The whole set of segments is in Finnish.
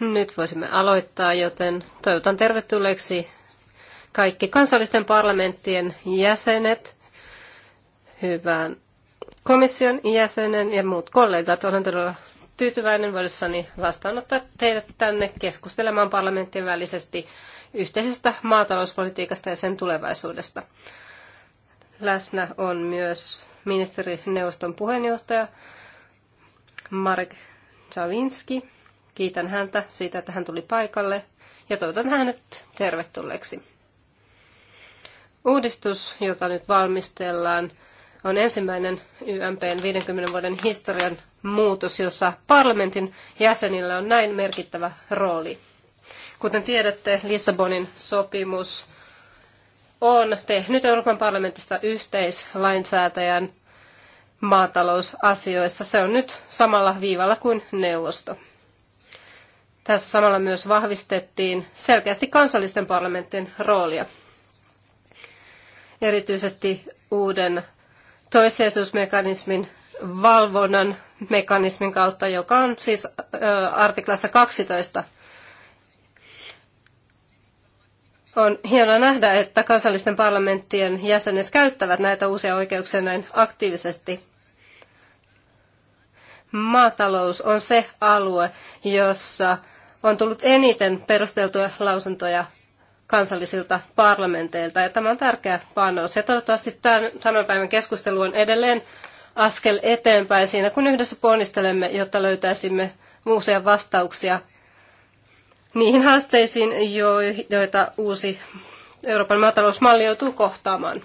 Nyt voisimme aloittaa, joten toivotan tervetulleeksi kaikki kansallisten parlamenttien jäsenet, hyvän komission jäsenen ja muut kollegat. Olen todella tyytyväinen voidessani vastaanottaa teidät tänne keskustelemaan parlamenttien välisesti yhteisestä maatalouspolitiikasta ja sen tulevaisuudesta. Läsnä on myös ministerineuvoston puheenjohtaja Marek Czawinski. Kiitän häntä siitä, että hän tuli paikalle ja toivotan hänet tervetulleeksi. Uudistus, jota nyt valmistellaan, on ensimmäinen YMPn 50 vuoden historian muutos, jossa parlamentin jäsenillä on näin merkittävä rooli. Kuten tiedätte, Lissabonin sopimus on tehnyt Euroopan parlamentista yhteislainsäätäjän maatalousasioissa. Se on nyt samalla viivalla kuin neuvosto. Tässä samalla myös vahvistettiin selkeästi kansallisten parlamenttien roolia. Erityisesti uuden toissijaisuusmekanismin valvonnan mekanismin kautta, joka on siis artiklassa 12. On hienoa nähdä, että kansallisten parlamenttien jäsenet käyttävät näitä uusia oikeuksia näin aktiivisesti maatalous on se alue, jossa on tullut eniten perusteltuja lausuntoja kansallisilta parlamenteilta. Ja tämä on tärkeä panos. Ja toivottavasti tämän päivän keskustelu on edelleen askel eteenpäin siinä, kun yhdessä ponnistelemme, jotta löytäisimme uusia vastauksia niihin haasteisiin, joita uusi Euroopan maatalousmalli joutuu kohtaamaan.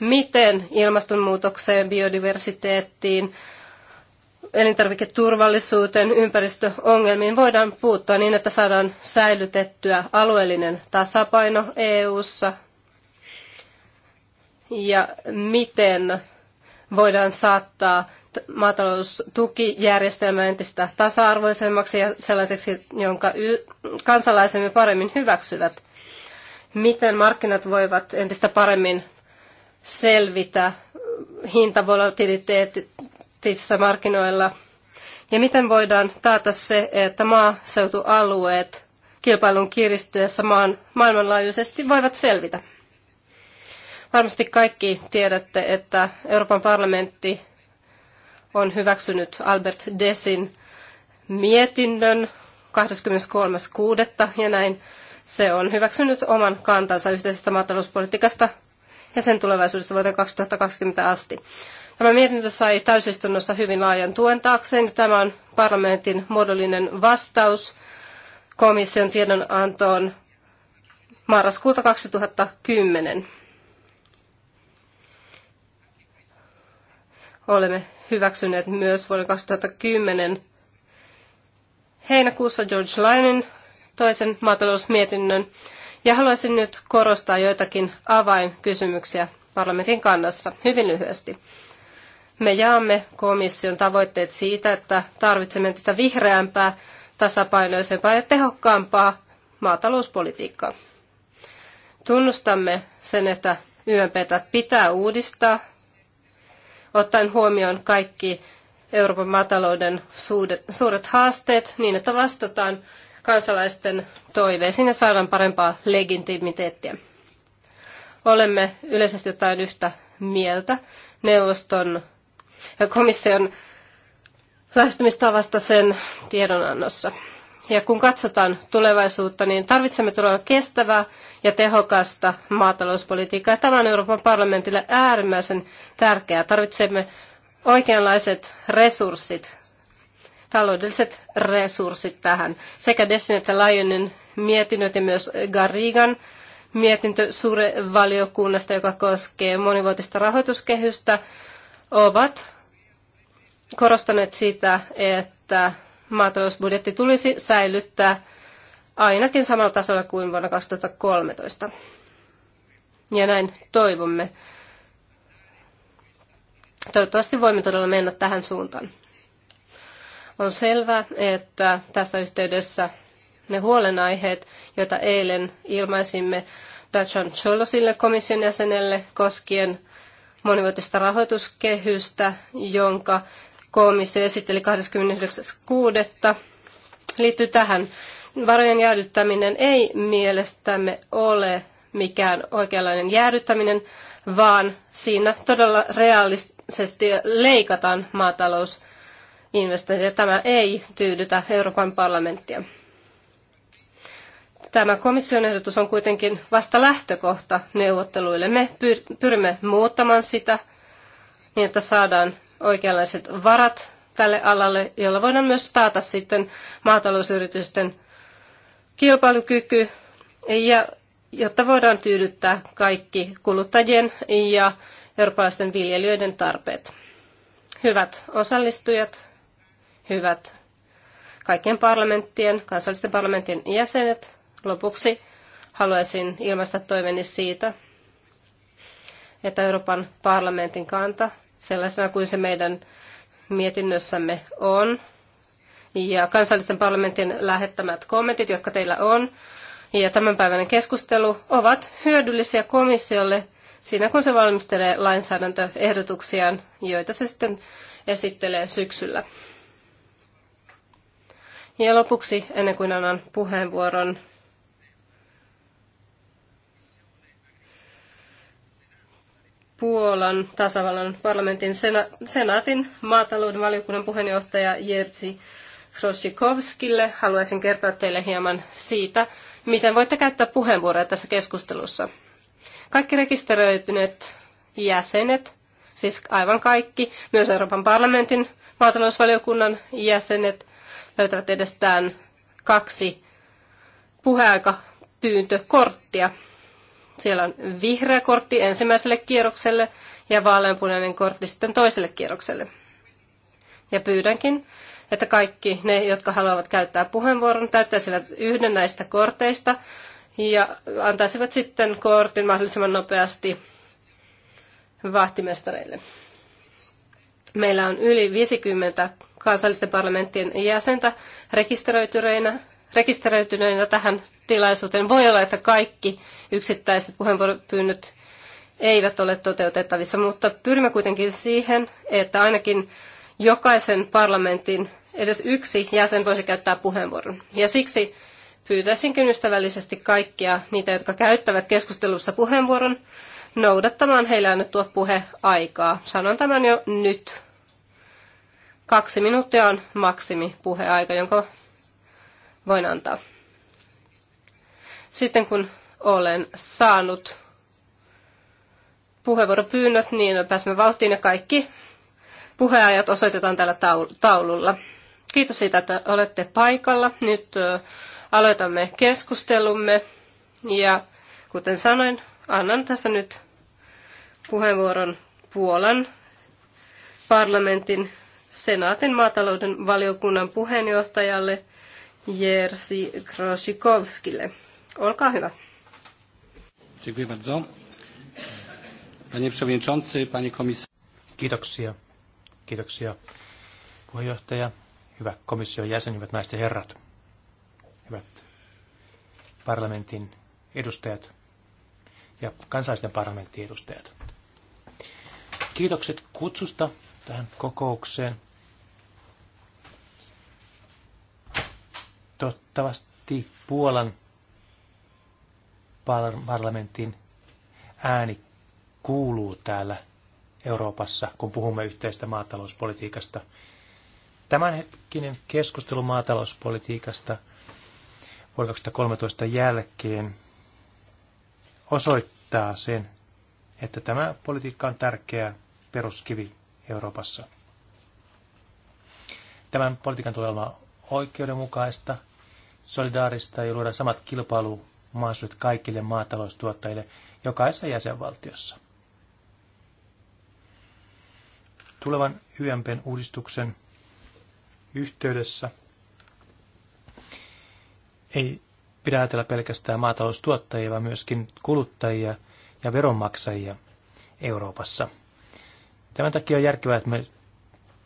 Miten ilmastonmuutokseen, biodiversiteettiin, elintarviketurvallisuuteen, ympäristöongelmiin voidaan puuttua niin, että saadaan säilytettyä alueellinen tasapaino EU:ssa ja miten voidaan saattaa maataloustukijärjestelmä entistä tasa-arvoisemmaksi ja sellaiseksi, jonka kansalaisemme paremmin hyväksyvät. Miten markkinat voivat entistä paremmin selvitä hintavolatiliteetit Irlantissa markkinoilla? Ja miten voidaan taata se, että maaseutualueet kilpailun kiristyessä maan, maailmanlaajuisesti voivat selvitä? Varmasti kaikki tiedätte, että Euroopan parlamentti on hyväksynyt Albert Desin mietinnön 23.6. ja näin se on hyväksynyt oman kantansa yhteisestä maatalouspolitiikasta ja sen tulevaisuudesta vuoteen 2020 asti. Tämä mietintö sai täysistunnossa hyvin laajan tuen taakseen. Tämä on parlamentin muodollinen vastaus komission tiedonantoon marraskuuta 2010. Olemme hyväksyneet myös vuoden 2010 heinäkuussa George Lynin toisen maatalousmietinnön. Ja haluaisin nyt korostaa joitakin avainkysymyksiä parlamentin kannassa hyvin lyhyesti. Me jaamme komission tavoitteet siitä, että tarvitsemme tästä vihreämpää, tasapainoisempaa ja tehokkaampaa maatalouspolitiikkaa. Tunnustamme sen, että YMPtä pitää uudistaa, ottaen huomioon kaikki Euroopan maatalouden suuret haasteet niin, että vastataan kansalaisten toiveisiin ja saadaan parempaa legitimiteettiä. Olemme yleisesti jotain yhtä mieltä neuvoston komission lähestymistavasta sen tiedonannossa. Ja kun katsotaan tulevaisuutta, niin tarvitsemme todella kestävää ja tehokasta maatalouspolitiikkaa. Tämä on Euroopan parlamentille äärimmäisen tärkeää. Tarvitsemme oikeanlaiset resurssit, taloudelliset resurssit tähän. Sekä Dessin että Lionin mietinnöt ja myös Garrigan mietintö suuren valiokunnasta, joka koskee monivuotista rahoituskehystä, ovat korostaneet sitä, että maatalousbudjetti tulisi säilyttää ainakin samalla tasolla kuin vuonna 2013. Ja näin toivomme. Toivottavasti voimme todella mennä tähän suuntaan. On selvää, että tässä yhteydessä ne huolenaiheet, joita eilen ilmaisimme Dacian Cholosille komission jäsenelle koskien monivuotista rahoituskehystä, jonka komissio esitteli 29.6. liittyy tähän. Varojen jäädyttäminen ei mielestämme ole mikään oikeanlainen jäädyttäminen, vaan siinä todella realistisesti leikataan maatalousinvestointeja. Tämä ei tyydytä Euroopan parlamenttia. Tämä komission ehdotus on kuitenkin vasta lähtökohta neuvotteluille. Me pyrimme muuttamaan sitä niin, että saadaan oikeanlaiset varat tälle alalle, jolla voidaan myös taata sitten maatalousyritysten kilpailukyky ja jotta voidaan tyydyttää kaikki kuluttajien ja eurooppalaisten viljelijöiden tarpeet. Hyvät osallistujat, hyvät kaikkien parlamenttien, kansallisten parlamenttien jäsenet, Lopuksi haluaisin ilmaista toiveeni siitä, että Euroopan parlamentin kanta sellaisena kuin se meidän mietinnössämme on, ja kansallisten parlamentin lähettämät kommentit, jotka teillä on, ja tämänpäiväinen keskustelu ovat hyödyllisiä komissiolle siinä, kun se valmistelee lainsäädäntöehdotuksiaan, joita se sitten esittelee syksyllä. Ja lopuksi, ennen kuin annan puheenvuoron Puolan tasavallan parlamentin sena- senaatin maatalouden valiokunnan puheenjohtaja Jerzy Krosikovskille. Haluaisin kertoa teille hieman siitä, miten voitte käyttää puheenvuoroja tässä keskustelussa. Kaikki rekisteröityneet jäsenet, siis aivan kaikki, myös Euroopan parlamentin maatalousvaliokunnan jäsenet, löytävät edestään kaksi puheaikapyyntökorttia. Siellä on vihreä kortti ensimmäiselle kierrokselle ja vaaleanpunainen kortti sitten toiselle kierrokselle. Ja pyydänkin, että kaikki ne, jotka haluavat käyttää puheenvuoron, täyttäisivät yhden näistä korteista ja antaisivat sitten kortin mahdollisimman nopeasti vahtimestareille. Meillä on yli 50 kansallisten parlamenttien jäsentä rekisteröityreinä rekisteröityneenä tähän tilaisuuteen. Voi olla, että kaikki yksittäiset puheenvuoropyynnöt eivät ole toteutettavissa, mutta pyrimme kuitenkin siihen, että ainakin jokaisen parlamentin edes yksi jäsen voisi käyttää puheenvuoron. Ja siksi pyytäisinkin ystävällisesti kaikkia niitä, jotka käyttävät keskustelussa puheenvuoron, noudattamaan heille annettua puheaikaa. Sanon tämän jo nyt. Kaksi minuuttia on maksimi puheaika, jonka voin antaa. Sitten kun olen saanut puheenvuoropyynnöt, niin pääsemme vauhtiin ja kaikki puheajat osoitetaan tällä taululla. Kiitos siitä, että olette paikalla. Nyt aloitamme keskustelumme ja kuten sanoin, annan tässä nyt puheenvuoron Puolan parlamentin senaatin maatalouden valiokunnan puheenjohtajalle Jerzy Krosikowskille. Olkaa hyvä. Dziękuję bardzo. Panie przewodniczący, panie komisarz. Kiitoksia. Kiitoksia puheenjohtaja, hyvä komission jäsen, hyvät naiset ja herrat, hyvät parlamentin edustajat ja kansallisten parlamentin edustajat. Kiitokset kutsusta tähän kokoukseen. toivottavasti Puolan parlamentin ääni kuuluu täällä Euroopassa, kun puhumme yhteistä maatalouspolitiikasta. Tämänhetkinen keskustelu maatalouspolitiikasta vuoden 2013 jälkeen osoittaa sen, että tämä politiikka on tärkeä peruskivi Euroopassa. Tämän politiikan tulee olla oikeudenmukaista, solidaarista ja luoda samat kilpailumahdollisuudet kaikille maataloustuottajille jokaisessa jäsenvaltiossa. Tulevan hyömpen uudistuksen yhteydessä ei pidä ajatella pelkästään maataloustuottajia, vaan myöskin kuluttajia ja veronmaksajia Euroopassa. Tämän takia on järkevää, että me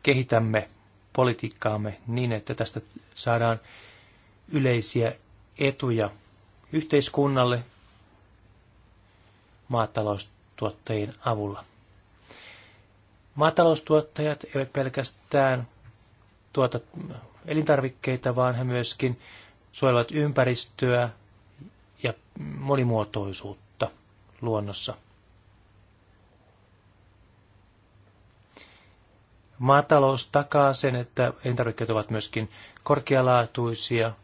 kehitämme politiikkaamme niin, että tästä saadaan yleisiä etuja yhteiskunnalle maataloustuottajien avulla. Maataloustuottajat eivät pelkästään tuota elintarvikkeita, vaan he myöskin suojelevat ympäristöä ja monimuotoisuutta luonnossa. Maatalous takaa sen, että elintarvikkeet ovat myöskin korkealaatuisia –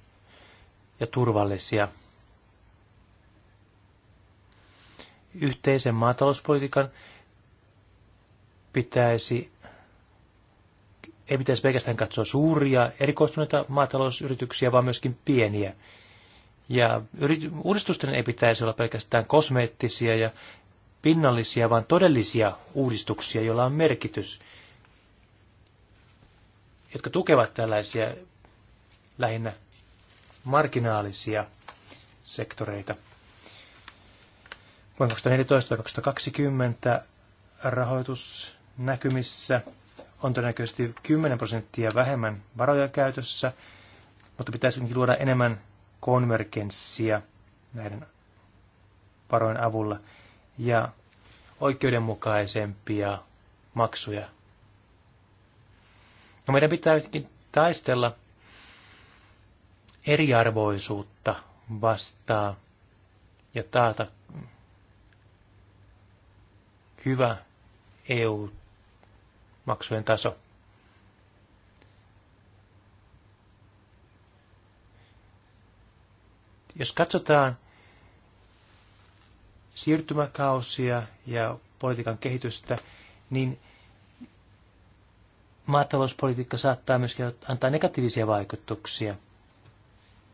ja turvallisia. Yhteisen maatalouspolitiikan pitäisi, ei pitäisi pelkästään katsoa suuria erikoistuneita maatalousyrityksiä, vaan myöskin pieniä. Ja uudistusten ei pitäisi olla pelkästään kosmeettisia ja pinnallisia, vaan todellisia uudistuksia, joilla on merkitys, jotka tukevat tällaisia lähinnä marginaalisia sektoreita. Vuonna 2014-2020 rahoitusnäkymissä on todennäköisesti 10 prosenttia vähemmän varoja käytössä, mutta pitäisi luoda enemmän konvergenssia näiden varojen avulla ja oikeudenmukaisempia maksuja. No meidän pitää taistella eriarvoisuutta vastaa ja taata hyvä EU-maksujen taso. Jos katsotaan siirtymäkausia ja politiikan kehitystä, niin maatalouspolitiikka saattaa myöskin antaa negatiivisia vaikutuksia –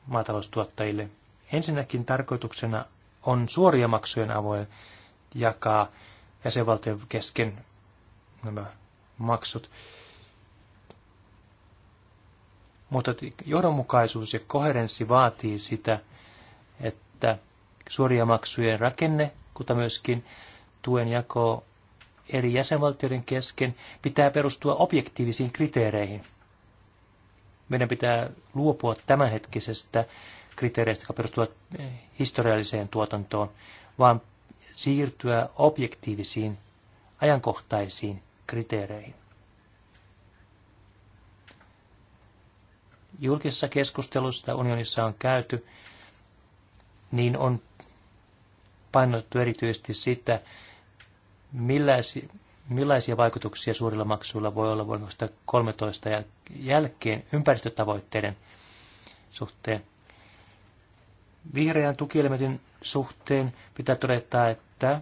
maataloustuottajille. Ensinnäkin tarkoituksena on suoria maksujen avoin jakaa jäsenvaltion kesken nämä maksut. Mutta johdonmukaisuus ja koherenssi vaatii sitä, että suoria maksujen rakenne, kuten myöskin tuen jako eri jäsenvaltioiden kesken, pitää perustua objektiivisiin kriteereihin – meidän pitää luopua tämänhetkisestä kriteereistä, joka perustuvat eh, historialliseen tuotantoon, vaan siirtyä objektiivisiin, ajankohtaisiin kriteereihin. Julkisessa keskustelussa unionissa on käyty, niin on painotettu erityisesti sitä, millaisia, millaisia vaikutuksia suurilla maksuilla voi olla vuonna 2013 jälkeen ympäristötavoitteiden suhteen. Vihreän tukielementin suhteen pitää todeta, että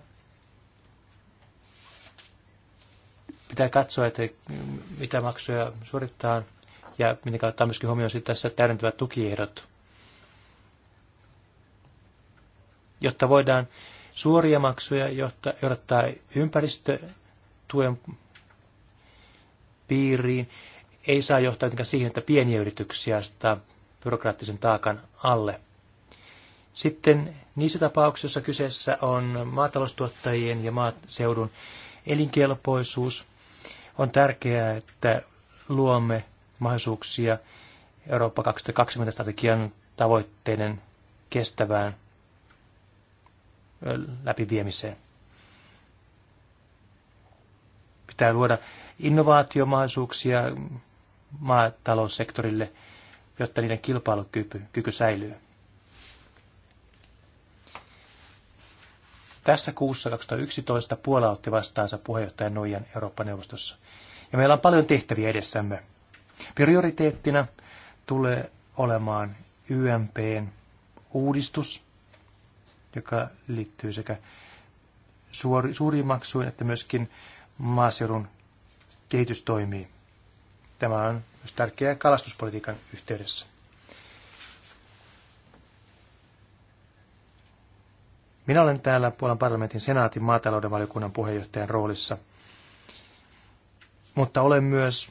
pitää katsoa, että mitä maksuja suorittaa ja miten ottaa myöskin huomioon tässä täydentävät tukiehdot, jotta voidaan suoria maksuja johtaa, johtaa ympäristö- tuen piiriin ei saa johtaa jotenkin siihen, että pieniä yrityksiä sitä byrokraattisen taakan alle. Sitten niissä tapauksissa kyseessä on maataloustuottajien ja maaseudun elinkelpoisuus. On tärkeää, että luomme mahdollisuuksia Eurooppa 2020 strategian tavoitteiden kestävään läpiviemiseen. Pitää luoda innovaatiomahdollisuuksia maataloussektorille, jotta niiden kilpailukyky kyky säilyy. Tässä kuussa 2011 Puola otti vastaansa puheenjohtajan Nuijan Eurooppa-neuvostossa. Ja meillä on paljon tehtäviä edessämme. Prioriteettina tulee olemaan YMPn uudistus, joka liittyy sekä suuri, suuriin että myöskin maaseudun kehitys toimii. Tämä on myös tärkeää kalastuspolitiikan yhteydessä. Minä olen täällä Puolan parlamentin senaatin maatalouden valiokunnan puheenjohtajan roolissa, mutta olen myös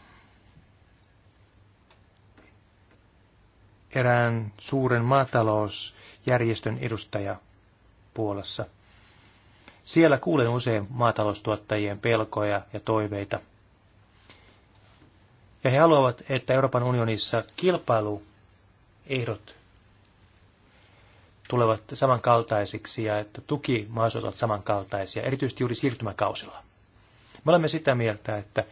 erään suuren maatalousjärjestön edustaja Puolassa – siellä kuulen usein maataloustuottajien pelkoja ja toiveita. Ja he haluavat, että Euroopan unionissa kilpailuehdot tulevat samankaltaisiksi ja että tuki ovat samankaltaisia, erityisesti juuri siirtymäkausilla. Me olemme sitä mieltä, että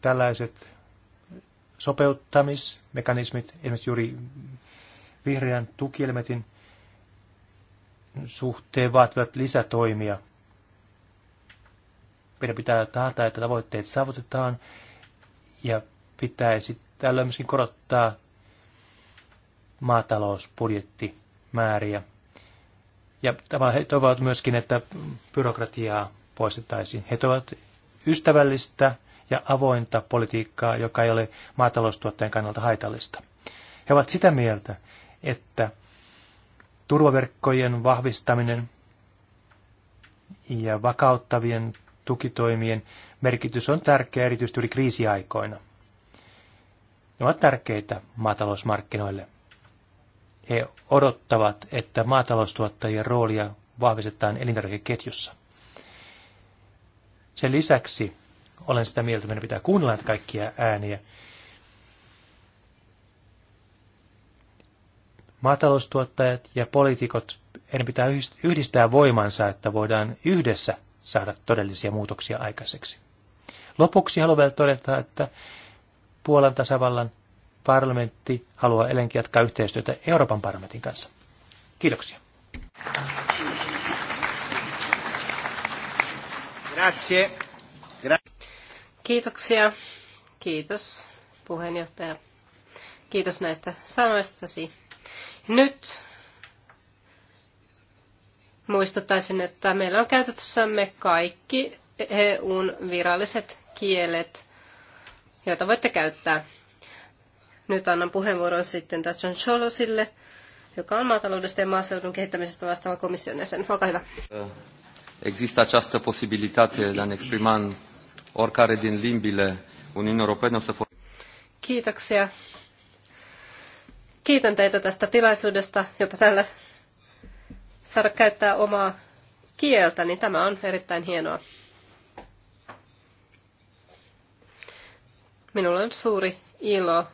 tällaiset sopeuttamismekanismit, esimerkiksi juuri vihreän tukielmetin suhteen vaativat lisätoimia. Meidän pitää taata, että tavoitteet saavutetaan ja pitäisi tällöin myöskin korottaa maatalousbudjettimääriä. Ja he toivovat myöskin, että byrokratiaa poistettaisiin. He toivovat ystävällistä ja avointa politiikkaa, joka ei ole maataloustuottajan kannalta haitallista. He ovat sitä mieltä, että turvaverkkojen vahvistaminen ja vakauttavien tukitoimien merkitys on tärkeä erityisesti yli kriisiaikoina. Ne ovat tärkeitä maatalousmarkkinoille. He odottavat, että maataloustuottajien roolia vahvistetaan elintarvikeketjussa. Sen lisäksi olen sitä mieltä, että meidän pitää kuunnella kaikkia ääniä maataloustuottajat ja poliitikot, heidän pitää yhdistää voimansa, että voidaan yhdessä saada todellisia muutoksia aikaiseksi. Lopuksi haluan vielä todeta, että Puolan tasavallan parlamentti haluaa elenkin jatkaa yhteistyötä Euroopan parlamentin kanssa. Kiitoksia. Grazie. Gra- Kiitoksia. Kiitos puheenjohtaja. Kiitos näistä sanoistasi. Nyt muistuttaisin, että meillä on käytössämme kaikki EUn viralliset kielet, joita voitte käyttää. Nyt annan puheenvuoron sitten Tatsan Cholosille, joka on maataloudesta ja maaseudun kehittämisestä vastaava komission jäsen. Olkaa hyvä. Eh, există această posibilitate de a ne exprima oricare din limbile Uniunii Europene. Kiitoksia. Kiitän teitä tästä tilaisuudesta, jopa tällä saada käyttää omaa kieltä, niin tämä on erittäin hienoa. Minulla on suuri ilo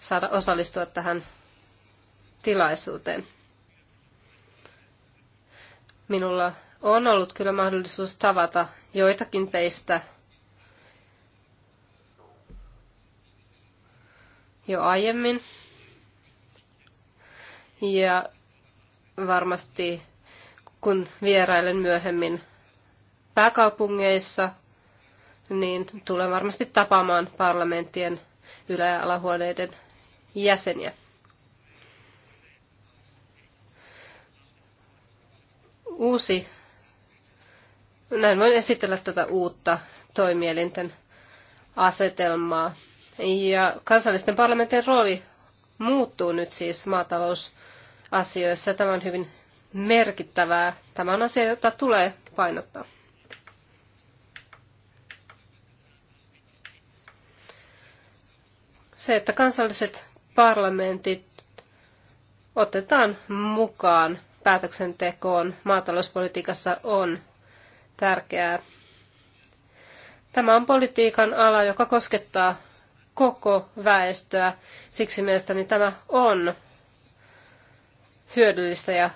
saada osallistua tähän tilaisuuteen. Minulla on ollut kyllä mahdollisuus tavata joitakin teistä jo aiemmin. Ja varmasti kun vierailen myöhemmin pääkaupungeissa, niin tulen varmasti tapaamaan parlamenttien ylä- ja alahuoneiden jäseniä. Uusi, näin voin esitellä tätä uutta toimielinten asetelmaa. Ja kansallisten parlamentin rooli muuttuu nyt siis maatalous asioissa. Tämä on hyvin merkittävää. Tämä on asia, jota tulee painottaa. Se, että kansalliset parlamentit otetaan mukaan päätöksentekoon maatalouspolitiikassa on tärkeää. Tämä on politiikan ala, joka koskettaa koko väestöä. Siksi mielestäni tämä on hyödyllistä ja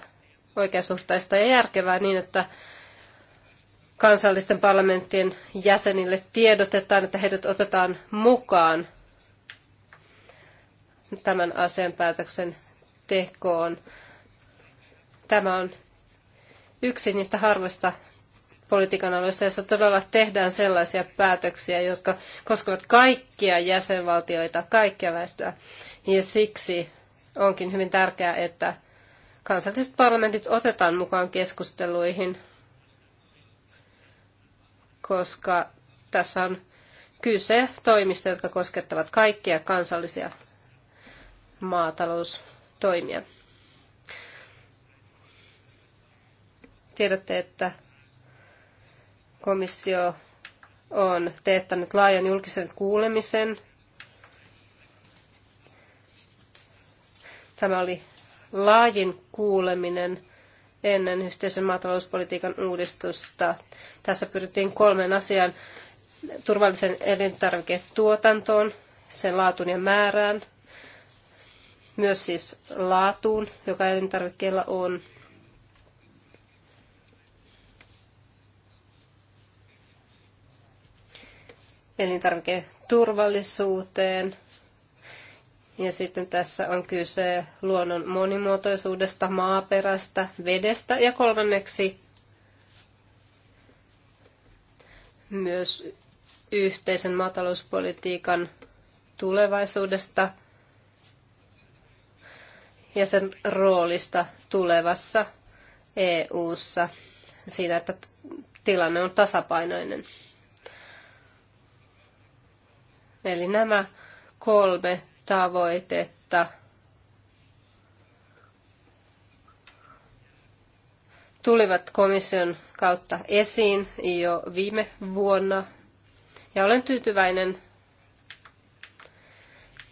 oikeasuhtaista ja järkevää niin, että kansallisten parlamenttien jäsenille tiedotetaan, että heidät otetaan mukaan tämän asian päätöksen tekoon. Tämä on yksi niistä harvoista politiikan aloista, jossa todella tehdään sellaisia päätöksiä, jotka koskevat kaikkia jäsenvaltioita, kaikkia väestöä. Ja siksi onkin hyvin tärkeää, että kansalliset parlamentit otetaan mukaan keskusteluihin, koska tässä on kyse toimista, jotka koskettavat kaikkia kansallisia maataloustoimia. Tiedätte, että komissio on teettänyt laajan julkisen kuulemisen. Tämä oli laajin kuuleminen ennen yhteisen maatalouspolitiikan uudistusta. Tässä pyrittiin kolmen asian turvallisen elintarviketuotantoon, sen laatuun ja määrään, myös siis laatuun, joka elintarvikkeella on, elintarviketurvallisuuteen ja sitten tässä on kyse luonnon monimuotoisuudesta, maaperästä, vedestä ja kolmanneksi myös yhteisen maatalouspolitiikan tulevaisuudesta ja sen roolista tulevassa EU:ssa siinä, että tilanne on tasapainoinen. Eli nämä kolme tavoitetta. tulivat komission kautta esiin jo viime vuonna. Ja olen tyytyväinen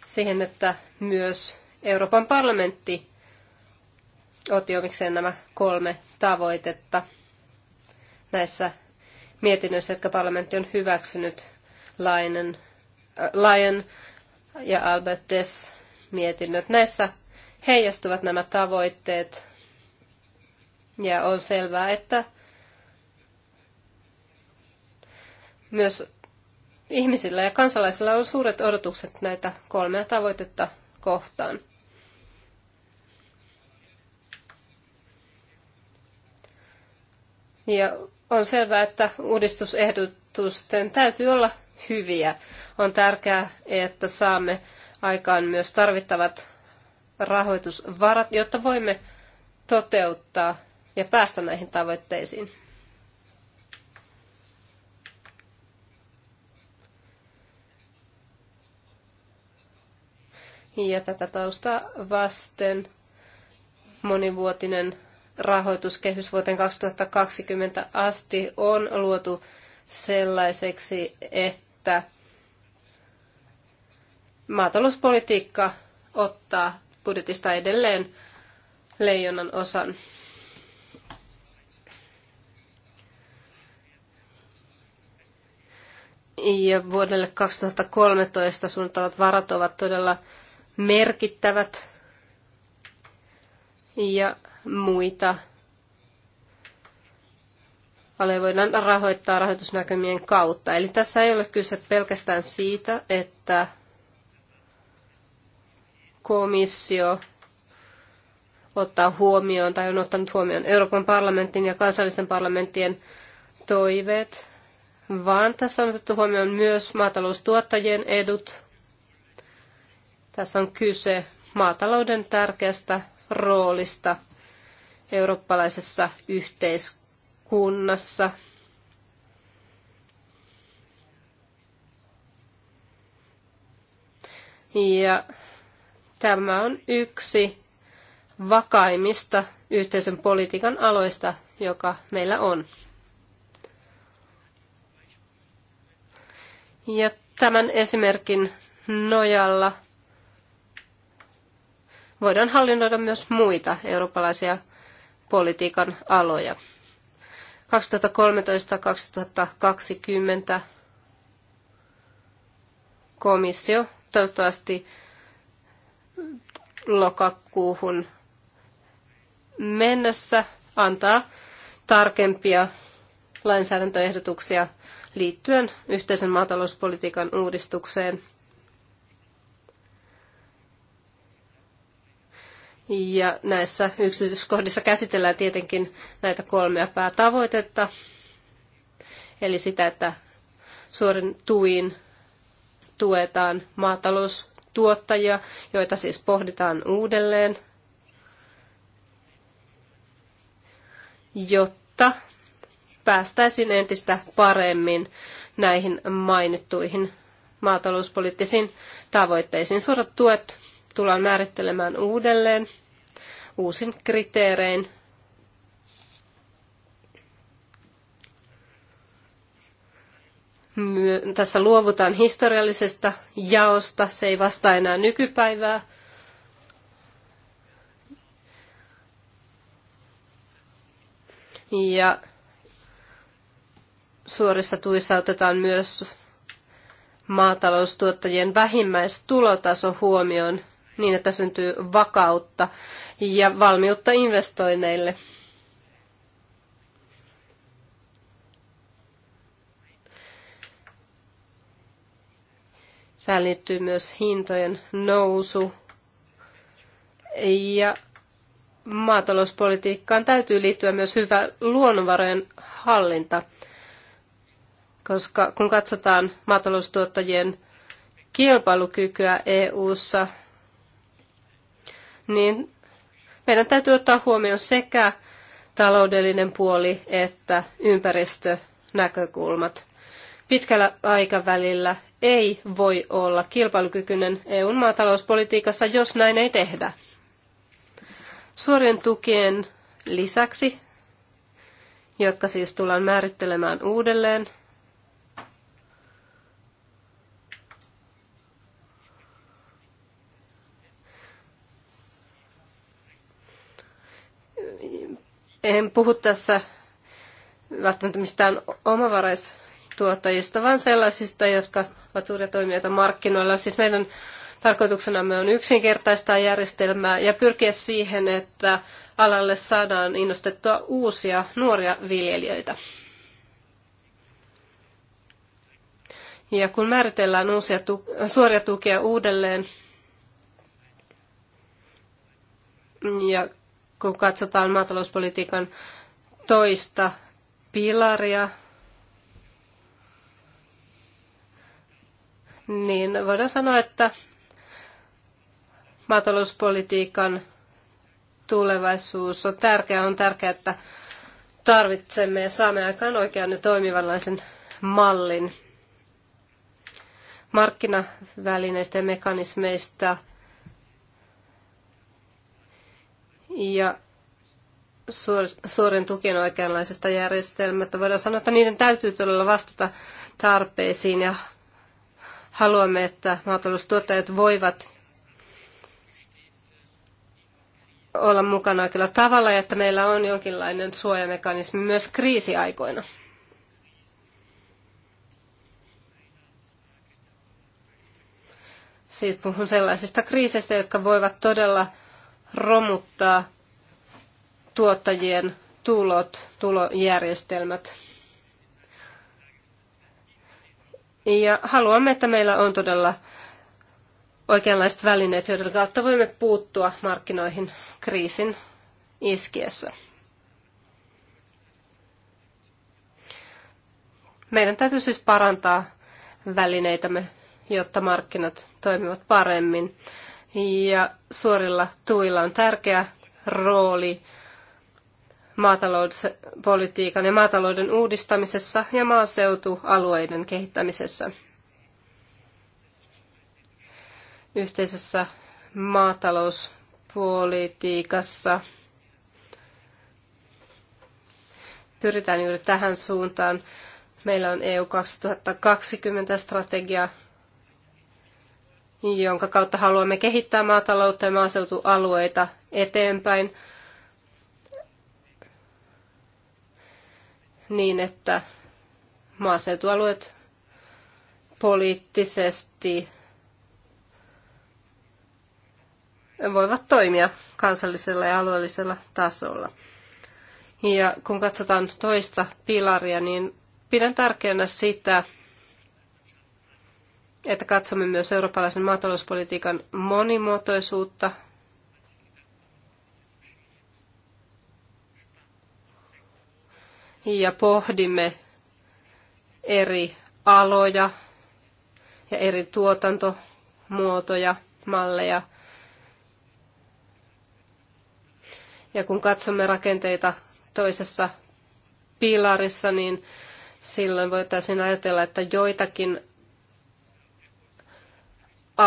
siihen, että myös Euroopan parlamentti otti omikseen nämä kolme tavoitetta näissä mietinnöissä, jotka parlamentti on hyväksynyt Lainen, äh, Lion ja Albert Des mietinnöt. Näissä heijastuvat nämä tavoitteet ja on selvää, että myös ihmisillä ja kansalaisilla on suuret odotukset näitä kolmea tavoitetta kohtaan. Ja on selvää, että uudistusehdot ehdotusten täytyy olla hyviä. On tärkeää, että saamme aikaan myös tarvittavat rahoitusvarat, jotta voimme toteuttaa ja päästä näihin tavoitteisiin. Ja tätä taustaa vasten monivuotinen rahoituskehys vuoteen 2020 asti on luotu sellaiseksi, että maatalouspolitiikka ottaa budjetista edelleen leijonan osan. Ja vuodelle 2013 suunnittavat varat ovat todella merkittävät ja muita alle voidaan rahoittaa rahoitusnäkymien kautta. Eli tässä ei ole kyse pelkästään siitä, että komissio ottaa huomioon tai on ottanut huomioon Euroopan parlamentin ja kansallisten parlamenttien toiveet, vaan tässä on otettu huomioon myös maataloustuottajien edut. Tässä on kyse maatalouden tärkeästä roolista eurooppalaisessa yhteiskunnassa kunnassa. Ja tämä on yksi vakaimmista yhteisön politiikan aloista, joka meillä on. Ja tämän esimerkin nojalla voidaan hallinnoida myös muita eurooppalaisia politiikan aloja. 2013-2020 komissio toivottavasti lokakuuhun mennessä antaa tarkempia lainsäädäntöehdotuksia liittyen yhteisen maatalouspolitiikan uudistukseen – Ja näissä yksityiskohdissa käsitellään tietenkin näitä kolmea päätavoitetta, eli sitä, että suorin tuin tuetaan maataloustuottajia, joita siis pohditaan uudelleen, jotta päästäisiin entistä paremmin näihin mainittuihin maatalouspoliittisiin tavoitteisiin. Suorat tuet tullaan määrittelemään uudelleen – uusin kriteerein. Tässä luovutaan historiallisesta jaosta, se ei vastaa enää nykypäivää. Ja suorissa tuissa otetaan myös maataloustuottajien vähimmäistulotaso huomioon niin, että syntyy vakautta ja valmiutta investoinneille. Tähän liittyy myös hintojen nousu. Ja maatalouspolitiikkaan täytyy liittyä myös hyvä luonnonvarojen hallinta, koska kun katsotaan maataloustuottajien kilpailukykyä EU:ssa, niin meidän täytyy ottaa huomioon sekä taloudellinen puoli että ympäristönäkökulmat. Pitkällä aikavälillä ei voi olla kilpailukykyinen EUn maatalouspolitiikassa, jos näin ei tehdä. Suorien tukien lisäksi, jotka siis tullaan määrittelemään uudelleen – En puhu tässä välttämättä mistään omavaraistuottajista, vaan sellaisista, jotka ovat suuria toimijoita markkinoilla. Siis meidän tarkoituksenamme on yksinkertaistaa järjestelmää ja pyrkiä siihen, että alalle saadaan innostettua uusia nuoria viljelijöitä. Ja kun määritellään uusia tu- suoria tukia uudelleen ja kun katsotaan maatalouspolitiikan toista pilaria, niin voidaan sanoa, että maatalouspolitiikan tulevaisuus on tärkeää. On tärkeää, että tarvitsemme ja saamme aikaan oikean ja toimivanlaisen mallin markkinavälineistä ja mekanismeista – ja suoren tukien oikeanlaisesta järjestelmästä. Voidaan sanoa, että niiden täytyy todella vastata tarpeisiin ja haluamme, että maataloustuottajat voivat olla mukana oikealla tavalla ja että meillä on jonkinlainen suojamekanismi myös kriisiaikoina. Siitä puhun sellaisista kriiseistä, jotka voivat todella romuttaa tuottajien tulot, tulojärjestelmät. Ja haluamme, että meillä on todella oikeanlaiset välineet, joiden kautta voimme puuttua markkinoihin kriisin iskiessä. Meidän täytyy siis parantaa välineitämme, jotta markkinat toimivat paremmin ja suorilla tuilla on tärkeä rooli maatalouspolitiikan ja maatalouden uudistamisessa ja maaseutualueiden kehittämisessä. Yhteisessä maatalouspolitiikassa pyritään juuri tähän suuntaan. Meillä on EU 2020 strategia jonka kautta haluamme kehittää maataloutta ja maaseutualueita eteenpäin niin, että maaseutualueet poliittisesti voivat toimia kansallisella ja alueellisella tasolla. Ja kun katsotaan toista pilaria, niin pidän tärkeänä sitä, että katsomme myös eurooppalaisen maatalouspolitiikan monimuotoisuutta. Ja pohdimme eri aloja ja eri tuotantomuotoja, malleja. Ja kun katsomme rakenteita toisessa pilarissa, niin silloin voitaisiin ajatella, että joitakin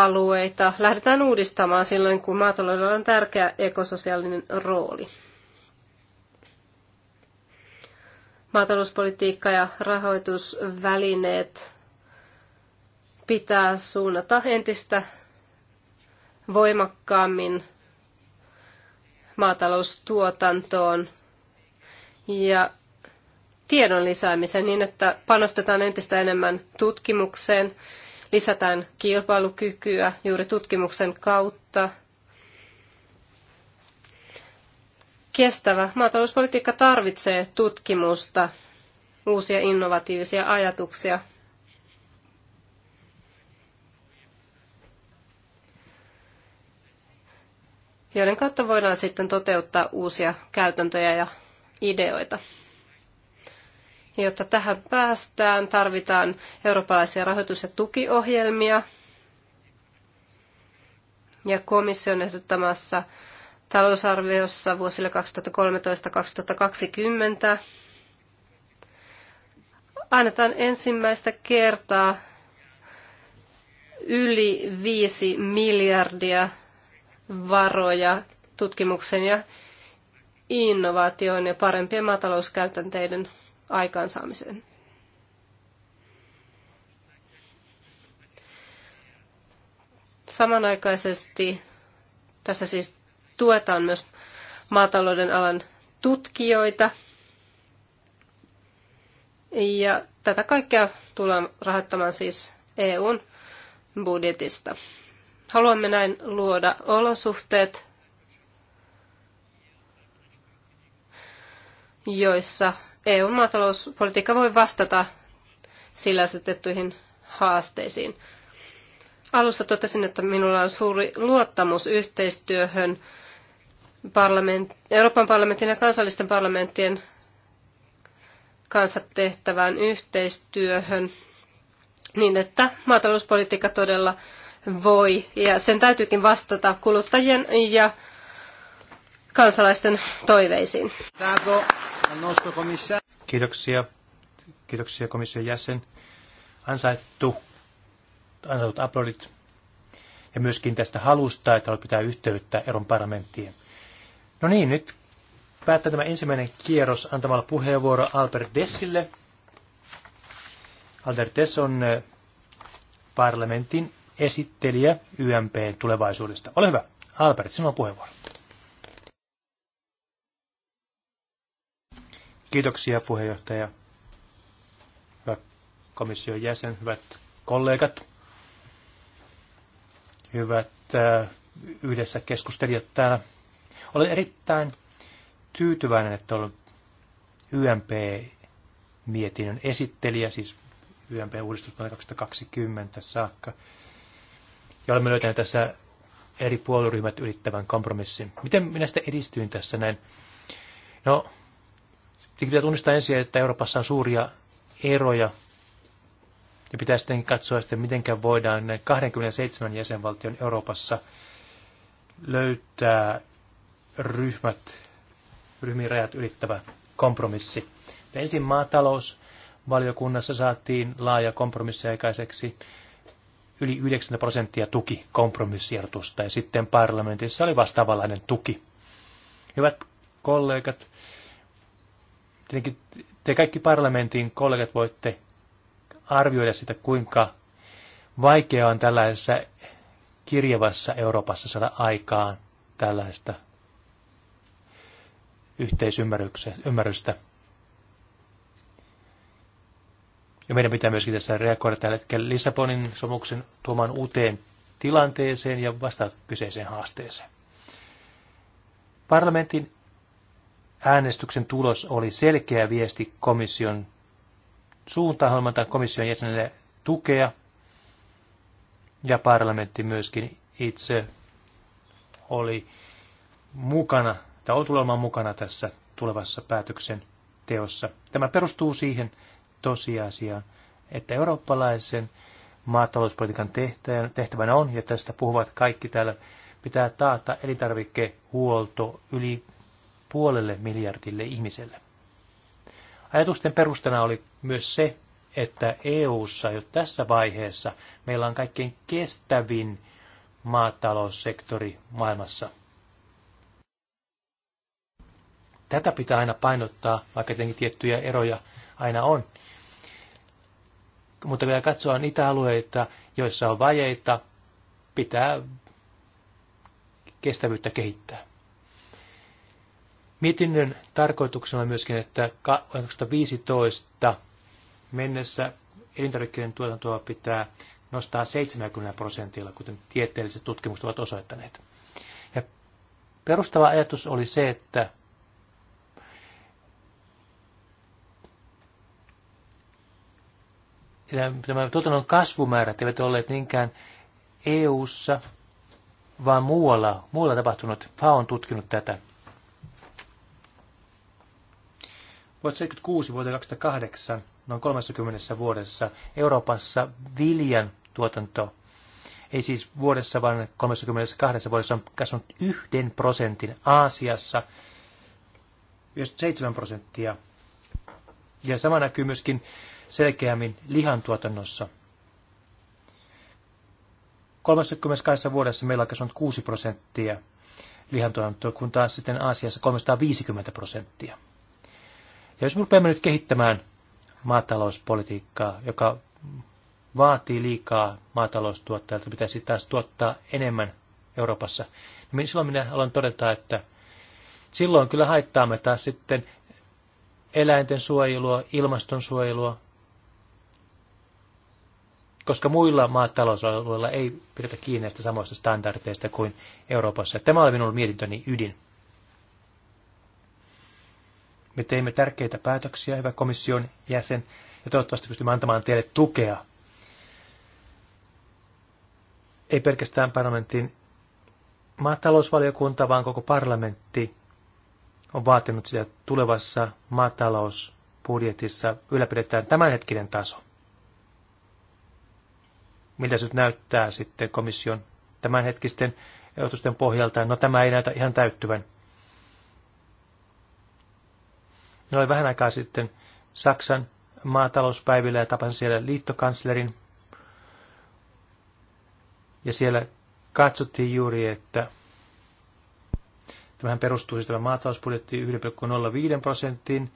alueita lähdetään uudistamaan silloin, kun maataloudella on tärkeä ekososiaalinen rooli. Maatalouspolitiikka ja rahoitusvälineet pitää suunnata entistä voimakkaammin maataloustuotantoon ja tiedon lisäämiseen niin, että panostetaan entistä enemmän tutkimukseen, lisätään kilpailukykyä juuri tutkimuksen kautta. Kestävä maatalouspolitiikka tarvitsee tutkimusta, uusia innovatiivisia ajatuksia. joiden kautta voidaan sitten toteuttaa uusia käytäntöjä ja ideoita. Jotta tähän päästään, tarvitaan eurooppalaisia rahoitus- ja tukiohjelmia. Ja komission ehdottamassa talousarviossa vuosille 2013-2020 annetaan ensimmäistä kertaa yli 5 miljardia varoja tutkimuksen ja innovaatioon ja parempien maatalouskäytänteiden aikaansaamiseen. Samanaikaisesti tässä siis tuetaan myös maatalouden alan tutkijoita. Ja tätä kaikkea tullaan rahoittamaan siis EUn budjetista. Haluamme näin luoda olosuhteet, joissa EU-maatalouspolitiikka voi vastata sillä asetettuihin haasteisiin. Alussa totesin, että minulla on suuri luottamus yhteistyöhön parlament, Euroopan parlamentin ja kansallisten parlamenttien kanssa tehtävään yhteistyöhön niin, että maatalouspolitiikka todella voi ja sen täytyykin vastata kuluttajien ja kansalaisten toiveisiin. Kiitoksia. Kiitoksia komission jäsen. Ansaittu, ansaitut aplodit ja myöskin tästä halusta, että haluat pitää yhteyttä eron parlamenttiin. No niin, nyt päättää tämä ensimmäinen kierros antamalla puheenvuoro Albert Dessille. Albert Dess on eh, parlamentin esittelijä YMP tulevaisuudesta. Ole hyvä, Albert, sinun on puheenvuoro. Kiitoksia puheenjohtaja, hyvä komission jäsen, hyvät kollegat, hyvät äh, yhdessä keskustelijat täällä. Olen erittäin tyytyväinen, että olen YMP-mietinnön esittelijä, siis YMP-uudistus 2020 saakka. Ja olemme löytäneet tässä eri puolueryhmät ylittävän kompromissin. Miten minä sitä edistyin tässä näin? No, Tietenkin pitää tunnistaa ensin, että Euroopassa on suuria eroja. Ja pitää sitten katsoa, että miten voidaan 27 jäsenvaltion Euroopassa löytää ryhmät, ryhmien rajat ylittävä kompromissi. Ja ensin maatalousvaliokunnassa saatiin laaja kompromissi aikaiseksi. Yli 90 prosenttia tuki kompromissiertusta ja sitten parlamentissa oli vastaavanlainen tuki. Hyvät kollegat, Tietenkin te kaikki parlamentin kollegat voitte arvioida sitä, kuinka vaikeaa on tällaisessa kirjavassa Euroopassa saada aikaan tällaista yhteisymmärrystä. Ja meidän pitää myöskin tässä reagoida tällä hetkellä Lissabonin sopimuksen tuomaan uuteen tilanteeseen ja vastata kyseiseen haasteeseen. Parlamentin äänestyksen tulos oli selkeä viesti komission suuntaan, haluamme komission jäsenelle tukea ja parlamentti myöskin itse oli mukana tai tulee olemaan mukana tässä tulevassa päätöksen teossa. Tämä perustuu siihen tosiasiaan, että eurooppalaisen maatalouspolitiikan tehtävänä on, ja tästä puhuvat kaikki täällä, pitää taata elintarvikehuolto yli puolelle miljardille ihmiselle. Ajatusten perustana oli myös se, että EU:ssa jo tässä vaiheessa meillä on kaikkein kestävin maataloussektori maailmassa. Tätä pitää aina painottaa, vaikka tietenkin tiettyjä eroja aina on. Mutta vielä katsoa niitä alueita, joissa on vajeita, pitää kestävyyttä kehittää. Mietinnön tarkoituksena on myöskin, että 2015 mennessä elintarvikkeiden tuotantoa pitää nostaa 70 prosentilla, kuten tieteelliset tutkimukset ovat osoittaneet. Ja perustava ajatus oli se, että tämä tuotannon kasvumäärät eivät olleet niinkään EU-ssa, vaan muualla, muualla tapahtunut. FAO on tutkinut tätä Vuodesta 76 2008, noin 30 vuodessa, Euroopassa viljan tuotanto ei siis vuodessa, vaan 32 vuodessa on kasvanut yhden prosentin. Aasiassa 7 prosenttia. Ja sama näkyy myöskin selkeämmin lihantuotannossa. 32 vuodessa meillä on kasvanut 6 prosenttia lihantuotantoa, kun taas sitten Aasiassa 350 prosenttia. Ja jos me rupeamme nyt kehittämään maatalouspolitiikkaa, joka vaatii liikaa maataloustuottajalta, pitäisi taas tuottaa enemmän Euroopassa, niin silloin minä haluan todeta, että silloin kyllä haittaamme taas sitten eläinten suojelua, ilmaston suojelua, koska muilla maatalousalueilla ei pidetä kiinni näistä samoista standardeista kuin Euroopassa. Tämä oli minun mietintöni ydin. Me teimme tärkeitä päätöksiä, hyvä komission jäsen, ja toivottavasti pystymme antamaan teille tukea. Ei pelkästään parlamentin maatalousvaliokunta, vaan koko parlamentti on vaatinut sitä, että tulevassa maatalousbudjetissa ylläpidetään tämänhetkinen taso. Miltä se nyt näyttää sitten komission tämänhetkisten ehdotusten pohjalta? No tämä ei näytä ihan täyttyvän. Minä olin vähän aikaa sitten Saksan maatalouspäivillä ja tapasin siellä liittokanslerin. Ja siellä katsottiin juuri, että tämähän perustuu siis tämä maatalousbudjetti 1,05 prosentin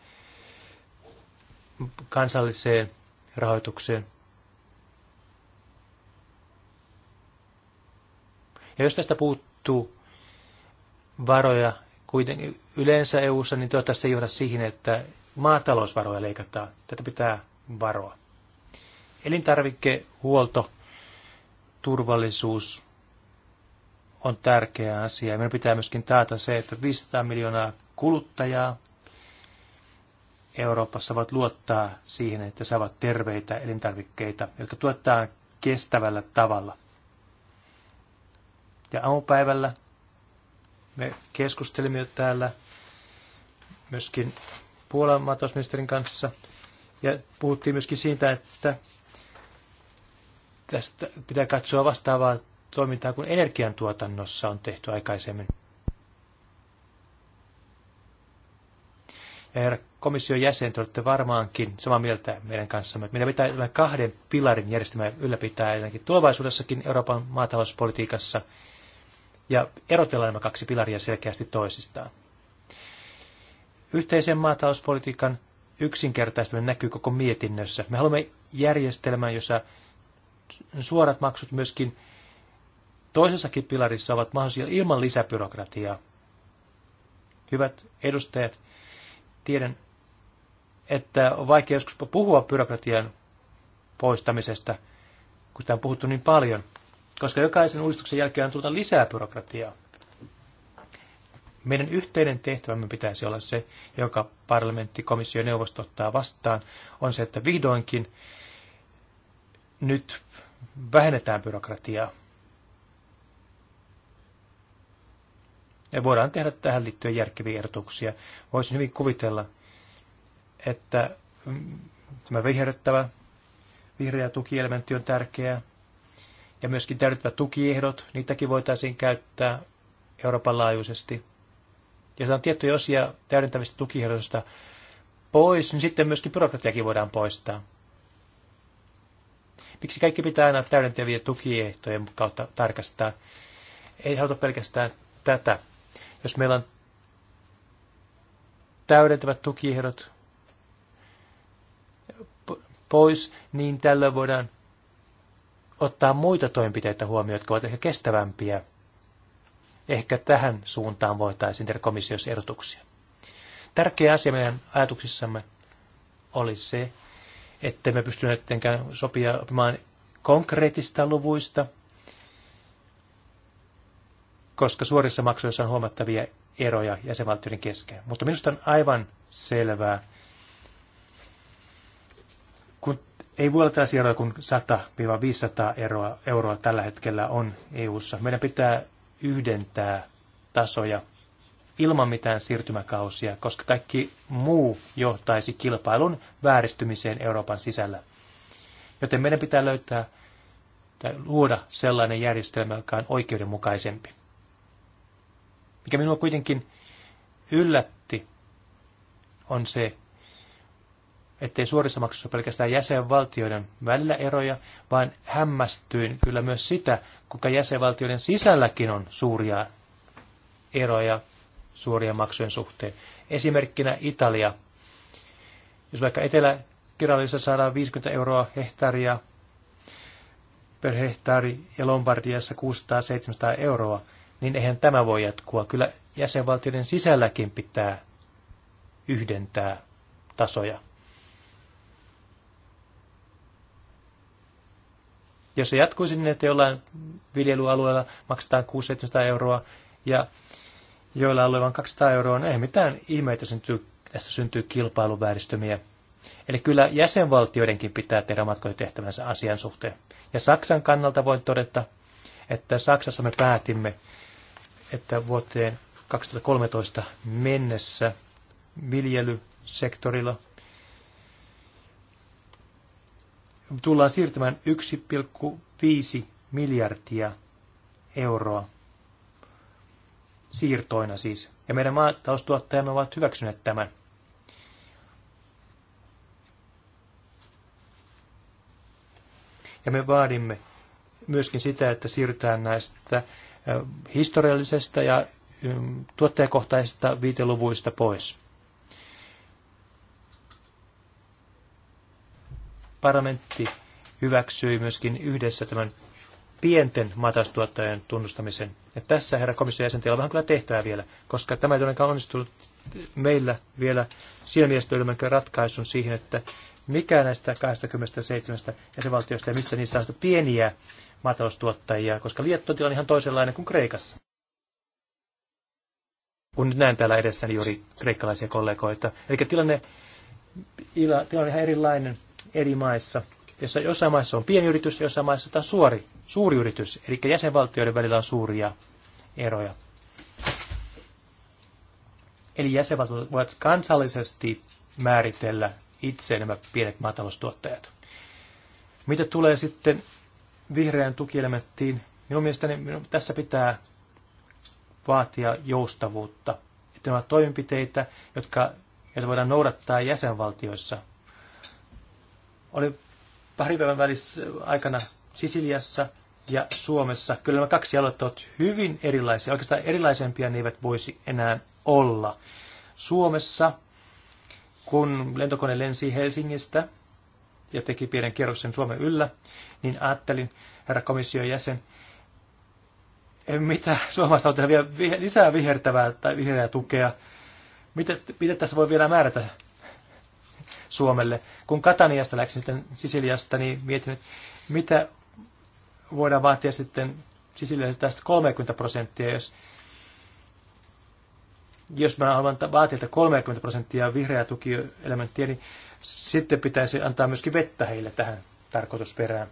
kansalliseen rahoitukseen. Ja jos tästä puuttuu varoja kuitenkin yleensä EU-ssa, niin toivottavasti ei johda siihen, että maatalousvaroja leikataan. Tätä pitää varoa. Elintarvikehuolto, turvallisuus on tärkeä asia. Meidän pitää myöskin taata se, että 500 miljoonaa kuluttajaa Euroopassa voivat luottaa siihen, että saavat terveitä elintarvikkeita, jotka tuottaa kestävällä tavalla. Ja aamupäivällä me keskustelimme jo täällä myöskin Puolan maatalousministerin kanssa. Ja puhuttiin myöskin siitä, että tästä pitää katsoa vastaavaa toimintaa kuin energiantuotannossa on tehty aikaisemmin. Ja herra komission jäsen, te olette varmaankin samaa mieltä meidän kanssamme, että meidän pitää tämän kahden pilarin järjestelmä ylläpitää ainakin tulevaisuudessakin Euroopan maatalouspolitiikassa ja erotella nämä kaksi pilaria selkeästi toisistaan. Yhteisen maatalouspolitiikan yksinkertaistaminen näkyy koko mietinnössä. Me haluamme järjestelmän, jossa suorat maksut myöskin toisessakin pilarissa ovat mahdollisia ilman lisäbyrokratiaa. Hyvät edustajat, tiedän, että on vaikea joskus puhua byrokratian poistamisesta, kun sitä on puhuttu niin paljon, koska jokaisen uudistuksen jälkeen on tulta lisää byrokratiaa. Meidän yhteinen tehtävämme pitäisi olla se, joka parlamentti, komissio ja neuvosto ottaa vastaan, on se, että vihdoinkin nyt vähennetään byrokratiaa. Ja voidaan tehdä tähän liittyen järkeviä ehdotuksia. Voisin hyvin kuvitella, että mm, tämä vihreyttävä, vihreä tukielementti on tärkeä. Ja myöskin täydettävät tukiehdot, niitäkin voitaisiin käyttää Euroopan laajuisesti – jos on tiettyjä osia täydentävistä tukiherroista pois, niin sitten myöskin byrokratiakin voidaan poistaa. Miksi kaikki pitää aina täydentäviä tukiehtojen kautta tarkastaa? Ei haluta pelkästään tätä. Jos meillä on täydentävät tukiehdot pois, niin tällöin voidaan ottaa muita toimenpiteitä huomioon, jotka ovat ehkä kestävämpiä Ehkä tähän suuntaan voitaisiin tehdä komissiossa erotuksia. Tärkeä asia meidän ajatuksissamme oli se, että me pystyneet sopia opimaan konkreettista luvuista, koska suorissa maksuissa on huomattavia eroja jäsenvaltioiden kesken. Mutta minusta on aivan selvää, kun ei voi olla tällaisia eroja kuin 100-500 euroa, euroa tällä hetkellä on EU-ssa. Meidän pitää yhdentää tasoja ilman mitään siirtymäkausia, koska kaikki muu johtaisi kilpailun vääristymiseen Euroopan sisällä. Joten meidän pitää löytää tai luoda sellainen järjestelmä, joka on oikeudenmukaisempi. Mikä minua kuitenkin yllätti, on se, ettei suorissa maksussa pelkästään jäsenvaltioiden välillä eroja, vaan hämmästyin kyllä myös sitä, kuinka jäsenvaltioiden sisälläkin on suuria eroja suorien maksujen suhteen. Esimerkkinä Italia. Jos vaikka Etelä-Kirallisessa saadaan 50 euroa hehtaaria per hehtaari ja Lombardiassa 600-700 euroa, niin eihän tämä voi jatkua. Kyllä jäsenvaltioiden sisälläkin pitää yhdentää tasoja. Jos se jatkuisi niin, että jollain viljelyalueella maksetaan 600-700 euroa ja joilla alueella on 200 euroa, niin ei mitään ihmeitä syntyy, tästä syntyy kilpailuvääristymiä. Eli kyllä jäsenvaltioidenkin pitää tehdä matkailutehtävänsä asian suhteen. Ja Saksan kannalta voin todeta, että Saksassa me päätimme, että vuoteen 2013 mennessä viljelysektorilla tullaan siirtämään 1,5 miljardia euroa siirtoina siis. Ja meidän maataloustuottajamme ovat hyväksyneet tämän. Ja me vaadimme myöskin sitä, että siirrytään näistä historiallisesta ja tuottajakohtaisista viiteluvuista pois. parlamentti hyväksyi myöskin yhdessä tämän pienten matastuottajien tunnustamisen. Ja tässä herra komission jäsen, teillä on vähän kyllä tehtävää vielä, koska tämä ei todennäköisesti onnistunut meillä vielä siinä mielessä ratkaisun siihen, että mikä näistä 27 jäsenvaltioista ja missä niissä on pieniä maataloustuottajia, koska Liettuan tilanne on ihan toisenlainen kuin Kreikassa. Kun nyt näen täällä edessäni juuri kreikkalaisia kollegoita. Eli tilanne, tilanne on ihan erilainen eri maissa. Jossa jossain maissa on pieni yritys, jossain maissa on suori, suuri yritys. Eli jäsenvaltioiden välillä on suuria eroja. Eli jäsenvaltiot voivat kansallisesti määritellä itse nämä pienet maataloustuottajat. Mitä tulee sitten vihreään tukielementtiin, minun mielestäni minun tässä pitää vaatia joustavuutta. Että nämä toimenpiteitä, jotka, joita voidaan noudattaa jäsenvaltioissa, Olin pari päivän välissä aikana Sisiliassa ja Suomessa. Kyllä nämä kaksi aluetta ovat hyvin erilaisia. Oikeastaan erilaisempia ne eivät voisi enää olla. Suomessa, kun lentokone lensi Helsingistä ja teki pienen kierroksen Suomen yllä, niin ajattelin, herra komission jäsen, mitä Suomesta on vielä lisää vihertävää tai vihreää tukea. Mitä, mitä tässä voi vielä määrätä Suomelle. Kun Kataniasta läksin sitten Sisiliasta, niin mietin, että mitä voidaan vaatia sitten Sisiliasta tästä 30 prosenttia, jos, jos mä haluan vaatia 30 prosenttia vihreää tukielementtiä, niin sitten pitäisi antaa myöskin vettä heille tähän tarkoitusperään.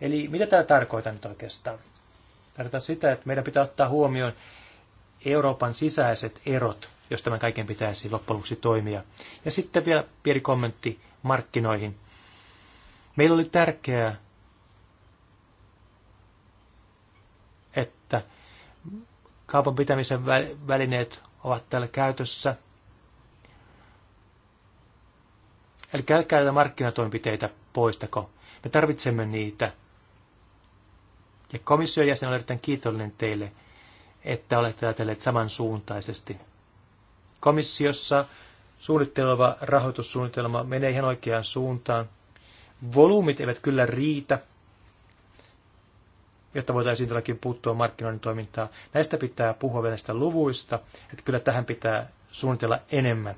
Eli mitä tämä tarkoittaa nyt oikeastaan? Tarkoitan sitä, että meidän pitää ottaa huomioon Euroopan sisäiset erot jos tämän kaiken pitäisi loppujen lopuksi toimia. Ja sitten vielä pieni kommentti markkinoihin. Meillä oli tärkeää, että kaupan pitämisen välineet ovat täällä käytössä. Eli älkää näitä markkinatoimenpiteitä poistako. Me tarvitsemme niitä. Ja komission jäsen on erittäin kiitollinen teille, että olette ajatelleet samansuuntaisesti komissiossa suunnitteleva rahoitussuunnitelma menee ihan oikeaan suuntaan. Volyymit eivät kyllä riitä, jotta voitaisiin todellakin puuttua markkinoinnin toimintaan. Näistä pitää puhua vielä näistä luvuista, että kyllä tähän pitää suunnitella enemmän.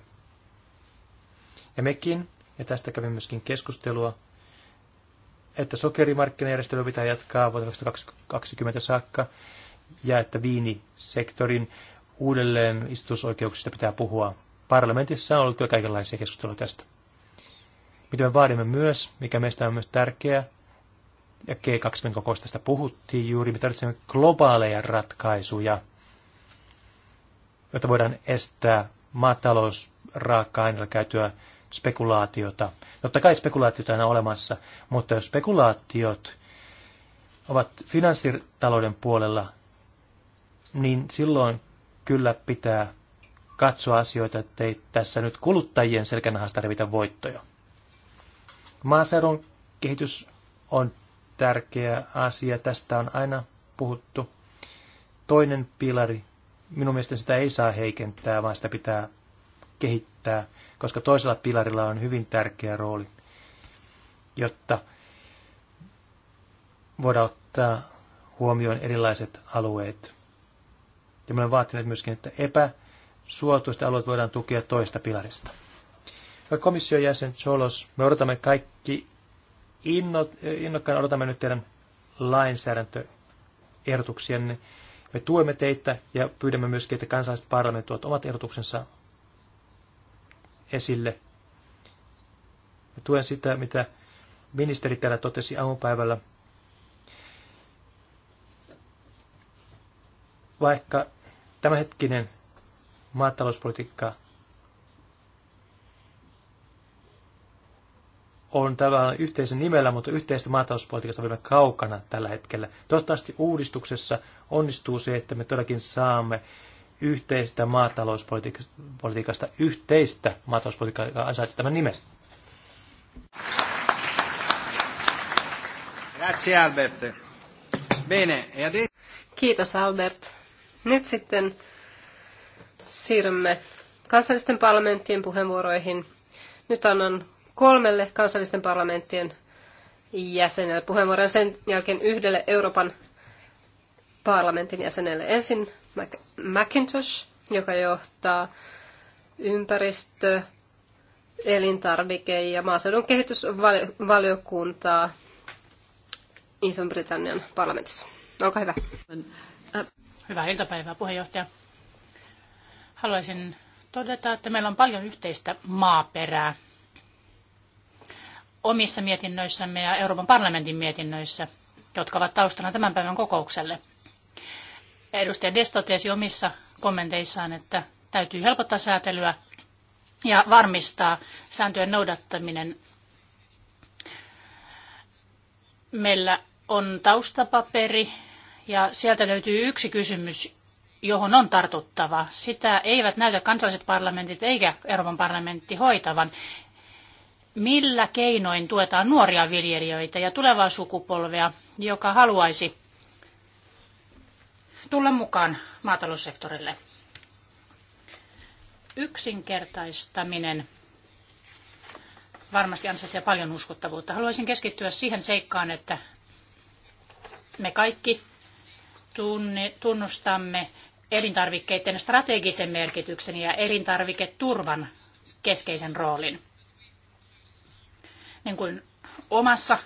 Ja mekin, ja tästä kävi myöskin keskustelua, että sokerimarkkinajärjestelyä pitää jatkaa vuoteen 2020 saakka, ja että viinisektorin uudelleen istutusoikeuksista pitää puhua. Parlamentissa on ollut kyllä kaikenlaisia keskusteluja tästä. Mitä me vaadimme myös, mikä meistä on myös tärkeää, ja G20 kokousta tästä puhuttiin juuri, me tarvitsemme globaaleja ratkaisuja, jotta voidaan estää maatalousraaka-aineella käytyä spekulaatiota. Totta kai spekulaatiota aina olemassa, mutta jos spekulaatiot ovat finanssitalouden puolella, niin silloin kyllä pitää katsoa asioita, ettei tässä nyt kuluttajien selkänahasta revitä voittoja. Maaseudun kehitys on tärkeä asia, tästä on aina puhuttu. Toinen pilari, minun mielestäni sitä ei saa heikentää, vaan sitä pitää kehittää, koska toisella pilarilla on hyvin tärkeä rooli, jotta voidaan ottaa huomioon erilaiset alueet ja me olemme vaatineet myöskin, että epäsuotuista alueet voidaan tukea toista pilarista. Ja komission jäsen Solos, me odotamme kaikki, inno, innokkaan odotamme nyt teidän lainsäädäntöehdotuksienne. Me tuemme teitä ja pyydämme myöskin, että kansalliset parlamentit tuot omat ehdotuksensa esille. Me tuen sitä, mitä ministeri täällä totesi aamupäivällä. Vaikka tämänhetkinen maatalouspolitiikka on tavallaan yhteisen nimellä, mutta yhteistä maatalouspolitiikasta vielä kaukana tällä hetkellä. Toivottavasti uudistuksessa onnistuu se, että me todellakin saamme yhteistä maatalouspolitiikasta, yhteistä maatalouspolitiikkaa, joka ansaitsee tämän nimen. Grazie Albert. Bene, e adesso... Kiitos Albert. Nyt sitten siirrymme kansallisten parlamenttien puheenvuoroihin. Nyt annan kolmelle kansallisten parlamenttien jäsenelle puheenvuoron sen jälkeen yhdelle Euroopan parlamentin jäsenelle. Ensin McIntosh, joka johtaa ympäristö, elintarvike- ja maaseudun kehitysvaliokuntaa Ison-Britannian parlamentissa. Olkaa hyvä. Hyvää iltapäivää, puheenjohtaja. Haluaisin todeta, että meillä on paljon yhteistä maaperää omissa mietinnöissämme ja Euroopan parlamentin mietinnöissä, jotka ovat taustana tämän päivän kokoukselle. Edustaja Des totesi omissa kommenteissaan, että täytyy helpottaa säätelyä ja varmistaa sääntöjen noudattaminen. Meillä on taustapaperi, ja sieltä löytyy yksi kysymys, johon on tartuttava. Sitä eivät näytä kansalliset parlamentit eikä Euroopan parlamentti hoitavan. Millä keinoin tuetaan nuoria viljelijöitä ja tulevaa sukupolvea, joka haluaisi tulla mukaan maataloussektorille? Yksinkertaistaminen varmasti ansaitsee paljon uskottavuutta. Haluaisin keskittyä siihen seikkaan, että me kaikki tunne, tunnustamme elintarvikkeiden strategisen merkityksen ja elintarviketurvan keskeisen roolin. Niin kuin omassa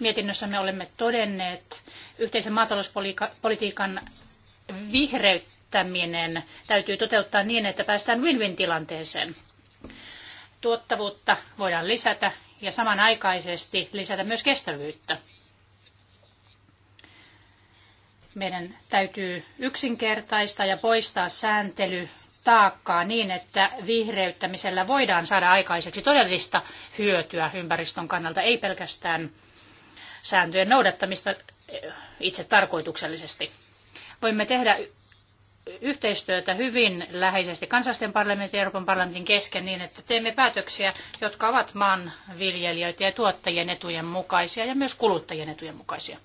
mietinnössämme olemme todenneet, yhteisen maatalouspolitiikan vihreyttäminen täytyy toteuttaa niin, että päästään win-win-tilanteeseen. Tuottavuutta voidaan lisätä ja samanaikaisesti lisätä myös kestävyyttä. Meidän täytyy yksinkertaista ja poistaa sääntely taakkaa niin, että vihreyttämisellä voidaan saada aikaiseksi todellista hyötyä ympäristön kannalta, ei pelkästään sääntöjen noudattamista eh, itse tarkoituksellisesti. Voimme tehdä yhteistyötä hyvin läheisesti kansallisten parlamentin ja Euroopan parlamentin kesken niin, että teemme päätöksiä, jotka ovat maanviljelijöiden ja tuottajien etujen mukaisia ja myös kuluttajien etujen mukaisia.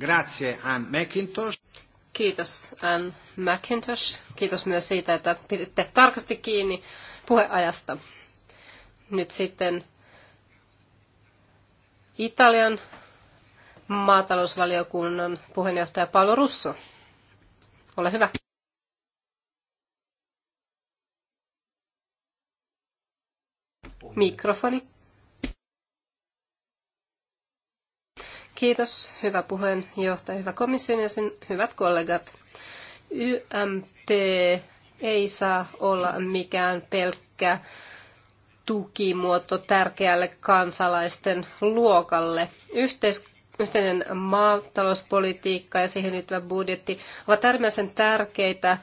Grazie, Ann McIntosh. Kiitos, Ann McIntosh. Kiitos myös siitä, että piditte tarkasti kiinni puheajasta. Nyt sitten Italian maatalousvaliokunnan puheenjohtaja Paolo Russo. Ole hyvä. Mikrofoni. Kiitos, hyvä puheenjohtaja, hyvä komission jäsen, hyvät kollegat. YMP ei saa olla mikään pelkkä tukimuoto tärkeälle kansalaisten luokalle. Yhteis- yhteinen maatalouspolitiikka ja siihen liittyvä budjetti ovat äärimmäisen tärkeitä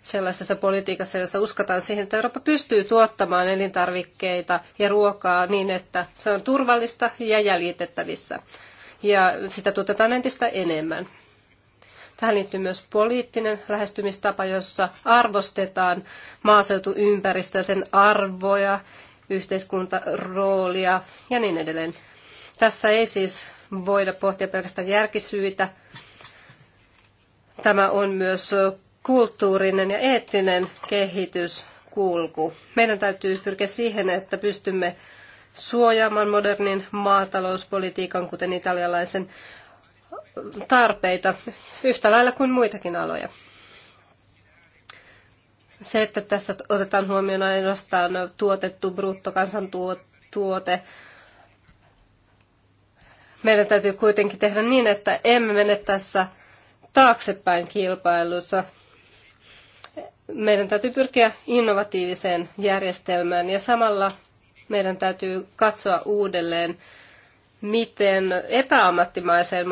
sellaisessa politiikassa, jossa uskotaan siihen, että Eurooppa pystyy tuottamaan elintarvikkeita ja ruokaa niin, että se on turvallista ja jäljitettävissä ja sitä tuotetaan entistä enemmän. Tähän liittyy myös poliittinen lähestymistapa, jossa arvostetaan maaseutuympäristöä, sen arvoja, yhteiskuntaroolia ja niin edelleen. Tässä ei siis voida pohtia pelkästään järkisyitä. Tämä on myös kulttuurinen ja eettinen kehityskulku. Meidän täytyy pyrkiä siihen, että pystymme suojaamaan modernin maatalouspolitiikan, kuten italialaisen tarpeita yhtä lailla kuin muitakin aloja. Se, että tässä otetaan huomioon ainoastaan tuotettu bruttokansantuote, meidän täytyy kuitenkin tehdä niin, että emme mene tässä taaksepäin kilpailussa. Meidän täytyy pyrkiä innovatiiviseen järjestelmään ja samalla meidän täytyy katsoa uudelleen, miten epäammattimaiseen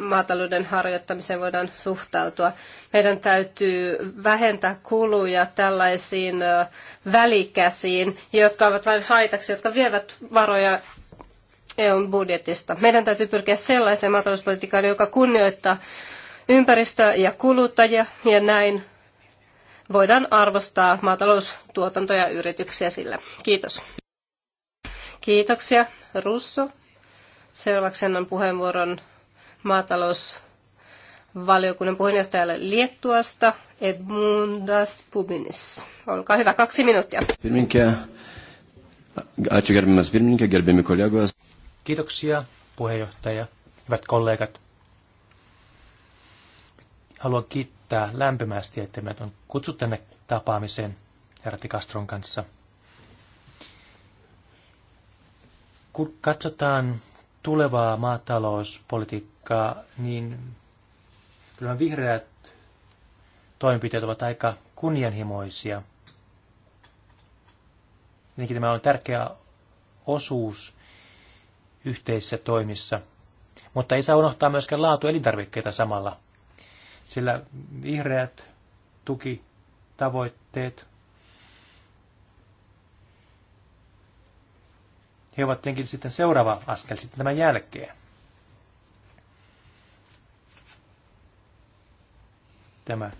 maatalouden harjoittamiseen voidaan suhtautua. Meidän täytyy vähentää kuluja tällaisiin välikäsiin, jotka ovat vain haitaksi, jotka vievät varoja EUn budjetista. Meidän täytyy pyrkiä sellaiseen maatalouspolitiikkaan, joka kunnioittaa ympäristöä ja kuluttajia ja näin voidaan arvostaa maataloustuotantoja ja yrityksiä sillä. Kiitos. Kiitoksia, Russo. Seuraavaksi annan puheenvuoron maatalousvaliokunnan puheenjohtajalle Liettuasta, Edmundas Pubinis. Olkaa hyvä, kaksi minuuttia. Kiitoksia, puheenjohtaja, hyvät kollegat. Haluan kiittää kiittää lämpimästi, että meidät on kutsuttu tänne tapaamiseen Herratti Castron kanssa. Kun katsotaan tulevaa maatalouspolitiikkaa, niin kyllä vihreät toimenpiteet ovat aika kunnianhimoisia. Tietenkin tämä on tärkeä osuus yhteisissä toimissa, mutta ei saa unohtaa myöskään laatu elintarvikkeita samalla sillä vihreät tukitavoitteet, he ovat tietenkin sitten seuraava askel sitten tämän jälkeen. Tämä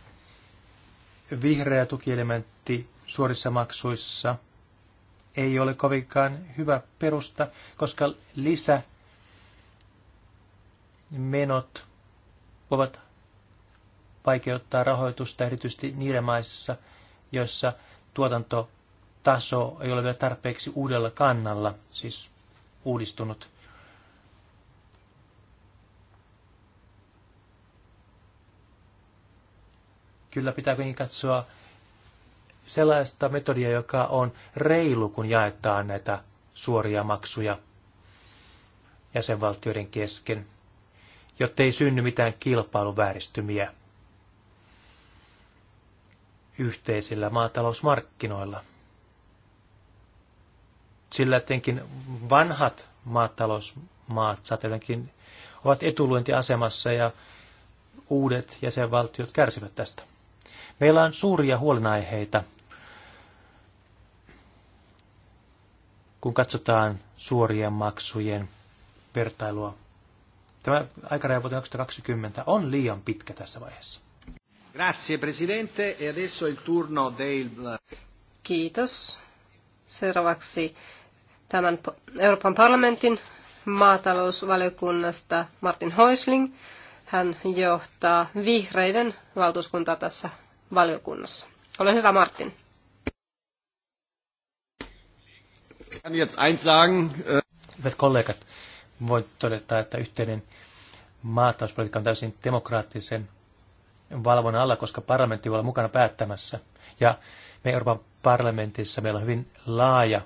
vihreä tukielementti suorissa maksuissa ei ole kovinkaan hyvä perusta, koska lisä menot voivat vaikeuttaa rahoitusta erityisesti niiden maissa, joissa tuotantotaso ei ole vielä tarpeeksi uudella kannalla, siis uudistunut. Kyllä pitää kuitenkin katsoa sellaista metodia, joka on reilu, kun jaetaan näitä suoria maksuja jäsenvaltioiden kesken, jottei synny mitään kilpailuvääristymiä yhteisillä maatalousmarkkinoilla. Sillä tietenkin vanhat maatalousmaat saatelakin ovat etuluentiasemassa ja uudet jäsenvaltiot kärsivät tästä. Meillä on suuria huolenaiheita, kun katsotaan suorien maksujen vertailua. Tämä aikaraja vuoteen 2020 on liian pitkä tässä vaiheessa. Grazie Presidente e adesso il turno del... Kiitos. Seuraavaksi tämän Euroopan parlamentin maatalousvaliokunnasta Martin Häusling. Hän johtaa vihreiden valtuuskuntaa tässä valiokunnassa. Ole hyvä Martin. Äh, Hyvät kollegat, voin todeta, että yhteinen maatalouspolitiikka on täysin demokraattisen valvonnan alla, koska parlamentti voi olla mukana päättämässä. Ja me Euroopan parlamentissa meillä on hyvin laaja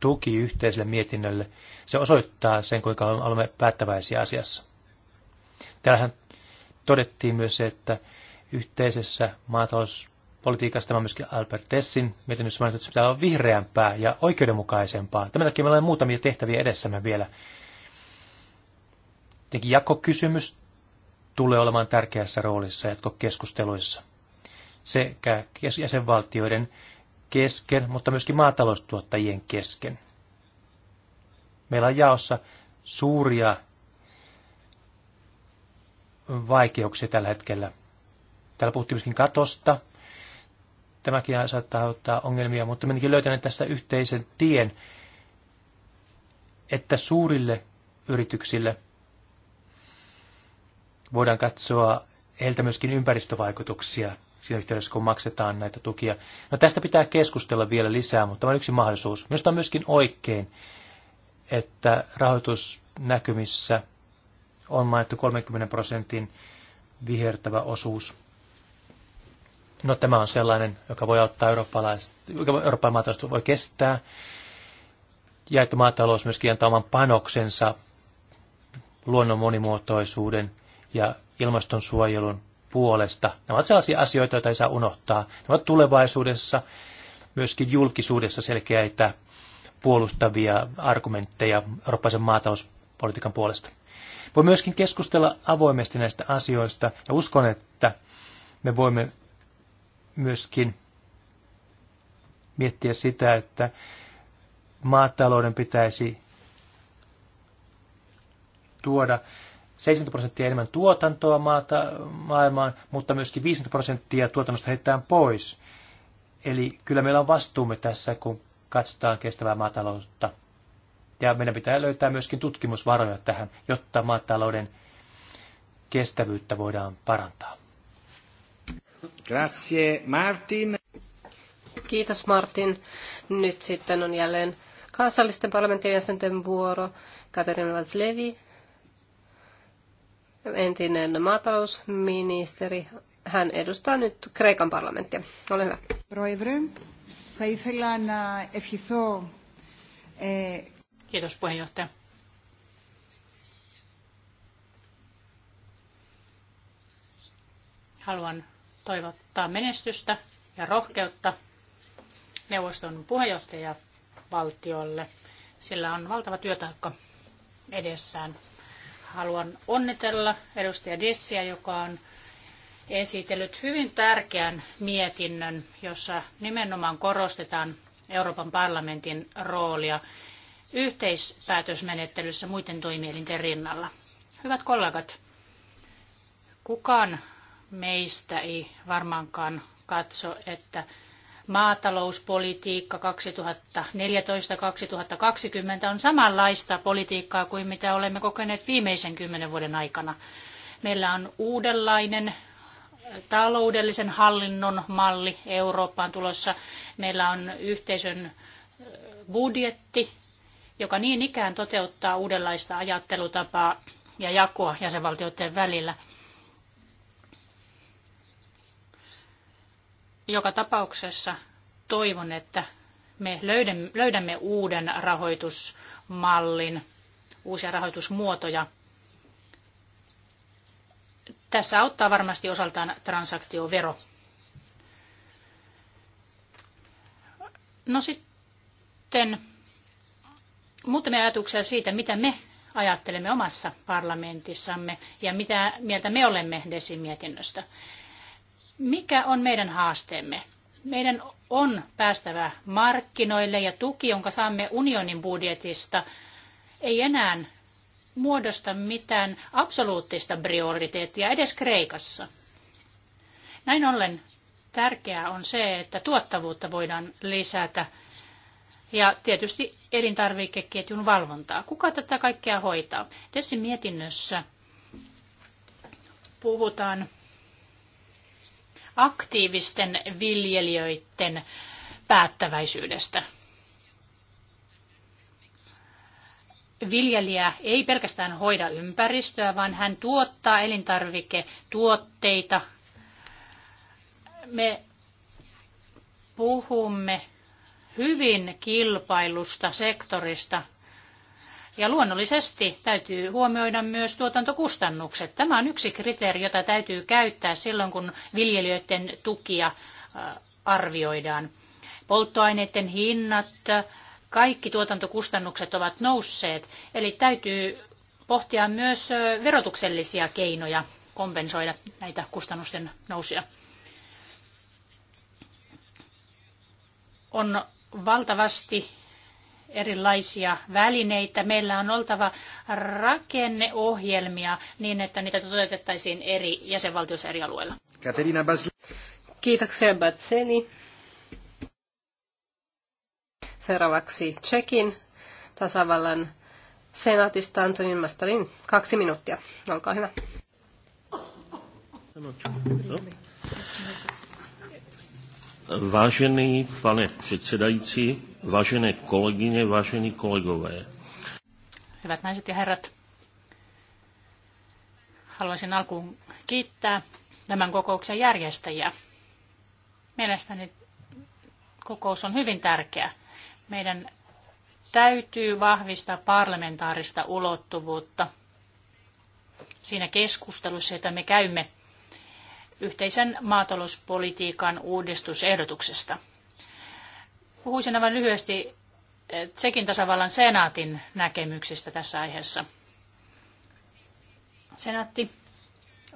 tuki yhteiselle mietinnölle. Se osoittaa sen, kuinka olemme päättäväisiä asiassa. Täällähän todettiin myös se, että yhteisessä maatalouspolitiikassa, tämä on myöskin Albert Tessin mietinnössä mainittu, että se pitää olla vihreämpää ja oikeudenmukaisempaa. Tämän takia meillä on muutamia tehtäviä edessämme vielä. Tietenkin jakokysymys tulee olemaan tärkeässä roolissa jatkokeskusteluissa sekä jäsenvaltioiden kesken, mutta myöskin maataloustuottajien kesken. Meillä on jaossa suuria vaikeuksia tällä hetkellä. Täällä puhuttiin myöskin katosta. Tämäkin saattaa ottaa ongelmia, mutta menekin löytäneet tästä yhteisen tien, että suurille yrityksille voidaan katsoa heiltä myöskin ympäristövaikutuksia siinä yhteydessä, kun maksetaan näitä tukia. No tästä pitää keskustella vielä lisää, mutta tämä on yksi mahdollisuus. Minusta on myöskin oikein, että rahoitusnäkymissä on mainittu 30 prosentin vihertävä osuus. No tämä on sellainen, joka voi auttaa eurooppalaista, Euroopan maatalous voi kestää. Ja että maatalous myöskin antaa oman panoksensa luonnon monimuotoisuuden ja ilmastonsuojelun puolesta. Nämä ovat sellaisia asioita, joita ei saa unohtaa. Ne ovat tulevaisuudessa myöskin julkisuudessa selkeitä puolustavia argumentteja eurooppaisen maatalouspolitiikan puolesta. Voi myöskin keskustella avoimesti näistä asioista ja uskon, että me voimme myöskin miettiä sitä, että maatalouden pitäisi tuoda 70 prosenttia enemmän tuotantoa maata, maailmaan, mutta myöskin 50 prosenttia tuotannosta heitetään pois. Eli kyllä meillä on vastuumme tässä, kun katsotaan kestävää maataloutta. Ja meidän pitää löytää myöskin tutkimusvaroja tähän, jotta maatalouden kestävyyttä voidaan parantaa. Grazie Martin. Kiitos Martin. Nyt sitten on jälleen kansallisten parlamentin jäsenten vuoro. Katerina Valslevi entinen maatalousministeri. Hän edustaa nyt Kreikan parlamenttia. Ole hyvä. Kiitos puheenjohtaja. Haluan toivottaa menestystä ja rohkeutta neuvoston puheenjohtajavaltiolle. Sillä on valtava työtaakka edessään haluan onnitella edustaja Dissiä, joka on esitellyt hyvin tärkeän mietinnön, jossa nimenomaan korostetaan Euroopan parlamentin roolia yhteispäätösmenettelyssä muiden toimielinten rinnalla. Hyvät kollegat, kukaan meistä ei varmaankaan katso, että maatalouspolitiikka 2014-2020 on samanlaista politiikkaa kuin mitä olemme kokeneet viimeisen kymmenen vuoden aikana. Meillä on uudenlainen taloudellisen hallinnon malli Eurooppaan tulossa. Meillä on yhteisön budjetti, joka niin ikään toteuttaa uudenlaista ajattelutapaa ja jakoa jäsenvaltioiden välillä – Joka tapauksessa toivon, että me löydämme uuden rahoitusmallin, uusia rahoitusmuotoja. Tässä auttaa varmasti osaltaan transaktiovero. No sitten muutamia ajatuksia siitä, mitä me ajattelemme omassa parlamentissamme ja mitä mieltä me olemme desimietinnöstä. mietinnöstä mikä on meidän haasteemme? Meidän on päästävä markkinoille ja tuki, jonka saamme unionin budjetista, ei enää muodosta mitään absoluuttista prioriteettia edes Kreikassa. Näin ollen tärkeää on se, että tuottavuutta voidaan lisätä ja tietysti elintarvikeketjun valvontaa. Kuka tätä kaikkea hoitaa? Tässä mietinnössä puhutaan aktiivisten viljelijöiden päättäväisyydestä. viljelijä ei pelkästään hoida ympäristöä, vaan hän tuottaa elintarviketuotteita. Me puhumme hyvin kilpailusta sektorista, ja luonnollisesti täytyy huomioida myös tuotantokustannukset. Tämä on yksi kriteeri, jota täytyy käyttää silloin, kun viljelijöiden tukia äh, arvioidaan. Polttoaineiden hinnat, äh, kaikki tuotantokustannukset ovat nousseet, eli täytyy pohtia myös äh, verotuksellisia keinoja kompensoida näitä kustannusten nousuja. On valtavasti erilaisia välineitä. Meillä on oltava rakenneohjelmia niin, että niitä toteutettaisiin eri jäsenvaltioissa eri alueilla. Katerina Basli. Kiitoksia Batseni. Seuraavaksi Tsekin tasavallan senaatista Antonin Mastalin. Kaksi minuuttia. Olkaa hyvä. Vážený pane předsedající, vážené kolegyně, vážení kolegové. Hyvät naiset ja herrat, haluaisin alkuun kiittää tämän kokouksen järjestäjiä. Mielestäni kokous on hyvin tärkeä. Meidän täytyy vahvistaa parlamentaarista ulottuvuutta siinä keskustelussa, jota me käymme – yhteisen maatalouspolitiikan uudistusehdotuksesta. Puhuisin aivan lyhyesti eh, Tsekin tasavallan senaatin näkemyksistä tässä aiheessa. Senaatti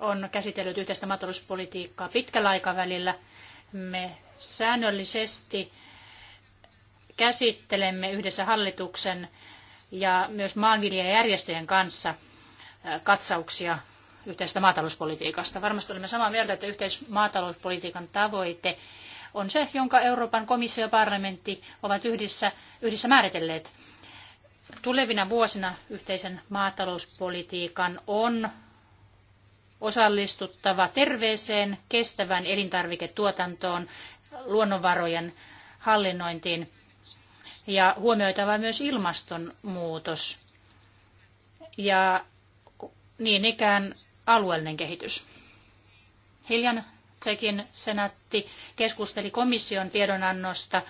on käsitellyt yhteistä maatalouspolitiikkaa pitkällä aikavälillä. Me säännöllisesti käsittelemme yhdessä hallituksen ja myös maanviljelijäjärjestöjen kanssa eh, katsauksia yhteisestä maatalouspolitiikasta. Varmasti olemme samaa mieltä, että yhteismaatalouspolitiikan tavoite on se, jonka Euroopan komissio ja parlamentti ovat yhdessä, yhdessä määritelleet. Tulevina vuosina yhteisen maatalouspolitiikan on osallistuttava terveeseen, kestävään elintarviketuotantoon, luonnonvarojen hallinnointiin ja huomioitava myös ilmastonmuutos. Ja niin ikään alueellinen kehitys. Hiljan Tsekin senaatti keskusteli komission tiedonannosta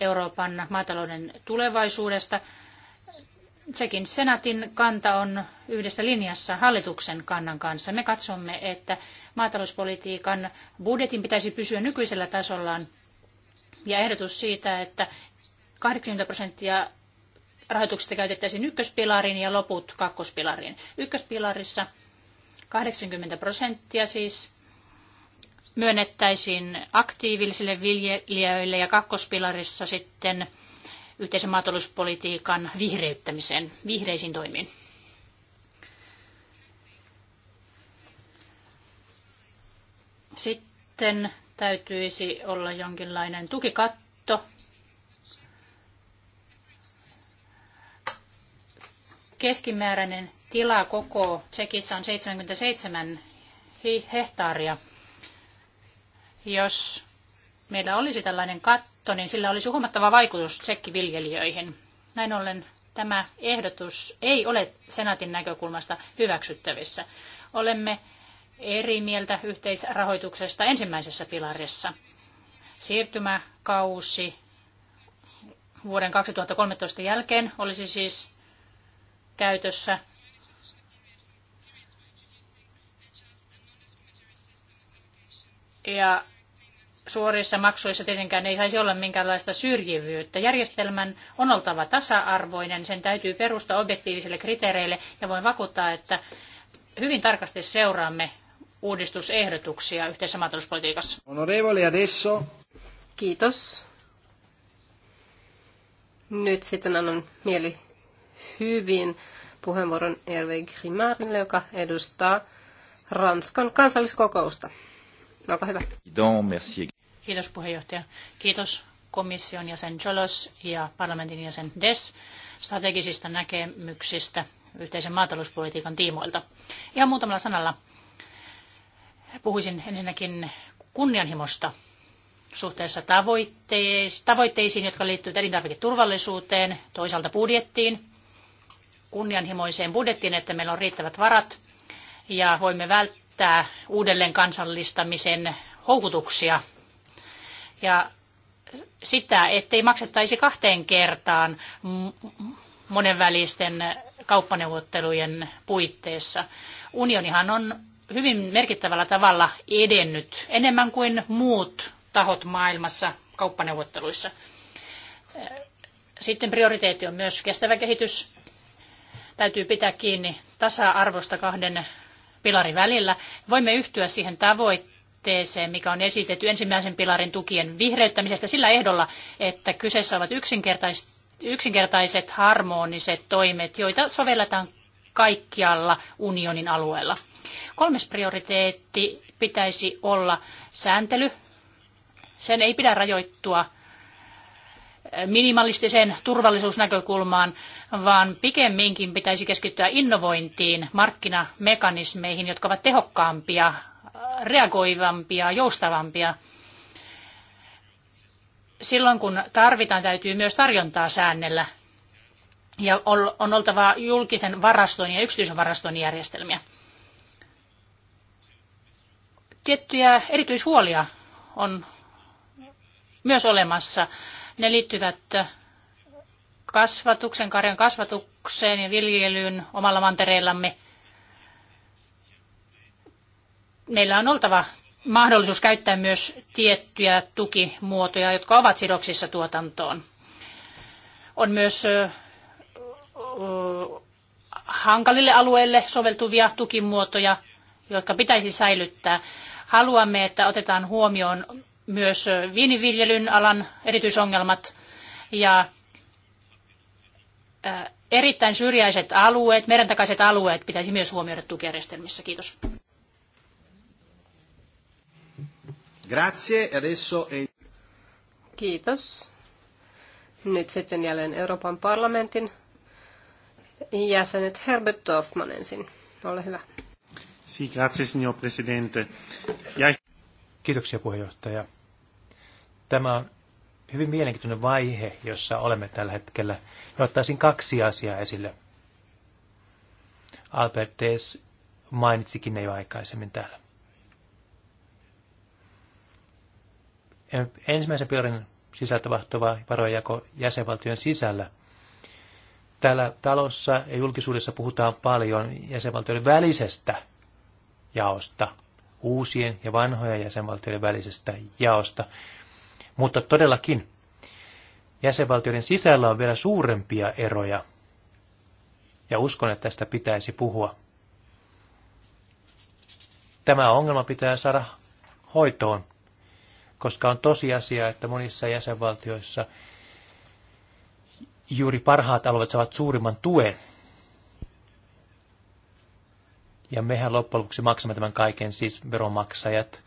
Euroopan maatalouden tulevaisuudesta. Tsekin senaatin kanta on yhdessä linjassa hallituksen kannan kanssa. Me katsomme, että maatalouspolitiikan budjetin pitäisi pysyä nykyisellä tasollaan ja ehdotus siitä, että 80 prosenttia rahoituksesta käytettäisiin ykköspilariin ja loput kakkospilariin. Ykköspilarissa 80 prosenttia siis myönnettäisiin aktiivisille viljelijöille ja kakkospilarissa sitten yhteisen maatalouspolitiikan vihreyttämiseen, vihreisiin toimiin. Sitten täytyisi olla jonkinlainen tukikatto. Keskimääräinen tila koko Tsekissä on 77 hehtaaria. Jos meillä olisi tällainen katto, niin sillä olisi huomattava vaikutus tsekkiviljelijöihin. Näin ollen tämä ehdotus ei ole senaatin näkökulmasta hyväksyttävissä. Olemme eri mieltä yhteisrahoituksesta ensimmäisessä pilarissa. Siirtymäkausi vuoden 2013 jälkeen olisi siis käytössä Ja suorissa maksuissa tietenkään ei saisi olla minkäänlaista syrjivyyttä. Järjestelmän on oltava tasa-arvoinen, sen täytyy perustaa objektiivisille kriteereille ja voin vakuuttaa, että hyvin tarkasti seuraamme uudistusehdotuksia yhteisessä maatalouspolitiikassa. Onorevole adesso. Kiitos. Nyt sitten annan mieli hyvin puheenvuoron Hervé Grimardille, joka edustaa Ranskan kansalliskokousta. Olkaa hyvä. Kiitos puheenjohtaja. Kiitos komission jäsen Cholos ja parlamentin jäsen Des strategisista näkemyksistä yhteisen maatalouspolitiikan tiimoilta. Ihan muutamalla sanalla puhuisin ensinnäkin kunnianhimosta suhteessa tavoitteisiin, jotka liittyvät elintarviketurvallisuuteen, toisaalta budjettiin, kunnianhimoiseen budjettiin, että meillä on riittävät varat ja voimme välttää välttää uudelleen kansallistamisen houkutuksia ja sitä, ettei maksettaisi kahteen kertaan monenvälisten kauppaneuvottelujen puitteissa. Unionihan on hyvin merkittävällä tavalla edennyt enemmän kuin muut tahot maailmassa kauppaneuvotteluissa. Sitten prioriteetti on myös kestävä kehitys. Täytyy pitää kiinni tasa-arvosta kahden pilarin välillä. Voimme yhtyä siihen tavoitteeseen, mikä on esitetty ensimmäisen pilarin tukien vihreyttämisestä sillä ehdolla, että kyseessä ovat yksinkertaiset harmoniset toimet, joita sovelletaan kaikkialla unionin alueella. Kolmas prioriteetti pitäisi olla sääntely. Sen ei pidä rajoittua minimalistiseen turvallisuusnäkökulmaan, vaan pikemminkin pitäisi keskittyä innovointiin, markkinamekanismeihin, jotka ovat tehokkaampia, reagoivampia, joustavampia. Silloin kun tarvitaan, täytyy myös tarjontaa säännellä ja on oltava julkisen varaston ja yksityisen varaston järjestelmiä. Tiettyjä erityishuolia on myös olemassa ne liittyvät kasvatuksen, karjan kasvatukseen ja viljelyyn omalla mantereillamme. Meillä on oltava mahdollisuus käyttää myös tiettyjä tukimuotoja, jotka ovat sidoksissa tuotantoon. On myös hankalille alueille soveltuvia tukimuotoja, jotka pitäisi säilyttää. Haluamme, että otetaan huomioon myös viiniviljelyn alan erityisongelmat ja äh, erittäin syrjäiset alueet, meren takaiset alueet pitäisi myös huomioida tukijärjestelmissä. Kiitos. Grazie. E adesso... Kiitos. Nyt sitten jälleen Euroopan parlamentin jäsenet Herbert Dorfman ensin. Ole hyvä. Sì, grazie signor Presidente. Ja... Kiitoksia puheenjohtaja. Tämä on hyvin mielenkiintoinen vaihe, jossa olemme tällä hetkellä. Ja ottaisin kaksi asiaa esille. Albert Dees mainitsikin ne jo aikaisemmin täällä. Ensimmäisen pilarin sisältä tapahtuva varojako jäsenvaltion sisällä. Täällä talossa ja julkisuudessa puhutaan paljon jäsenvaltioiden välisestä jaosta, uusien ja vanhojen jäsenvaltioiden välisestä jaosta. Mutta todellakin jäsenvaltioiden sisällä on vielä suurempia eroja. Ja uskon, että tästä pitäisi puhua. Tämä ongelma pitää saada hoitoon, koska on tosiasia, että monissa jäsenvaltioissa juuri parhaat alueet saavat suurimman tuen. Ja mehän loppujen lopuksi maksamme tämän kaiken, siis veronmaksajat,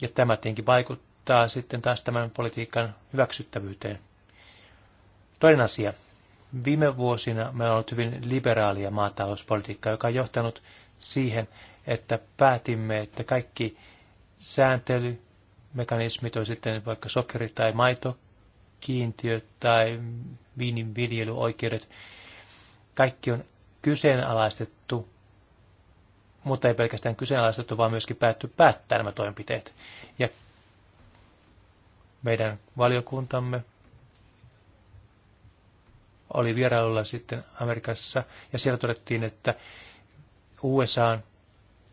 ja tämä tietenkin vaikuttaa sitten taas tämän politiikan hyväksyttävyyteen. Toinen asia. Viime vuosina meillä on ollut hyvin liberaalia maatalouspolitiikkaa, joka on johtanut siihen, että päätimme, että kaikki sääntelymekanismit, on sitten vaikka sokeri- tai maitokiintiöt tai viinin viljelyoikeudet, kaikki on kyseenalaistettu mutta ei pelkästään kyseenalaistettu, vaan myöskin päätty päättää nämä toimenpiteet. Ja meidän valiokuntamme oli vierailulla sitten Amerikassa, ja siellä todettiin, että USAn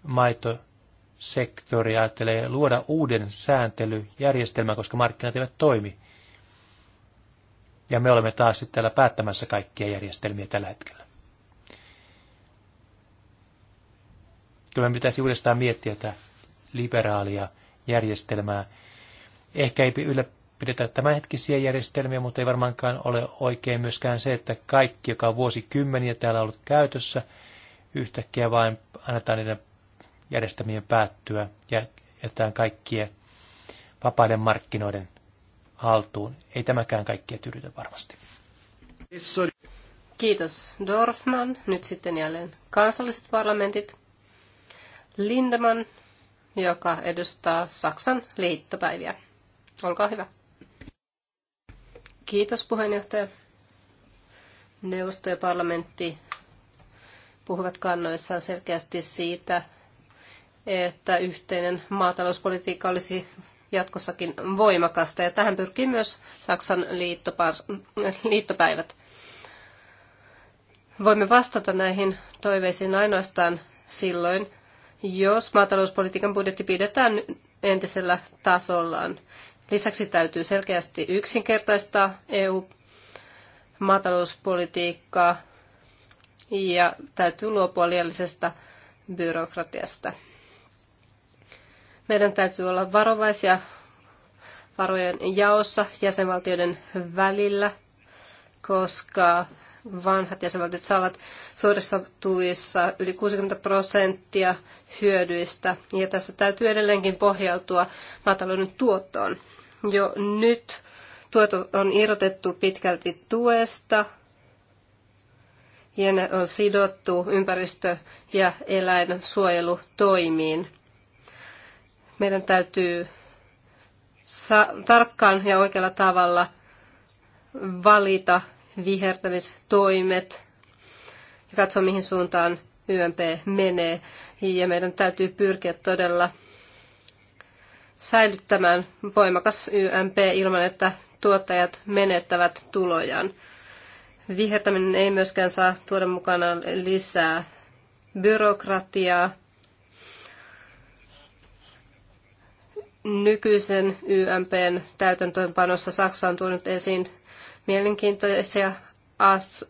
maitosektori ajattelee luoda uuden sääntelyjärjestelmän, koska markkinat eivät toimi. Ja me olemme taas sitten täällä päättämässä kaikkia järjestelmiä tällä hetkellä. Kyllä me pitäisi uudestaan miettiä tätä liberaalia järjestelmää. Ehkä ei ylläpidetä tämänhetkisiä järjestelmiä, mutta ei varmaankaan ole oikein myöskään se, että kaikki, joka on vuosikymmeniä täällä ollut käytössä, yhtäkkiä vain annetaan niiden järjestämien päättyä ja jätetään kaikkien vapaiden markkinoiden haltuun. Ei tämäkään kaikkia tyydytä varmasti. Kiitos Dorfman. Nyt sitten jälleen kansalliset parlamentit. Lindemann, joka edustaa Saksan liittopäiviä. Olkaa hyvä. Kiitos puheenjohtaja. Neuvosto ja parlamentti puhuvat kannoissaan selkeästi siitä, että yhteinen maatalouspolitiikka olisi jatkossakin voimakasta. Ja tähän pyrkii myös Saksan liittopäivät. Voimme vastata näihin toiveisiin ainoastaan silloin, jos maatalouspolitiikan budjetti pidetään entisellä tasollaan. Lisäksi täytyy selkeästi yksinkertaistaa EU-maatalouspolitiikkaa ja täytyy luopua liiallisesta byrokratiasta. Meidän täytyy olla varovaisia varojen jaossa jäsenvaltioiden välillä, koska vanhat jäsenvaltiot saavat suurissa tuissa yli 60 prosenttia hyödyistä. Ja tässä täytyy edelleenkin pohjautua maatalouden tuottoon. Jo nyt tuotto on irrotettu pitkälti tuesta ja ne on sidottu ympäristö- ja eläinsuojelutoimiin. Meidän täytyy tarkkaan ja oikealla tavalla valita vihertämistoimet ja katsoa, mihin suuntaan YMP menee. Ja meidän täytyy pyrkiä todella säilyttämään voimakas YMP ilman, että tuottajat menettävät tulojaan. Vihertäminen ei myöskään saa tuoda mukana lisää byrokratiaa. Nykyisen YMPn täytäntöönpanossa Saksa on tuonut esiin mielenkiintoisia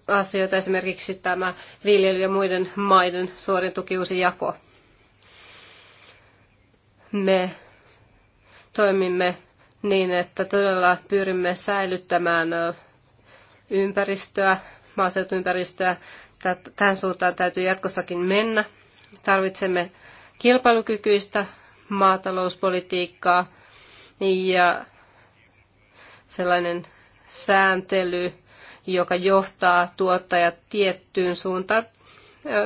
asioita, esimerkiksi tämä viljely ja muiden maiden suorin tukiusi jako. Me toimimme niin, että todella pyrimme säilyttämään ympäristöä, maaseutuympäristöä. Tähän suuntaan täytyy jatkossakin mennä. Tarvitsemme kilpailukykyistä maatalouspolitiikkaa ja sellainen sääntely, joka johtaa tuottajat tiettyyn suuntaan,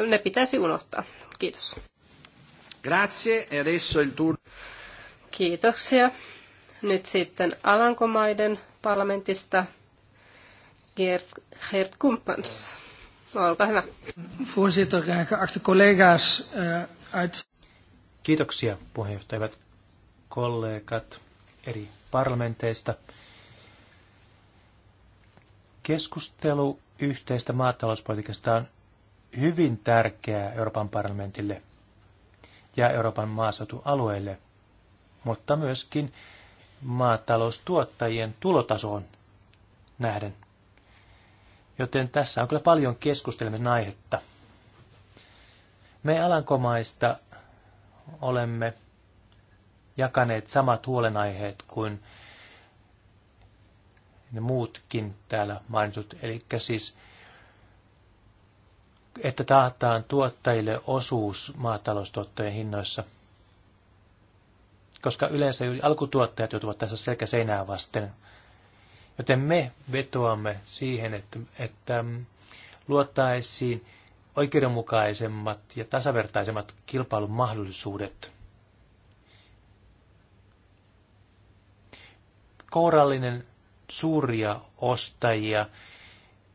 ne pitäisi unohtaa. Kiitos. Grazie, e adesso il turno. Kiitoksia. Nyt sitten Alankomaiden parlamentista Gert Gert Kumpans. Olkaa hyvä. geachte collega's eh, uit... Kiitoksia puheenjohtajat kollegat eri parlamenteista. Keskustelu yhteistä maatalouspolitiikasta on hyvin tärkeää Euroopan parlamentille ja Euroopan maaseutualueille, mutta myöskin maataloustuottajien tulotasoon nähden. Joten tässä on kyllä paljon keskustelemisen aihetta. Me Alankomaista olemme jakaneet samat huolenaiheet kuin ne muutkin täällä mainitut. Eli siis, että taataan tuottajille osuus maataloustuottojen hinnoissa, koska yleensä alkutuottajat joutuvat tässä selkä seinää vasten. Joten me vetoamme siihen, että, että mm, luottaisiin oikeudenmukaisemmat ja tasavertaisemmat kilpailun mahdollisuudet. Kourallinen suuria ostajia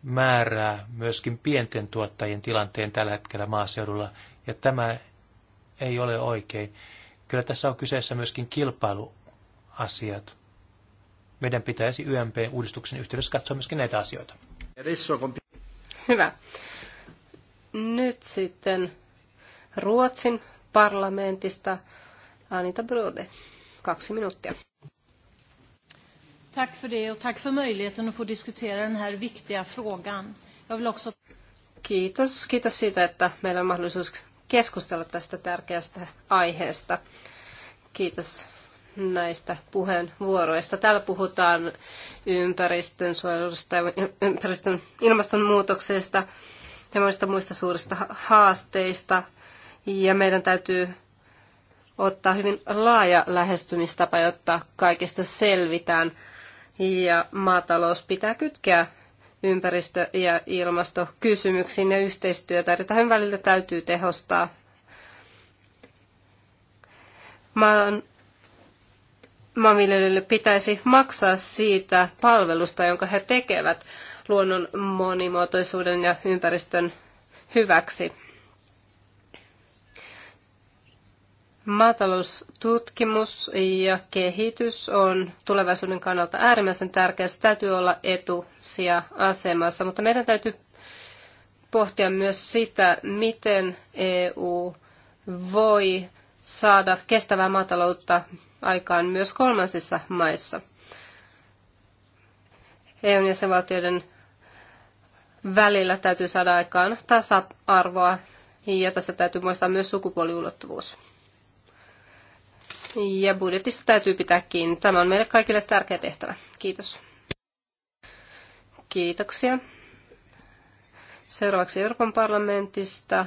määrää myöskin pienten tuottajien tilanteen tällä hetkellä maaseudulla, ja tämä ei ole oikein. Kyllä tässä on kyseessä myöskin kilpailuasiat. Meidän pitäisi YMP-uudistuksen yhteydessä katsoa myöskin näitä asioita. Hyvä. Nyt sitten Ruotsin parlamentista Anita Brode. Kaksi minuuttia. Tack för det och tack för möjligheten att få diskutera den här viktiga frågan. Jag vill också... Kiitos. Kiitos siitä, että meillä on mahdollisuus keskustella tästä tärkeästä aiheesta. Kiitos näistä puheenvuoroista. Täällä puhutaan ympäristön suojelusta ja ympäristön ilmastonmuutoksesta ja monista muista suurista haasteista. Ja meidän täytyy ottaa hyvin laaja lähestymistapa, jotta kaikesta selvitään ja maatalous pitää kytkeä ympäristö- ja ilmastokysymyksiin ja yhteistyötä. Eli tähän välillä täytyy tehostaa. Maan, maanviljelijöille pitäisi maksaa siitä palvelusta, jonka he tekevät luonnon monimuotoisuuden ja ympäristön hyväksi. Maataloustutkimus ja kehitys on tulevaisuuden kannalta äärimmäisen tärkeää. Se täytyy olla etusija asemassa, mutta meidän täytyy pohtia myös sitä, miten EU voi saada kestävää maataloutta aikaan myös kolmansissa maissa. EUn jäsenvaltioiden välillä täytyy saada aikaan tasa-arvoa ja tässä täytyy muistaa myös sukupuoliulottuvuus. Ja budjetista täytyy pitää kiinni. Tämä on meille kaikille tärkeä tehtävä. Kiitos. Kiitoksia. Seuraavaksi Euroopan parlamentista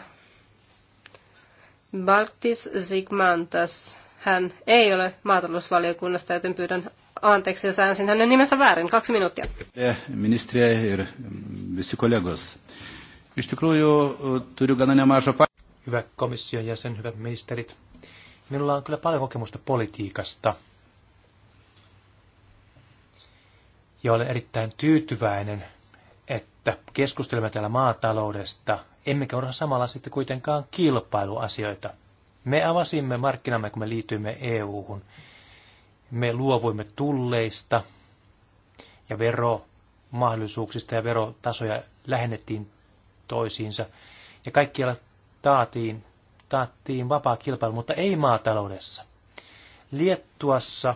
Baltis Zigmantas. Hän ei ole maatalousvaliokunnasta, joten pyydän anteeksi, jos äänsin hänen nimensä väärin. Kaksi minuuttia. Ministeriä ja visi kollegos. Iš Hyvä komission jäsen, hyvät ministerit. Minulla on kyllä paljon kokemusta politiikasta. Ja olen erittäin tyytyväinen, että keskustelemme täällä maataloudesta, emmekä ole samalla sitten kuitenkaan kilpailuasioita. Me avasimme markkinamme, kun me liityimme EU-hun. Me luovuimme tulleista ja veromahdollisuuksista ja verotasoja lähennettiin toisiinsa. Ja kaikkialla taatiin taattiin vapaa kilpailu, mutta ei maataloudessa. Liettuassa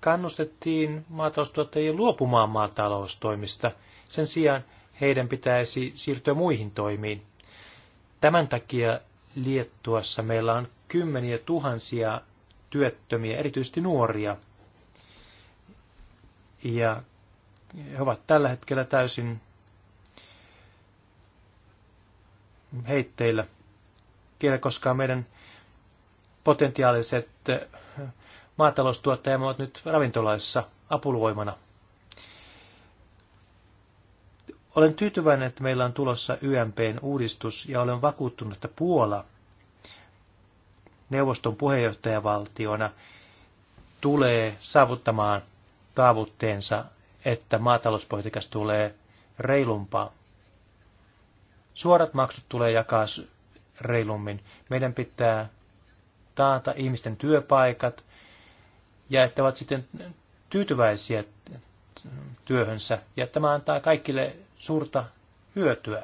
kannustettiin maataloustuottajien luopumaan maataloustoimista. Sen sijaan heidän pitäisi siirtyä muihin toimiin. Tämän takia Liettuassa meillä on kymmeniä tuhansia työttömiä, erityisesti nuoria. Ja he ovat tällä hetkellä täysin heitteillä tiedä, koska meidän potentiaaliset eh, maataloustuottajamme ovat nyt ravintolaissa apuluoimana. Olen tyytyväinen, että meillä on tulossa YMPn uudistus ja olen vakuuttunut, että Puola neuvoston puheenjohtajavaltiona tulee saavuttamaan tavoitteensa, että maatalouspolitiikasta tulee reilumpaa Suorat maksut tulee jakaa reilummin. Meidän pitää taata ihmisten työpaikat ja että ovat sitten tyytyväisiä työhönsä. Ja tämä antaa kaikille suurta hyötyä.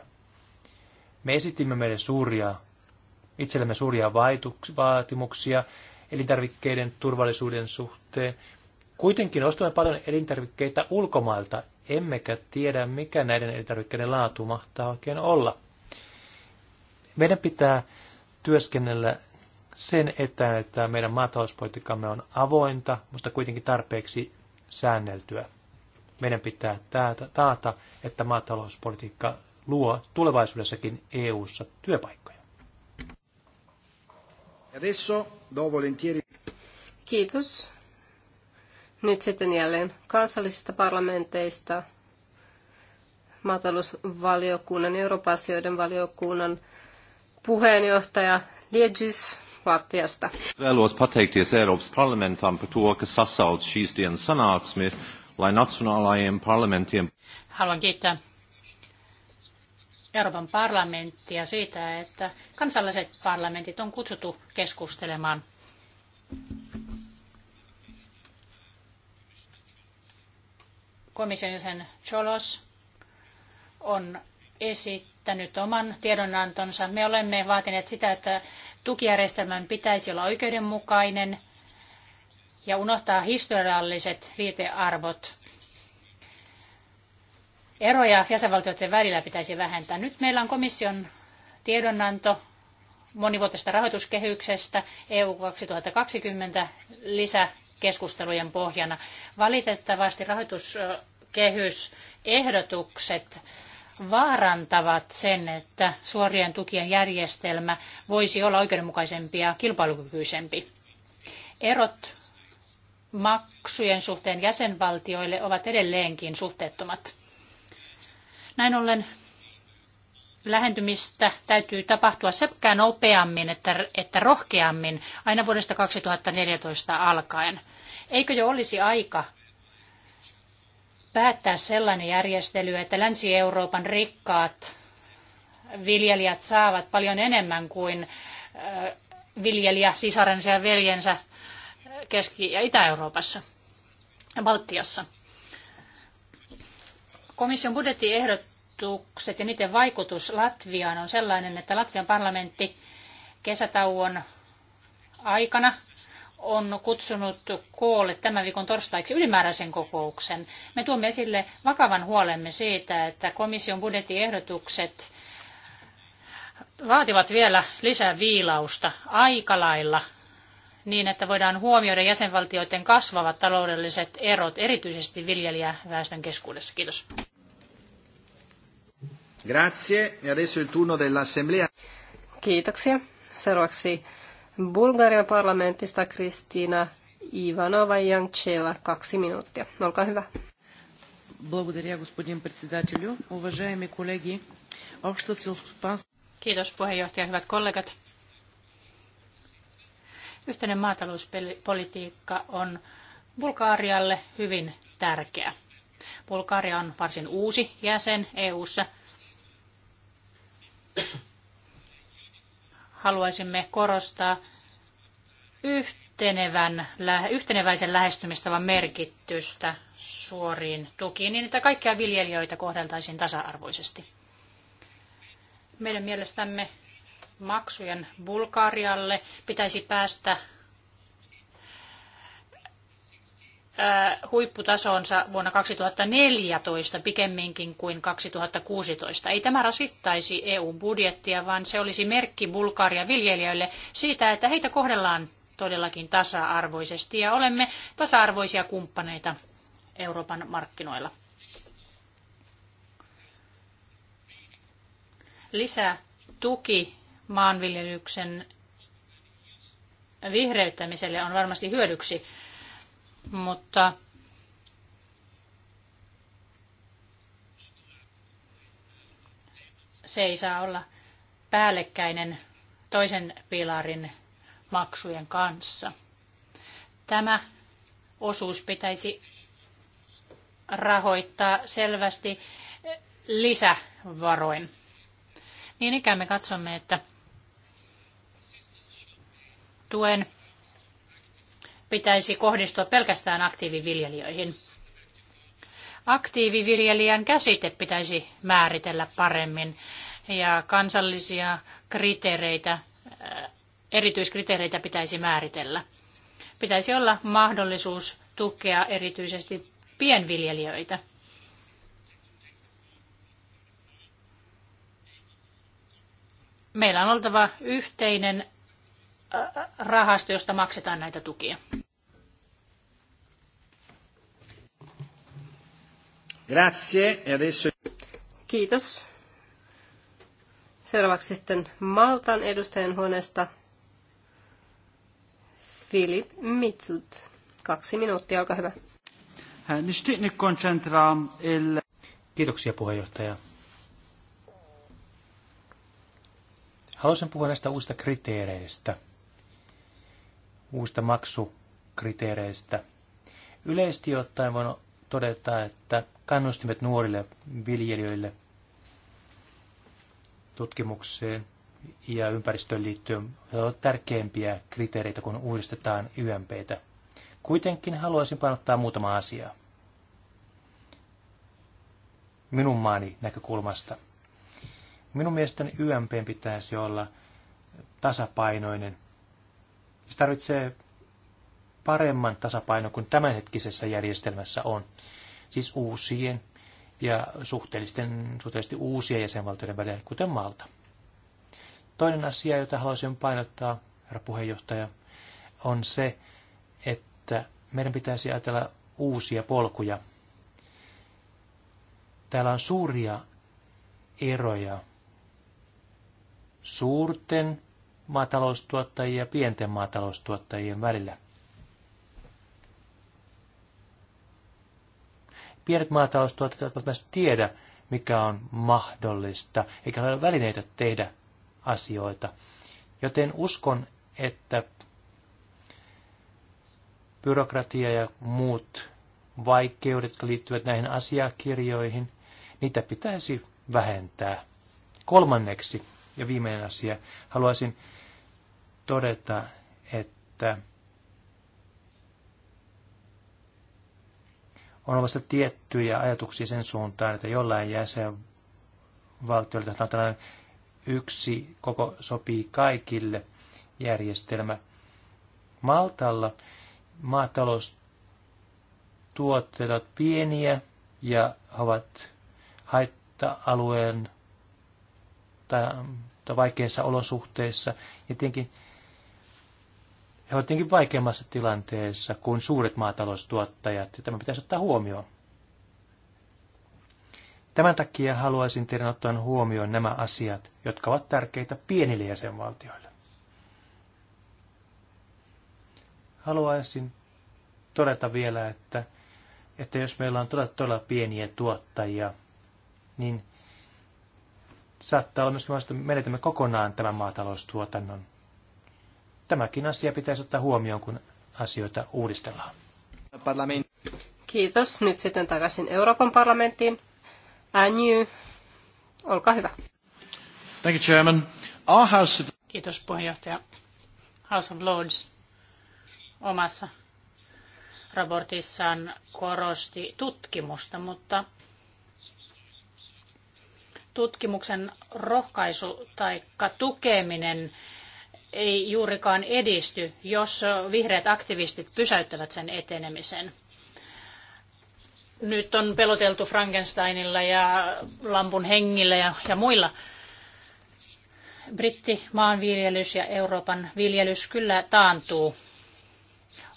Me esitimme meille suuria, itsellemme suuria vaatimuksia elintarvikkeiden turvallisuuden suhteen. Kuitenkin ostamme paljon elintarvikkeita ulkomailta, emmekä tiedä, mikä näiden elintarvikkeiden laatu mahtaa oikein olla. Meidän pitää työskennellä sen eteen, että meidän maatalouspolitiikkamme on avointa, mutta kuitenkin tarpeeksi säänneltyä. Meidän pitää taata, että maatalouspolitiikka luo tulevaisuudessakin EU-ssa työpaikkoja. Kiitos. Nyt sitten jälleen kansallisista parlamenteista, maatalousvaliokunnan Euroopan asioiden valiokunnan puheenjohtaja Liegis Latviasta. Vēlos pateikties Eiropas parlamentam par to, siistien sasauc šīs dienas sanāksmi, lai nacionālajiem parlamentiem... Haluan kiittää Euroopan parlamenttia siitä, että kansalliset parlamentit on kutsuttu keskustelemaan komission jäsen Cholos on esittänyt oman tiedonantonsa. Me olemme vaatineet sitä, että tukijärjestelmän pitäisi olla oikeudenmukainen ja unohtaa historialliset viitearvot. Eroja jäsenvaltioiden välillä pitäisi vähentää. Nyt meillä on komission tiedonanto monivuotisesta rahoituskehyksestä EU 2020 lisä keskustelujen pohjana. Valitettavasti rahoituskehysehdotukset vaarantavat sen, että suorien tukien järjestelmä voisi olla oikeudenmukaisempi ja kilpailukykyisempi. Erot maksujen suhteen jäsenvaltioille ovat edelleenkin suhteettomat. Näin ollen lähentymistä täytyy tapahtua sekä nopeammin että, että rohkeammin aina vuodesta 2014 alkaen. Eikö jo olisi aika päättää sellainen järjestely, että Länsi-Euroopan rikkaat viljelijät saavat paljon enemmän kuin viljelijä sisarensa ja veljensä Keski- ja Itä-Euroopassa ja Baltiassa. Komission budjettiehdotus uudistukset ja niiden vaikutus Latviaan on sellainen, että Latvian parlamentti kesätauon aikana on kutsunut koolle tämän viikon torstaiksi ylimääräisen kokouksen. Me tuomme esille vakavan huolemme siitä, että komission budjettiehdotukset vaativat vielä lisää viilausta aika lailla niin, että voidaan huomioida jäsenvaltioiden kasvavat taloudelliset erot, erityisesti viljelijäväestön keskuudessa. Kiitos. Grazie. Ja e adesso il turno dell'assemblea. Kiitoksia. Seuraavaksi Bulgarian parlamentista Kristiina Ivanova Jankcheva, kaksi minuuttia. Olkaa hyvä. Благодаря, господин председателю. Уважаеми колеги, обща селскостопанска... Kiitos puheenjohtaja, hyvät kollegat. Yhteinen maatalouspolitiikka on Bulgaarialle hyvin tärkeä. Bulgaria on varsin uusi jäsen EU:ssa haluaisimme korostaa yhtenevän, yhteneväisen lähestymistavan merkitystä suoriin tukiin, niin että kaikkia viljelijöitä kohdeltaisiin tasa-arvoisesti. Meidän mielestämme maksujen Bulgarialle pitäisi päästä huipputasonsa vuonna 2014 pikemminkin kuin 2016. Ei tämä rasittaisi EU-budjettia, vaan se olisi merkki Bulgarian viljelijöille siitä, että heitä kohdellaan todellakin tasa-arvoisesti ja olemme tasa-arvoisia kumppaneita Euroopan markkinoilla. Lisää tuki maanviljelyksen vihreyttämiselle on varmasti hyödyksi mutta se ei saa olla päällekkäinen toisen pilarin maksujen kanssa. Tämä osuus pitäisi rahoittaa selvästi lisävaroin. Niin ikään me katsomme, että tuen pitäisi kohdistua pelkästään aktiiviviljelijöihin. Aktiiviviljelijän käsite pitäisi määritellä paremmin ja kansallisia kriteereitä, äh, erityiskriteereitä pitäisi määritellä. Pitäisi olla mahdollisuus tukea erityisesti pienviljelijöitä. Meillä on oltava yhteinen rahasto, josta maksetaan näitä tukia. Grazie. E adesso... Kiitos. Seuraavaksi sitten Maltan edustajan huoneesta Filip Mitsut. Kaksi minuuttia, olkaa hyvä. Kiitoksia puheenjohtaja. Haluaisin puhua näistä uusista kriteereistä – uusista maksukriteereistä. Yleisesti ottaen voin todeta, että kannustimet nuorille viljelijöille tutkimukseen ja ympäristöön liittyen ovat tärkeimpiä kriteereitä, kun uudistetaan YMPtä. Kuitenkin haluaisin painottaa muutama asia Minun maani näkökulmasta. Minun mielestäni YMP pitäisi olla tasapainoinen – se tarvitsee paremman tasapainon kuin tämänhetkisessä järjestelmässä on. Siis uusien ja suhteellisten, suhteellisesti uusien jäsenvaltioiden välillä, kuten Malta. Toinen asia, jota haluaisin painottaa, herra puheenjohtaja, on se, että meidän pitäisi ajatella uusia polkuja. Täällä on suuria eroja suurten maataloustuottajien ja pienten maataloustuottajien välillä. Pienet maataloustuottajat eivät myös tiedä, mikä on mahdollista, eikä ole välineitä tehdä asioita. Joten uskon, että byrokratia ja muut vaikeudet, jotka liittyvät näihin asiakirjoihin, niitä pitäisi vähentää. Kolmanneksi ja viimeinen asia, haluaisin todeta, että on olemassa tiettyjä ajatuksia sen suuntaan, että jollain jäsenvaltiolla on tällainen yksi koko sopii kaikille järjestelmä. Maltalla maataloustuotteet ovat pieniä ja ovat haitta-alueen tai, tai vaikeissa olosuhteissa. Ja tietenkin he ovat tietenkin vaikeammassa tilanteessa kuin suuret maataloustuottajat, ja tämä pitäisi ottaa huomioon. Tämän takia haluaisin teidän ottaa huomioon nämä asiat, jotka ovat tärkeitä pienille jäsenvaltioille. Haluaisin todeta vielä, että, että jos meillä on todella, todella pieniä tuottajia, niin saattaa olla myöskin että menetämme kokonaan tämän maataloustuotannon. Tämäkin asia pitäisi ottaa huomioon, kun asioita uudistellaan. Kiitos. Nyt sitten takaisin Euroopan parlamenttiin. Anju, olkaa hyvä. Thank you, Chairman. Our House of... Kiitos puheenjohtaja. House of Lords omassa raportissaan korosti tutkimusta, mutta tutkimuksen rohkaisu tai tukeminen ei juurikaan edisty, jos vihreät aktivistit pysäyttävät sen etenemisen. Nyt on peloteltu Frankensteinilla ja lampun hengillä ja, ja muilla. Britti maanviljelys ja Euroopan viljelys kyllä taantuu.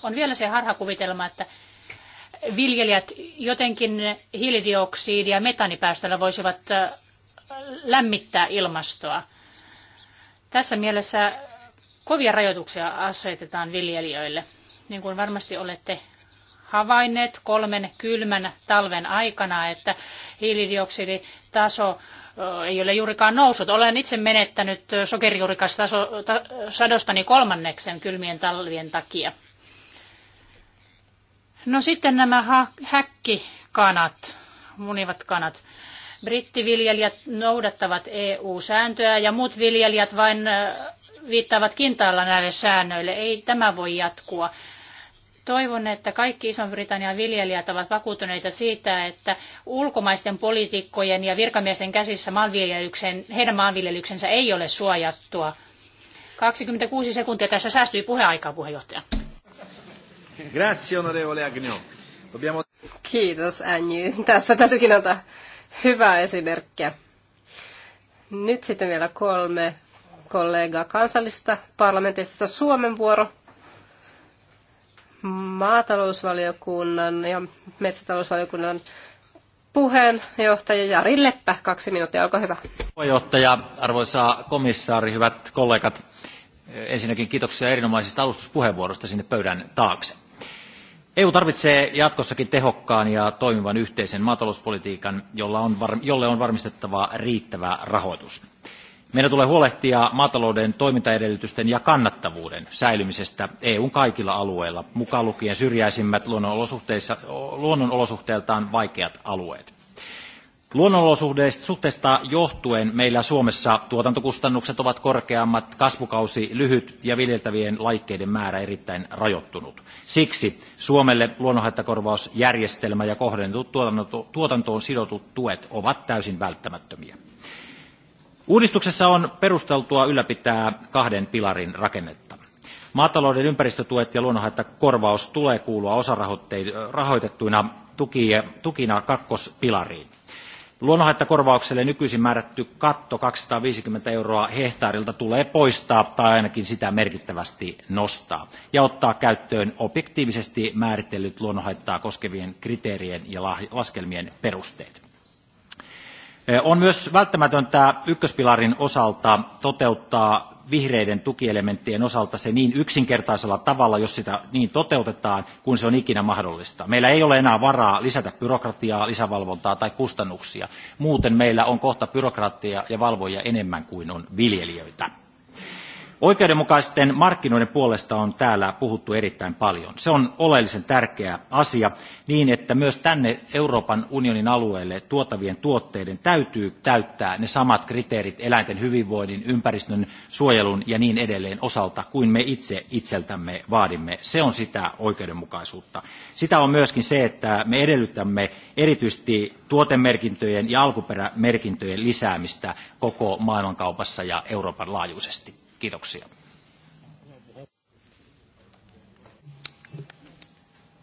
On vielä se harhakuvitelma, että viljelijät jotenkin hiilidioksidi- ja metanipäästöllä voisivat äh, lämmittää ilmastoa. Tässä mielessä kovia rajoituksia asetetaan viljelijöille. Niin kuin varmasti olette havainneet kolmen kylmän talven aikana, että hiilidioksiditaso ei ole juurikaan noussut. Olen itse menettänyt sokerijuurikassadostani kolmanneksen kylmien talvien takia. No sitten nämä ha- häkkikanat, munivat kanat. Brittiviljelijät noudattavat EU-sääntöä ja muut viljelijät vain viittaavat kintaalla näille säännöille. Ei tämä voi jatkua. Toivon, että kaikki Ison-Britannian viljelijät ovat vakuuttuneita siitä, että ulkomaisten poliitikkojen ja virkamiesten käsissä maanviljelyksen, heidän maanviljelyksensä ei ole suojattua. 26 sekuntia tässä säästyi puheaikaa, puheenjohtaja. Kiitos, Anny. Tässä täytyykin ottaa hyvää esimerkkiä. Nyt sitten vielä kolme kollega kansallisista parlamentista Suomen vuoro maatalousvaliokunnan ja metsätalousvaliokunnan puheenjohtaja Jari Leppä. Kaksi minuuttia, olkaa hyvä. Puheenjohtaja, arvoisa komissaari, hyvät kollegat. Ensinnäkin kiitoksia erinomaisista alustuspuheenvuorosta sinne pöydän taakse. EU tarvitsee jatkossakin tehokkaan ja toimivan yhteisen maatalouspolitiikan, jolla on, jolle on varmistettava riittävä rahoitus. Meidän tulee huolehtia maatalouden toimintaedellytysten ja kannattavuuden säilymisestä EUn kaikilla alueilla, mukaan lukien syrjäisimmät luonnonolosuhteiltaan vaikeat alueet. Luonnonolosuhteista johtuen meillä Suomessa tuotantokustannukset ovat korkeammat, kasvukausi lyhyt ja viljeltävien laikkeiden määrä erittäin rajoittunut. Siksi Suomelle luonnonhaittakorvausjärjestelmä ja kohdennetut tuotantoon sidotut tuet ovat täysin välttämättömiä. Uudistuksessa on perusteltua ylläpitää kahden pilarin rakennetta. Maatalouden ympäristötuet ja luonnonhaittakorvaus tulee kuulua osarahoitettuina tukina kakkospilariin. Luonnonhaittakorvaukselle nykyisin määrätty katto 250 euroa hehtaarilta tulee poistaa tai ainakin sitä merkittävästi nostaa ja ottaa käyttöön objektiivisesti määritellyt luonnonhaittaa koskevien kriteerien ja laskelmien perusteet. Eh, on myös välttämätöntä ykköspilarin osalta toteuttaa vihreiden tukielementtien osalta se niin yksinkertaisella tavalla, jos sitä niin toteutetaan, kuin se on ikinä mahdollista. Meillä ei ole enää varaa lisätä byrokratiaa, lisävalvontaa tai kustannuksia. Muuten meillä on kohta byrokraatteja ja valvojia enemmän kuin on viljelijöitä. Oikeudenmukaisten markkinoiden puolesta on täällä puhuttu erittäin paljon. Se on oleellisen tärkeä asia niin, että myös tänne Euroopan unionin alueelle tuotavien tuotteiden täytyy täyttää ne samat kriteerit eläinten hyvinvoinnin, ympäristön suojelun ja niin edelleen osalta kuin me itse itseltämme vaadimme. Se on sitä oikeudenmukaisuutta. Sitä on myöskin se, että me edellytämme erityisesti tuotemerkintöjen ja alkuperämerkintöjen lisäämistä koko maailmankaupassa ja Euroopan laajuisesti. Kiitoksia.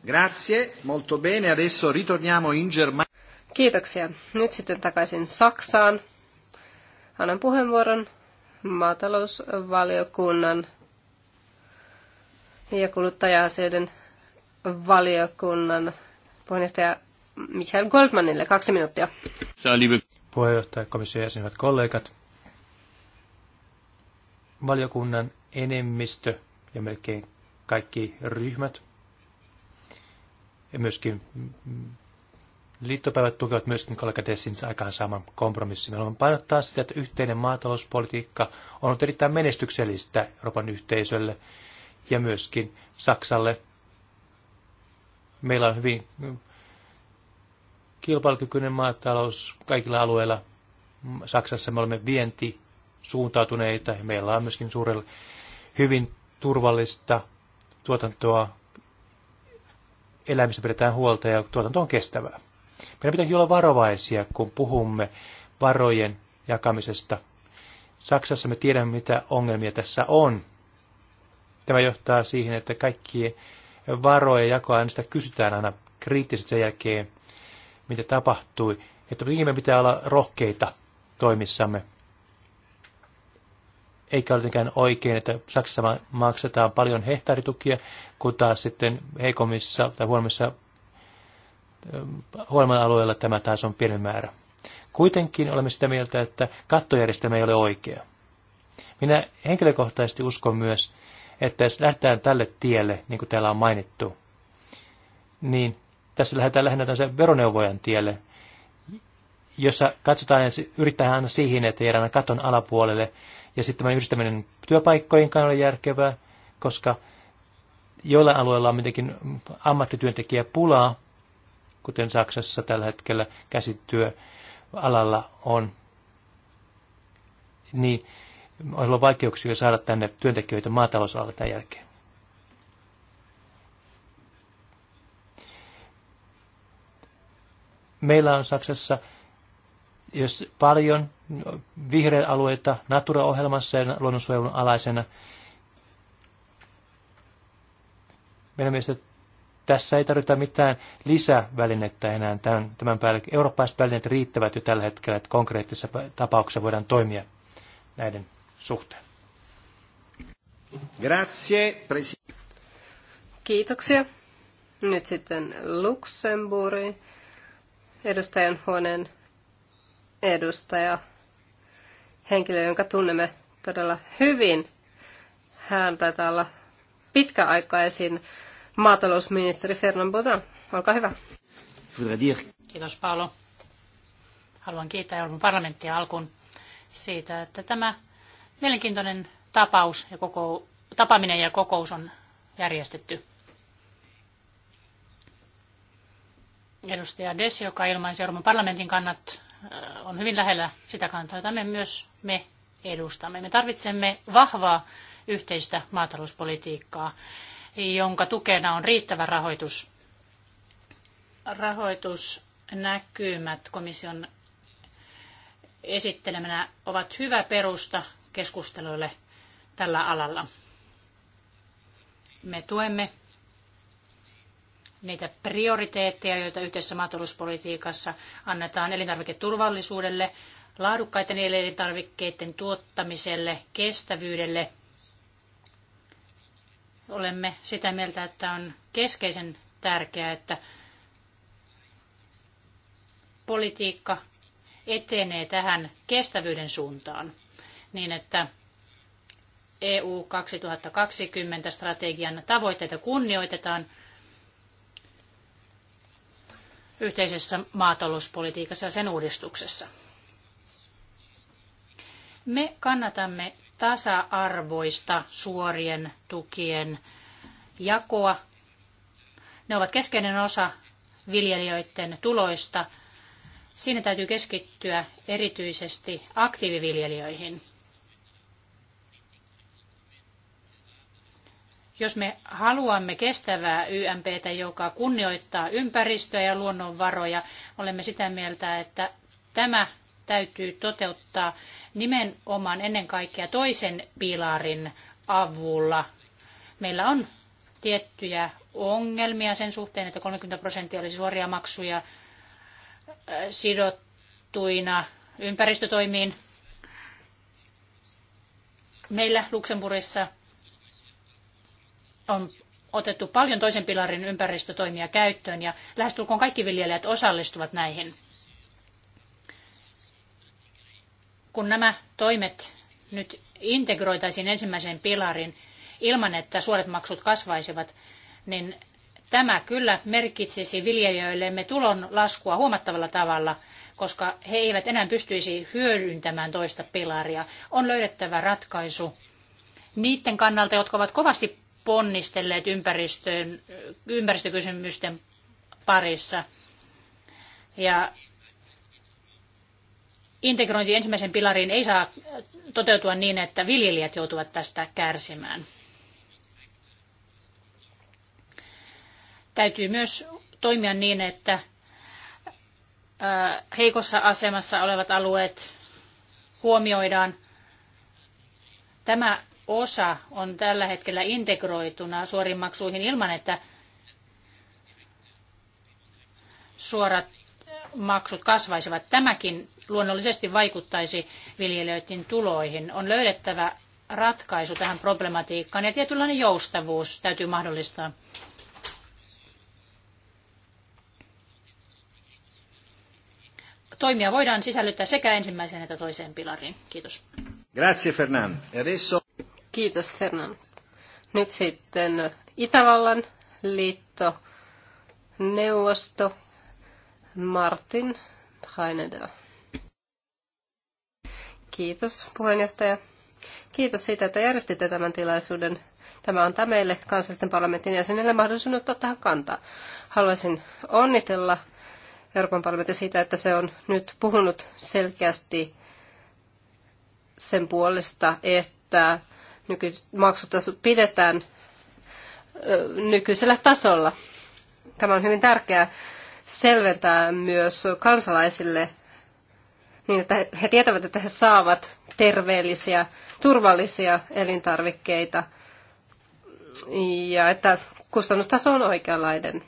Grazie, molto bene. Adesso ritorniamo in Germania. Kiitoksia. Nyt sitten takaisin Saksaan. Annan puheenvuoron maatalousvaliokunnan ja kuluttaja-asioiden valiokunnan puheenjohtaja Michael Goldmanille. Kaksi minuuttia. Puheenjohtaja, komission jäsenet, kollegat valiokunnan enemmistö ja melkein kaikki ryhmät ja myöskin liittopäivät tukevat myöskin kollegadesin aikaan saaman kompromissin. Haluan painottaa sitä, että yhteinen maatalouspolitiikka on ollut erittäin menestyksellistä Euroopan yhteisölle ja myöskin Saksalle. Meillä on hyvin kilpailukykyinen maatalous kaikilla alueilla. Saksassa me olemme vienti suuntautuneita. Ja meillä on myöskin suurella, hyvin turvallista tuotantoa. Eläimistä pidetään huolta ja tuotanto on kestävää. Meidän pitääkin olla varovaisia, kun puhumme varojen jakamisesta. Saksassa me tiedämme, mitä ongelmia tässä on. Tämä johtaa siihen, että kaikki varoja jakoa sitä kysytään aina kriittisesti sen jälkeen, mitä tapahtui. Että me pitää olla rohkeita toimissamme eikä ole mitenkään oikein, että Saksassa maksetaan paljon hehtaaritukia, kun taas sitten heikommissa tai huonommissa huonomman alueella tämä taas on pieni määrä. Kuitenkin olemme sitä mieltä, että kattojärjestelmä ei ole oikea. Minä henkilökohtaisesti uskon myös, että jos lähdetään tälle tielle, niin kuin täällä on mainittu, niin tässä lähdetään lähinnä veroneuvojan tielle, jossa katsotaan ja yrittää aina siihen, että jäädään katon alapuolelle. Ja sitten tämä yhdistäminen työpaikkojen kannalta järkevää, koska joilla alueilla on mitenkin ammattityöntekijä pulaa, kuten Saksassa tällä hetkellä käsityöalalla on, niin on ollut vaikeuksia saada tänne työntekijöitä maatalousalalle tämän jälkeen. Meillä on Saksassa jos paljon vihreä alueita Natura-ohjelmassa ja luonnonsuojelun alaisena. Meidän mielestä tässä ei tarvita mitään lisävälinettä enää tämän, tämän päälle. Eurooppalaiset välineet riittävät jo tällä hetkellä, että konkreettisessa tapauksessa voidaan toimia näiden suhteen. Grazie, presi- Kiitoksia. Nyt sitten Luxemburgin edustajan huoneen edustaja, henkilö, jonka tunnemme todella hyvin. Hän taitaa olla pitkäaikaisin maatalousministeri Fernand Baudin. Olkaa hyvä. Kiitos Paolo. Haluan kiittää Euroopan parlamenttia alkuun siitä, että tämä mielenkiintoinen tapaus ja koko, tapaaminen ja kokous on järjestetty. Edustaja Des, joka ilmaisi Euroopan parlamentin kannat Äh, on hyvin lähellä sitä kantaa, jota me myös me edustamme. Me tarvitsemme vahvaa yhteistä maatalouspolitiikkaa, jonka tukena on riittävä rahoitus. Rahoitusnäkymät komission esittelemänä ovat hyvä perusta keskusteluille tällä alalla. Me tuemme niitä prioriteetteja, joita yhteisessä maatalouspolitiikassa annetaan elintarviketurvallisuudelle, laadukkaiden elintarvikkeiden tuottamiselle, kestävyydelle. Olemme sitä mieltä, että on keskeisen tärkeää, että politiikka etenee tähän kestävyyden suuntaan niin, että EU 2020 strategian tavoitteita kunnioitetaan – yhteisessä maatalouspolitiikassa ja sen uudistuksessa. Me kannatamme tasa-arvoista suorien tukien jakoa. Ne ovat keskeinen osa viljelijöiden tuloista. Siinä täytyy keskittyä erityisesti aktiiviviljelijöihin. Jos me haluamme kestävää YMPtä, joka kunnioittaa ympäristöä ja luonnonvaroja, olemme sitä mieltä, että tämä täytyy toteuttaa nimenomaan ennen kaikkea toisen pilarin avulla. Meillä on tiettyjä ongelmia sen suhteen, että 30 prosenttia olisi suoria maksuja äh, sidottuina ympäristötoimiin. Meillä Luxemburgissa on otettu paljon toisen pilarin ympäristötoimia käyttöön ja lähestulkoon kaikki viljelijät osallistuvat näihin. Kun nämä toimet nyt integroitaisiin ensimmäiseen pilariin ilman, että suorat maksut kasvaisivat, niin tämä kyllä merkitsisi viljelijöillemme tulon laskua huomattavalla tavalla, koska he eivät enää pystyisi hyödyntämään toista pilaria. On löydettävä ratkaisu niiden kannalta, jotka ovat kovasti ponnistelleet ympäristöön, ympäristökysymysten parissa. Ja integrointi ensimmäisen pilariin ei saa toteutua niin, että viljelijät joutuvat tästä kärsimään. Täytyy myös toimia niin, että heikossa asemassa olevat alueet huomioidaan. Tämä osa on tällä hetkellä integroituna suoriin maksuihin ilman, että suorat maksut kasvaisivat. Tämäkin luonnollisesti vaikuttaisi viljelijöiden tuloihin. On löydettävä ratkaisu tähän problematiikkaan ja tietynlainen joustavuus täytyy mahdollistaa. Toimia voidaan sisällyttää sekä ensimmäiseen että toiseen pilariin. Kiitos. Grazie Fernand. E adesso... Kiitos Fernan. Nyt sitten Itävallan liitto, neuvosto, Martin Heinedel. Kiitos puheenjohtaja. Kiitos siitä, että järjestitte tämän tilaisuuden. Tämä antaa meille kansallisten parlamentin jäsenille mahdollisuuden ottaa tähän kantaa. Haluaisin onnitella Euroopan parlamentin siitä, että se on nyt puhunut selkeästi sen puolesta, että maksutaso pidetään nykyisellä tasolla. Tämä on hyvin tärkeää selventää myös kansalaisille niin, että he tietävät, että he saavat terveellisiä, turvallisia elintarvikkeita ja että kustannustaso on oikeanlainen.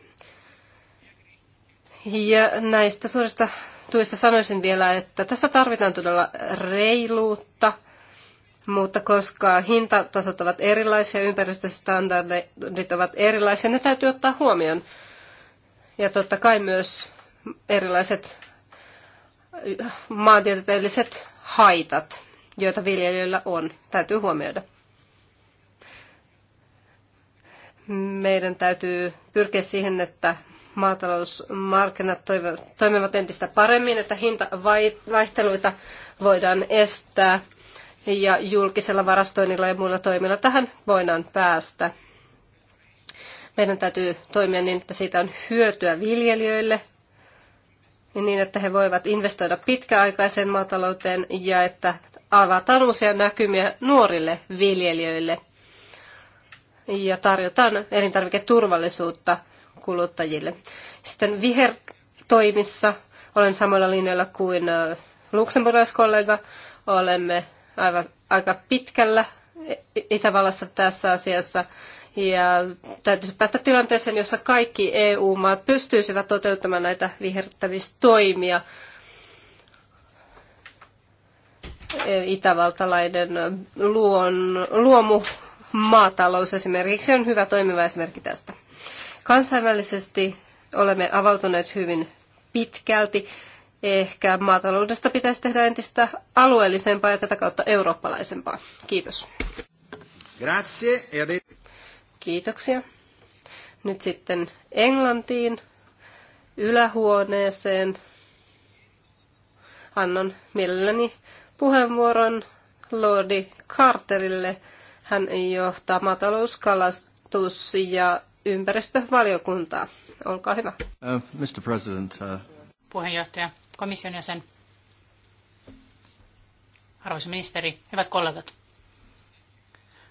Ja näistä suurista tuista sanoisin vielä, että tässä tarvitaan todella reiluutta – mutta koska hintatasot ovat erilaisia, ympäristöstandardit ovat erilaisia, ne täytyy ottaa huomioon. Ja totta kai myös erilaiset maantieteelliset haitat, joita viljelijöillä on, täytyy huomioida. Meidän täytyy pyrkiä siihen, että maatalousmarkkinat toimivat entistä paremmin, että hintavaihteluita voidaan estää – ja julkisella varastoinnilla ja muilla toimilla tähän voidaan päästä. Meidän täytyy toimia niin, että siitä on hyötyä viljelijöille niin, että he voivat investoida pitkäaikaiseen maatalouteen ja että avataan uusia näkymiä nuorille viljelijöille ja tarjotaan elintarviketurvallisuutta kuluttajille. Sitten vihertoimissa olen samalla linjalla kuin luksemburilaiskollega. Olemme aivan, aika pitkällä Itävallassa tässä asiassa. Ja täytyisi päästä tilanteeseen, jossa kaikki EU-maat pystyisivät toteuttamaan näitä vihertämistoimia. E, Itävaltalainen luon, luomu maatalous esimerkiksi on hyvä toimiva esimerkki tästä. Kansainvälisesti olemme avautuneet hyvin pitkälti. Ehkä maataloudesta pitäisi tehdä entistä alueellisempaa ja tätä kautta eurooppalaisempaa. Kiitos. Grazie. E Kiitoksia. Nyt sitten Englantiin ylähuoneeseen. Annan mielelläni puheenvuoron Lordi Carterille. Hän johtaa maatalouskalastus- ja ympäristövaliokuntaa. Olkaa hyvä. Uh, Mr. President, uh... Puheenjohtaja, komission jäsen, arvoisa ministeri, hyvät kollegat.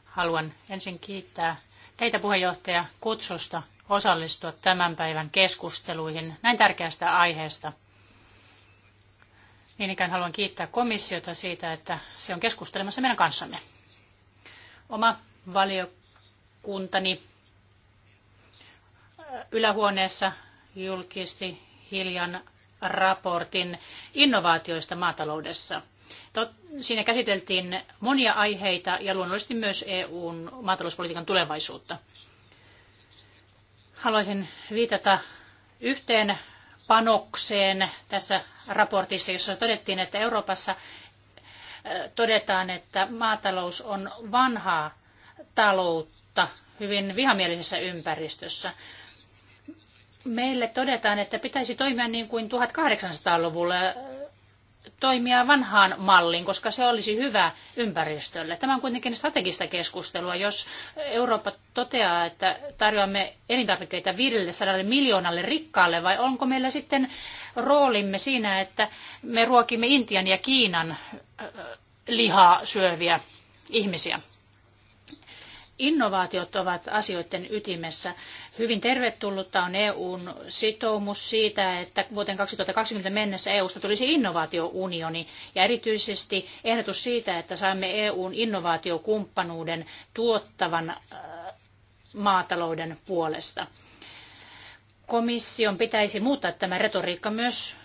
Haluan ensin kiittää teitä puheenjohtaja kutsusta osallistua tämän päivän keskusteluihin näin tärkeästä aiheesta. Niin ikään haluan kiittää komissiota siitä, että se on keskustelemassa meidän kanssamme. Oma valiokuntani äh, ylähuoneessa julkisti hiljan raportin innovaatioista maataloudessa. Siinä käsiteltiin monia aiheita ja luonnollisesti myös EUn maatalouspolitiikan tulevaisuutta. Haluaisin viitata yhteen panokseen tässä raportissa, jossa todettiin, että Euroopassa todetaan, että maatalous on vanhaa taloutta hyvin vihamielisessä ympäristössä meille todetaan, että pitäisi toimia niin kuin 1800-luvulla toimia vanhaan malliin, koska se olisi hyvä ympäristölle. Tämä on kuitenkin strategista keskustelua. Jos Eurooppa toteaa, että tarjoamme elintarvikkeita 500 miljoonalle rikkaalle, vai onko meillä sitten roolimme siinä, että me ruokimme Intian ja Kiinan lihaa syöviä ihmisiä? Innovaatiot ovat asioiden ytimessä. Hyvin tervetullutta on EUn sitoumus siitä, että vuoteen 2020 mennessä EUsta tulisi innovaatiounioni ja erityisesti ehdotus siitä, että saamme EUn innovaatiokumppanuuden tuottavan äh, maatalouden puolesta. Komission pitäisi muuttaa tämä retoriikka myös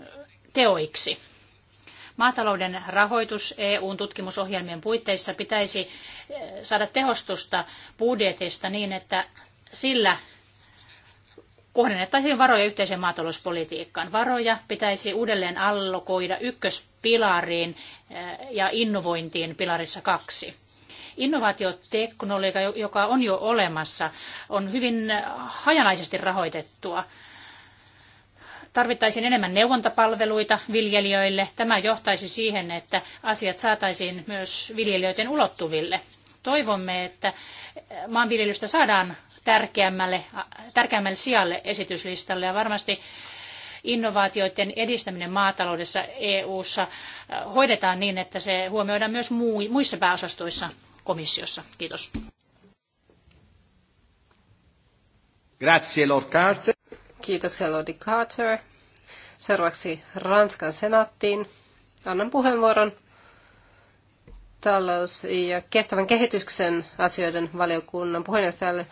äh, teoiksi. Maatalouden rahoitus EUn tutkimusohjelmien puitteissa pitäisi äh, saada tehostusta budjetista niin, että sillä kohdennettaisiin varoja yhteiseen maatalouspolitiikkaan. Varoja pitäisi uudelleen allokoida ykköspilariin eh, ja innovointiin pilarissa kaksi. Innovaatioteknologia, joka on jo olemassa, on hyvin hajanaisesti rahoitettua. Tarvittaisiin enemmän neuvontapalveluita viljelijöille. Tämä johtaisi siihen, että asiat saataisiin myös viljelijöiden ulottuville. Toivomme, että maanviljelystä saadaan tärkeämmälle, tärkeämmälle sijalle esityslistalle ja varmasti innovaatioiden edistäminen maataloudessa EU:ssa hoidetaan niin, että se huomioidaan myös muissa pääosastoissa komissiossa. Kiitos. Grazie, Lord Carter. Kiitoksia, Lordi Carter. Seuraavaksi Ranskan senaattiin. Annan puheenvuoron talous- ja kestävän kehityksen asioiden valiokunnan puheenjohtajalle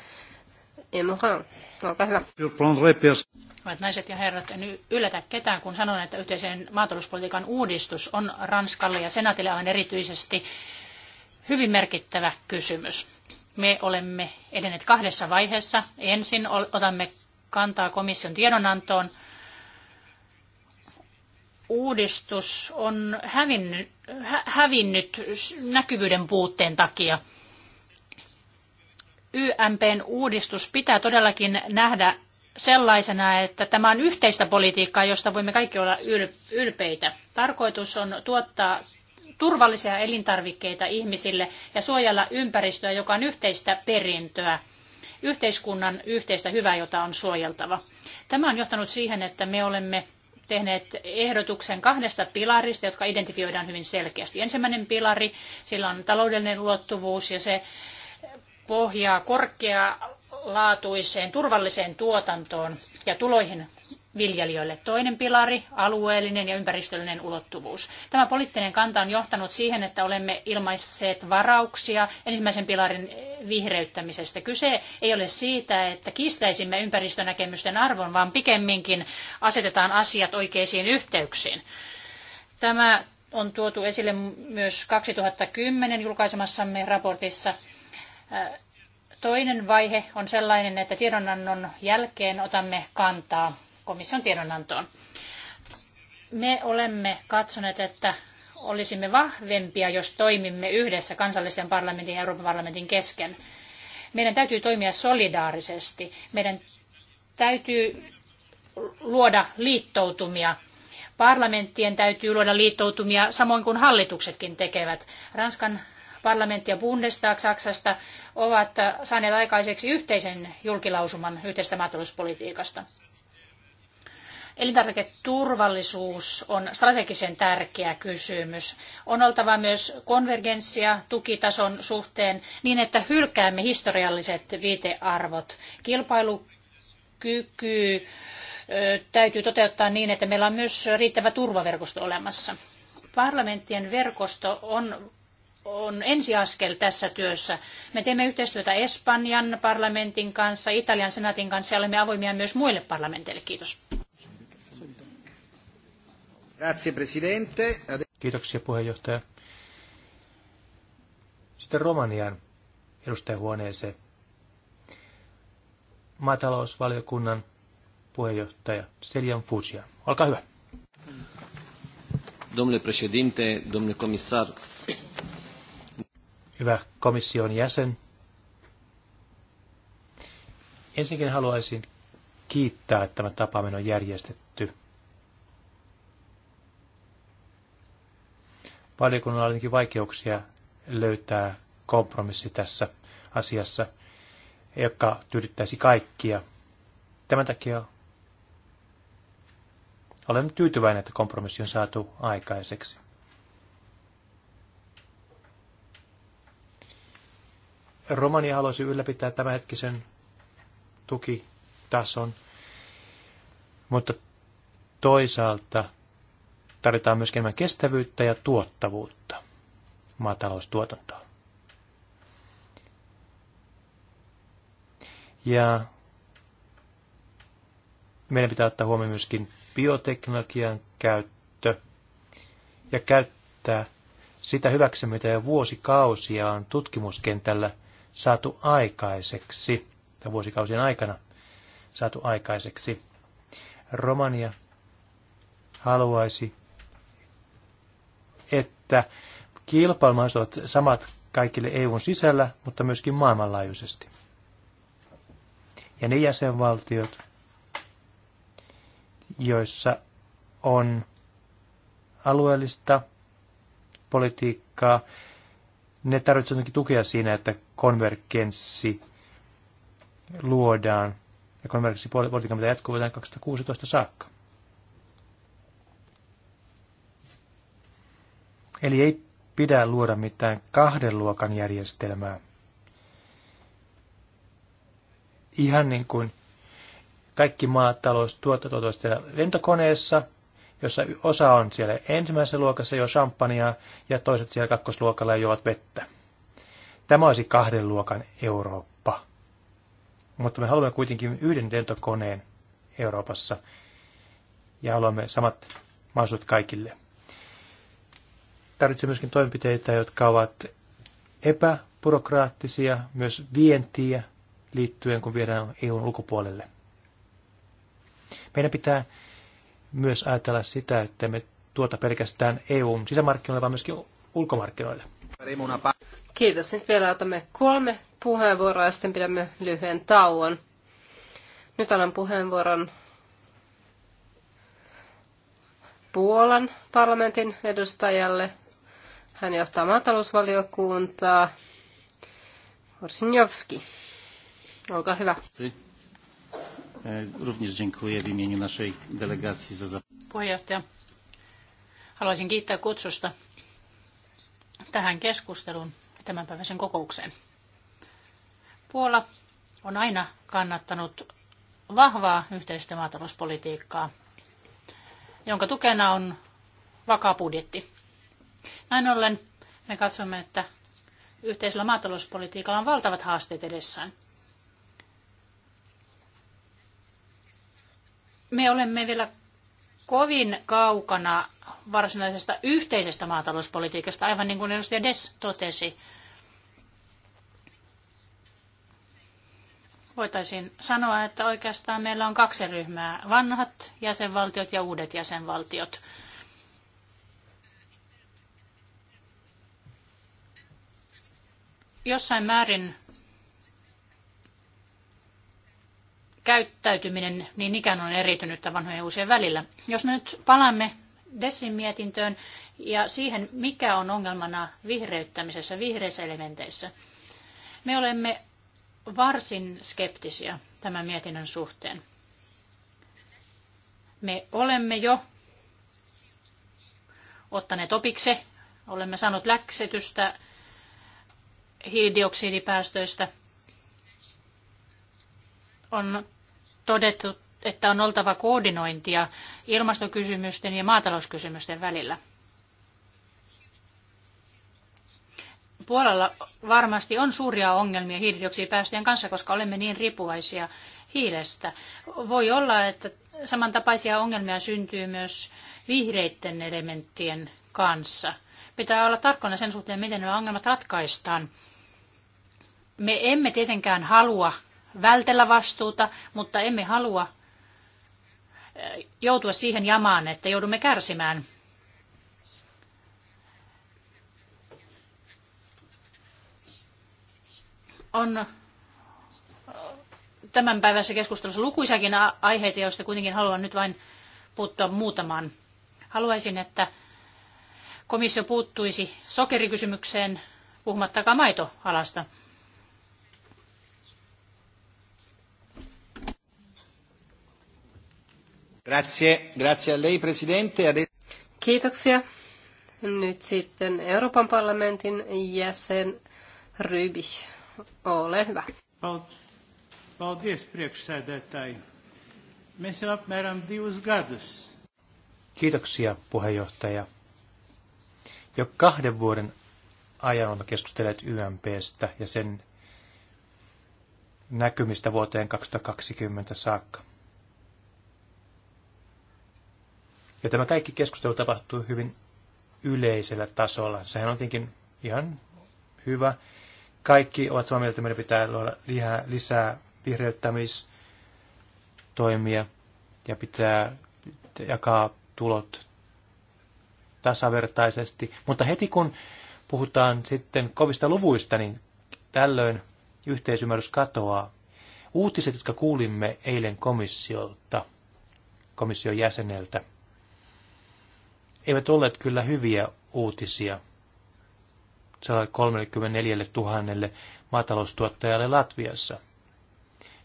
Hyvät naiset ja herrat, en yllätä ketään, kun sanon, että yhteisen maatalouspolitiikan uudistus on Ranskalle ja Senaatille aivan erityisesti hyvin merkittävä kysymys. Me olemme edenneet kahdessa vaiheessa. Ensin otamme kantaa komission tiedonantoon. Uudistus on hävinnyt, hä, hävinnyt näkyvyyden puutteen takia – YMPn uudistus pitää todellakin nähdä sellaisena, että tämä on yhteistä politiikkaa, josta voimme kaikki olla ylpeitä. Tarkoitus on tuottaa turvallisia elintarvikkeita ihmisille ja suojella ympäristöä, joka on yhteistä perintöä, yhteiskunnan yhteistä hyvää, jota on suojeltava. Tämä on johtanut siihen, että me olemme tehneet ehdotuksen kahdesta pilarista, jotka identifioidaan hyvin selkeästi. Ensimmäinen pilari, sillä on taloudellinen luottuvuus ja se pohjaa korkealaatuiseen turvalliseen tuotantoon ja tuloihin viljelijöille. Toinen pilari, alueellinen ja ympäristöllinen ulottuvuus. Tämä poliittinen kanta on johtanut siihen, että olemme ilmaisseet varauksia ensimmäisen pilarin vihreyttämisestä. Kyse ei ole siitä, että kiistäisimme ympäristönäkemysten arvon, vaan pikemminkin asetetaan asiat oikeisiin yhteyksiin. Tämä on tuotu esille myös 2010 julkaisemassamme raportissa Toinen vaihe on sellainen, että tiedonannon jälkeen otamme kantaa komission tiedonantoon. Me olemme katsoneet, että olisimme vahvempia, jos toimimme yhdessä kansallisten parlamentin ja Euroopan parlamentin kesken. Meidän täytyy toimia solidaarisesti. Meidän täytyy luoda liittoutumia. Parlamenttien täytyy luoda liittoutumia samoin kuin hallituksetkin tekevät. Ranskan parlamentti ja Bundestag Saksasta ovat saaneet aikaiseksi yhteisen julkilausuman yhteistä maatalouspolitiikasta. Elintarviketurvallisuus on strategisen tärkeä kysymys. On oltava myös konvergenssia tukitason suhteen niin, että hylkäämme historialliset viitearvot. Kilpailukyky täytyy toteuttaa niin, että meillä on myös riittävä turvaverkosto olemassa. Parlamenttien verkosto on on ensiaskel tässä työssä. Me teemme yhteistyötä Espanjan parlamentin kanssa, Italian senaatin kanssa ja olemme avoimia myös muille parlamenteille. Kiitos. Kiitoksia puheenjohtaja. Sitten Romanian edustajahuoneeseen. Maatalousvaliokunnan puheenjohtaja Selian Fugia. Olkaa hyvä. Domnule președinte, domnule comisar, Hyvä komission jäsen. Ensinnäkin haluaisin kiittää, että tämä tapaaminen on järjestetty. Valiokunnalla on vaikeuksia löytää kompromissi tässä asiassa, joka tyydyttäisi kaikkia. Tämän takia olen tyytyväinen, että kompromissi on saatu aikaiseksi. Romania haluaisi ylläpitää tämänhetkisen tukitason, mutta toisaalta tarvitaan myöskin enemmän kestävyyttä ja tuottavuutta maataloustuotantoa. Ja meidän pitää ottaa huomioon myöskin bioteknologian käyttö ja käyttää sitä hyväksi, mitä jo vuosikausia on tutkimuskentällä – saatu aikaiseksi, tai vuosikausien aikana saatu aikaiseksi. Romania haluaisi, että kilpailumahdollisuudet ovat samat kaikille EUn sisällä, mutta myöskin maailmanlaajuisesti. Ja ne jäsenvaltiot, joissa on alueellista politiikkaa, ne tarvitsevat jotenkin tukea siinä, että konvergenssi luodaan ja konvergenssipolitiikan pitää jatkuu vuoteen 2016 saakka. Eli ei pidä luoda mitään kahden luokan järjestelmää. Ihan niin kuin kaikki maataloustuotot lentokoneessa – jossa osa on siellä ensimmäisessä luokassa jo champagnea ja toiset siellä kakkosluokalla ja juovat vettä. Tämä olisi kahden luokan Eurooppa. Mutta me haluamme kuitenkin yhden lentokoneen Euroopassa ja haluamme samat mahdollisuudet kaikille. Tarvitsemme myöskin toimenpiteitä, jotka ovat epäbyrokraattisia, myös vientiä liittyen, kun viedään EUn ulkopuolelle. Meidän pitää myös ajatella sitä, että me tuota pelkästään EUn sisämarkkinoille, vaan myöskin ulkomarkkinoille. Kiitos. Nyt vielä otamme kolme puheenvuoroa ja sitten pidämme lyhyen tauon. Nyt annan puheenvuoron Puolan parlamentin edustajalle. Hän johtaa maatalousvaliokuntaa. Orsinjovski, olkaa hyvä. E, również dziękuję w imieniu naszej delegacji za Puheenjohtaja, haluaisin kiittää kutsusta tähän keskusteluun tämänpäiväisen kokoukseen. Puola on aina kannattanut vahvaa yhteistä maatalouspolitiikkaa, jonka tukena on vakaa budjetti. Näin ollen me katsomme, että yhteisellä maatalouspolitiikalla on valtavat haasteet edessään – me olemme vielä kovin kaukana varsinaisesta yhteisestä maatalouspolitiikasta, aivan niin kuin edustaja Des totesi. Voitaisiin sanoa, että oikeastaan meillä on kaksi ryhmää, vanhat jäsenvaltiot ja uudet jäsenvaltiot. Jossain määrin käyttäytyminen niin ikään on eriytynyt vanhojen ja uusien välillä. Jos me nyt palaamme Dessin mietintöön ja siihen, mikä on ongelmana vihreyttämisessä, vihreissä elementeissä. Me olemme varsin skeptisiä tämän mietinnön suhteen. Me olemme jo ottaneet opikse, olemme saaneet läksetystä hiilidioksidipäästöistä. On todettu, että on oltava koordinointia ilmastokysymysten ja maatalouskysymysten välillä. Puolalla varmasti on suuria ongelmia hiilidioksidipäästöjen kanssa, koska olemme niin riippuvaisia hiilestä. Voi olla, että samantapaisia ongelmia syntyy myös vihreiden elementtien kanssa. Pitää olla tarkkana sen suhteen, miten nämä ongelmat ratkaistaan. Me emme tietenkään halua vältellä vastuuta, mutta emme halua äh, joutua siihen jamaan, että joudumme kärsimään. On äh, tämän päivässä keskustelussa lukuisakin aiheita, joista kuitenkin haluan nyt vain puuttua muutamaan. Haluaisin, että komissio puuttuisi sokerikysymykseen puhumattakaan maitoalasta. Grazie, grazie a lei, presidente. Kiitoksia. Nyt sitten Euroopan parlamentin jäsen Ryby. Ole hyvä. gadus. Kiitoksia, puheenjohtaja. Jo kahden vuoden ajan olemme keskustelleet YMPstä ja sen näkymistä vuoteen 2020 saakka. Ja tämä kaikki keskustelu tapahtuu hyvin yleisellä tasolla. Sehän on tietenkin ihan hyvä. Kaikki ovat samaa mieltä, että meidän pitää luoda lisää vihreyttämistoimia ja pitää jakaa tulot tasavertaisesti. Mutta heti kun puhutaan sitten kovista luvuista, niin tällöin yhteisymmärrys katoaa. Uutiset, jotka kuulimme eilen komissiolta, komission jäseneltä, eivät olleet kyllä hyviä uutisia 134 000 maataloustuottajalle Latviassa.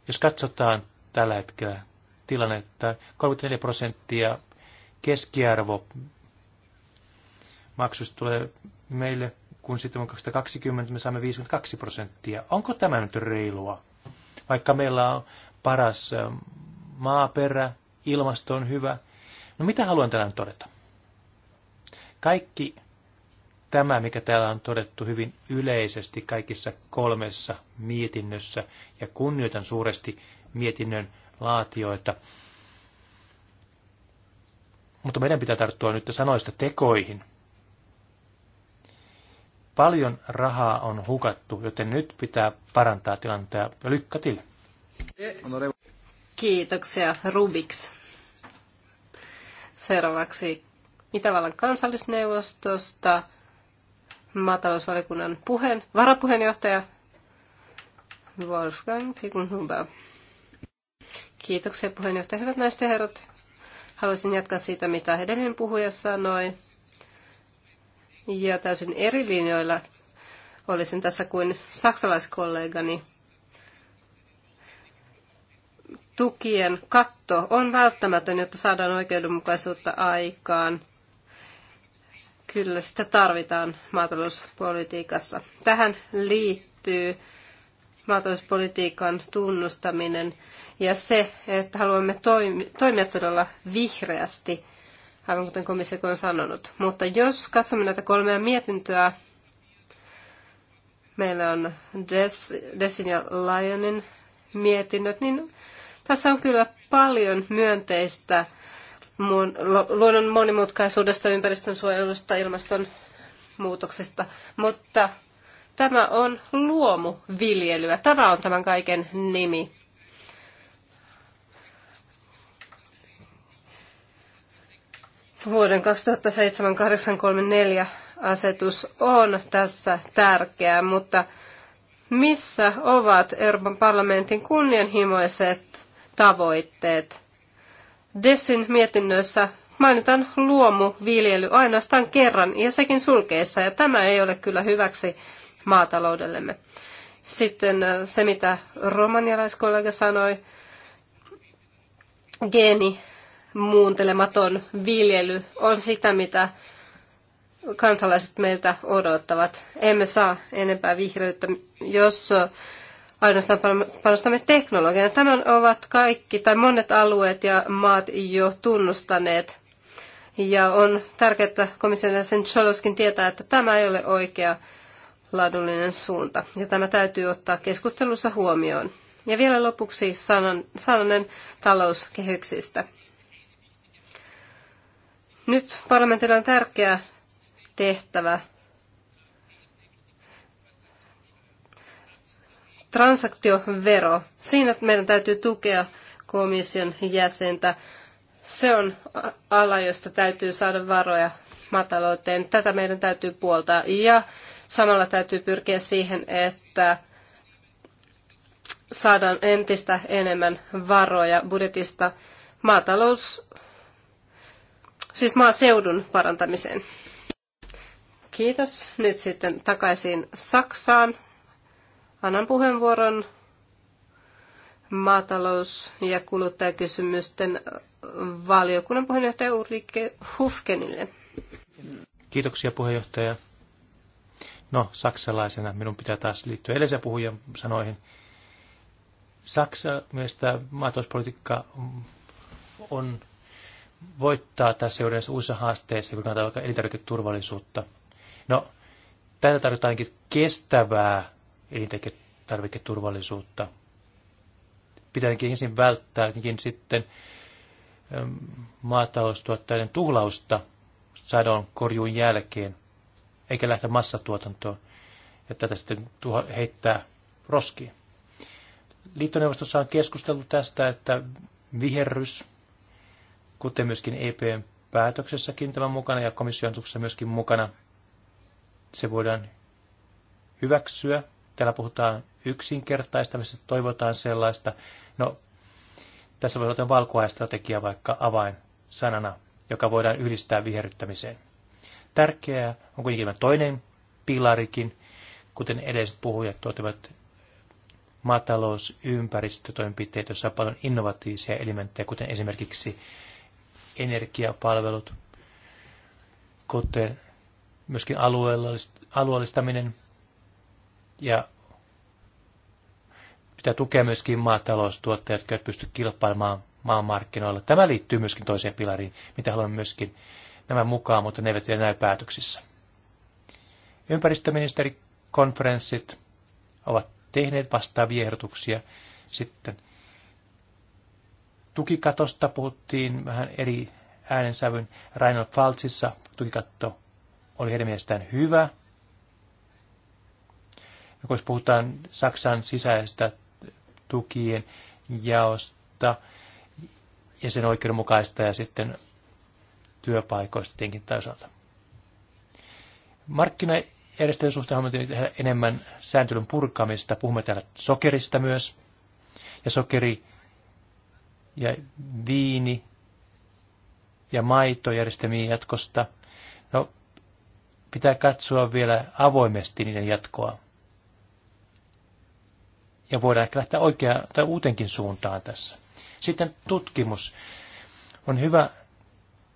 Jos katsotaan tällä hetkellä tilannetta, 34 prosenttia keskiarvo maksusta tulee meille, kun sitten on 2020 me saamme 52 prosenttia. Onko tämä nyt reilua? Vaikka meillä on paras maaperä, ilmasto on hyvä. No mitä haluan tänään todeta? Kaikki tämä, mikä täällä on todettu hyvin yleisesti kaikissa kolmessa mietinnössä, ja kunnioitan suuresti mietinnön laatioita. Mutta meidän pitää tarttua nyt sanoista tekoihin. Paljon rahaa on hukattu, joten nyt pitää parantaa tilannetta ja lykkatille. Kiitoksia, Rubiks. Seuraavaksi Itävallan kansallisneuvostosta maatalousvaliokunnan puheen, varapuheenjohtaja Wolfgang Fikunhuber. Kiitoksia puheenjohtaja. Hyvät naiset ja herrat, haluaisin jatkaa siitä, mitä edellinen puhuja sanoi. Ja täysin eri linjoilla olisin tässä kuin saksalaiskollegani. Tukien katto on välttämätön, jotta saadaan oikeudenmukaisuutta aikaan. Kyllä sitä tarvitaan maatalouspolitiikassa. Tähän liittyy maatalouspolitiikan tunnustaminen ja se, että haluamme toimia todella vihreästi, aivan kuten komissio on sanonut. Mutta jos katsomme näitä kolmea mietintöä, meillä on Des, Desin ja Lionin mietinnöt, niin tässä on kyllä paljon myönteistä luonnon monimutkaisuudesta, ympäristönsuojelusta, ilmastonmuutoksesta, mutta tämä on luomuviljelyä. Tämä on tämän kaiken nimi. Vuoden 2007-834 asetus on tässä tärkeä, mutta missä ovat Euroopan parlamentin kunnianhimoiset tavoitteet? Dessin mietinnössä mainitaan luomuviljely ainoastaan kerran ja sekin sulkeessa ja tämä ei ole kyllä hyväksi maataloudellemme. Sitten äh, se, mitä romanialaiskollega sanoi, geeni muuntelematon viljely on sitä, mitä kansalaiset meiltä odottavat. Emme saa enempää vihreyttä, jos äh, ainoastaan panostamme teknologiaan. Tämän ovat kaikki tai monet alueet ja maat jo tunnustaneet. Ja on tärkeää, että komission jäsen Choloskin tietää, että tämä ei ole oikea laadullinen suunta. Ja tämä täytyy ottaa keskustelussa huomioon. Ja vielä lopuksi sanan, sananen talouskehyksistä. Nyt parlamentilla on tärkeä tehtävä transaktiovero. Siinä meidän täytyy tukea komission jäsentä. Se on ala, josta täytyy saada varoja matalouteen. Tätä meidän täytyy puoltaa. Ja samalla täytyy pyrkiä siihen, että saadaan entistä enemmän varoja budjetista maatalous, siis maaseudun parantamiseen. Kiitos. Nyt sitten takaisin Saksaan. Annan puheenvuoron maatalous- ja kuluttajakysymysten valiokunnan puheenjohtaja Ulrike Hufkenille. Kiitoksia puheenjohtaja. No, saksalaisena minun pitää taas liittyä edellisen puhujan sanoihin. Saksa mielestä maatalouspolitiikka on voittaa tässä uudessa uusissa haasteissa, kun kannattaa vaikka elintarviketurvallisuutta. No, tällä tarjotaankin kestävää elintarviketurvallisuutta. Pitääkin ensin välttää sitten ähm, maataloustuottajien tuhlausta sadon korjuun jälkeen, eikä lähteä massatuotantoon ja tätä sitten heittää roskiin. Liittoneuvostossa on keskusteltu tästä, että viherrys, kuten myöskin EPn päätöksessäkin tämän mukana ja komission myöskin mukana, se voidaan hyväksyä Täällä puhutaan yksinkertaistamisesta, toivotaan sellaista. No, tässä voi olla valkuaistrategia vaikka avain sanana, joka voidaan yhdistää viherryttämiseen. Tärkeää on kuitenkin toinen pilarikin, kuten edelliset puhujat tuotivat maatalous, ympäristötoimenpiteet, joissa on paljon innovatiivisia elementtejä, kuten esimerkiksi energiapalvelut, kuten myöskin alueellistaminen, ja pitää tukea myöskin maataloustuottajat, jotka eivät pysty kilpailemaan maanmarkkinoilla. Tämä liittyy myöskin toiseen pilariin, mitä haluamme myöskin nämä mukaan, mutta ne eivät vielä näy päätöksissä. Ympäristöministerikonferenssit ovat tehneet vastaavia ehdotuksia. Sitten tukikatosta puhuttiin vähän eri äänensävyn. Reinhold Faltsissa tukikatto oli heidän mielestään hyvä, ja kun puhutaan Saksan sisäistä tukien jaosta ja sen oikeudenmukaista ja sitten työpaikoista tietenkin toisaalta. Markkinajärjestelyn suhteen haluamme tehdä enemmän sääntelyn purkamista. Puhumme täällä sokerista myös. Ja sokeri ja viini ja maitojärjestelmien jatkosta. No, pitää katsoa vielä avoimesti niiden jatkoa ja voidaan ehkä lähteä oikeaan tai uutenkin suuntaan tässä. Sitten tutkimus. On hyvä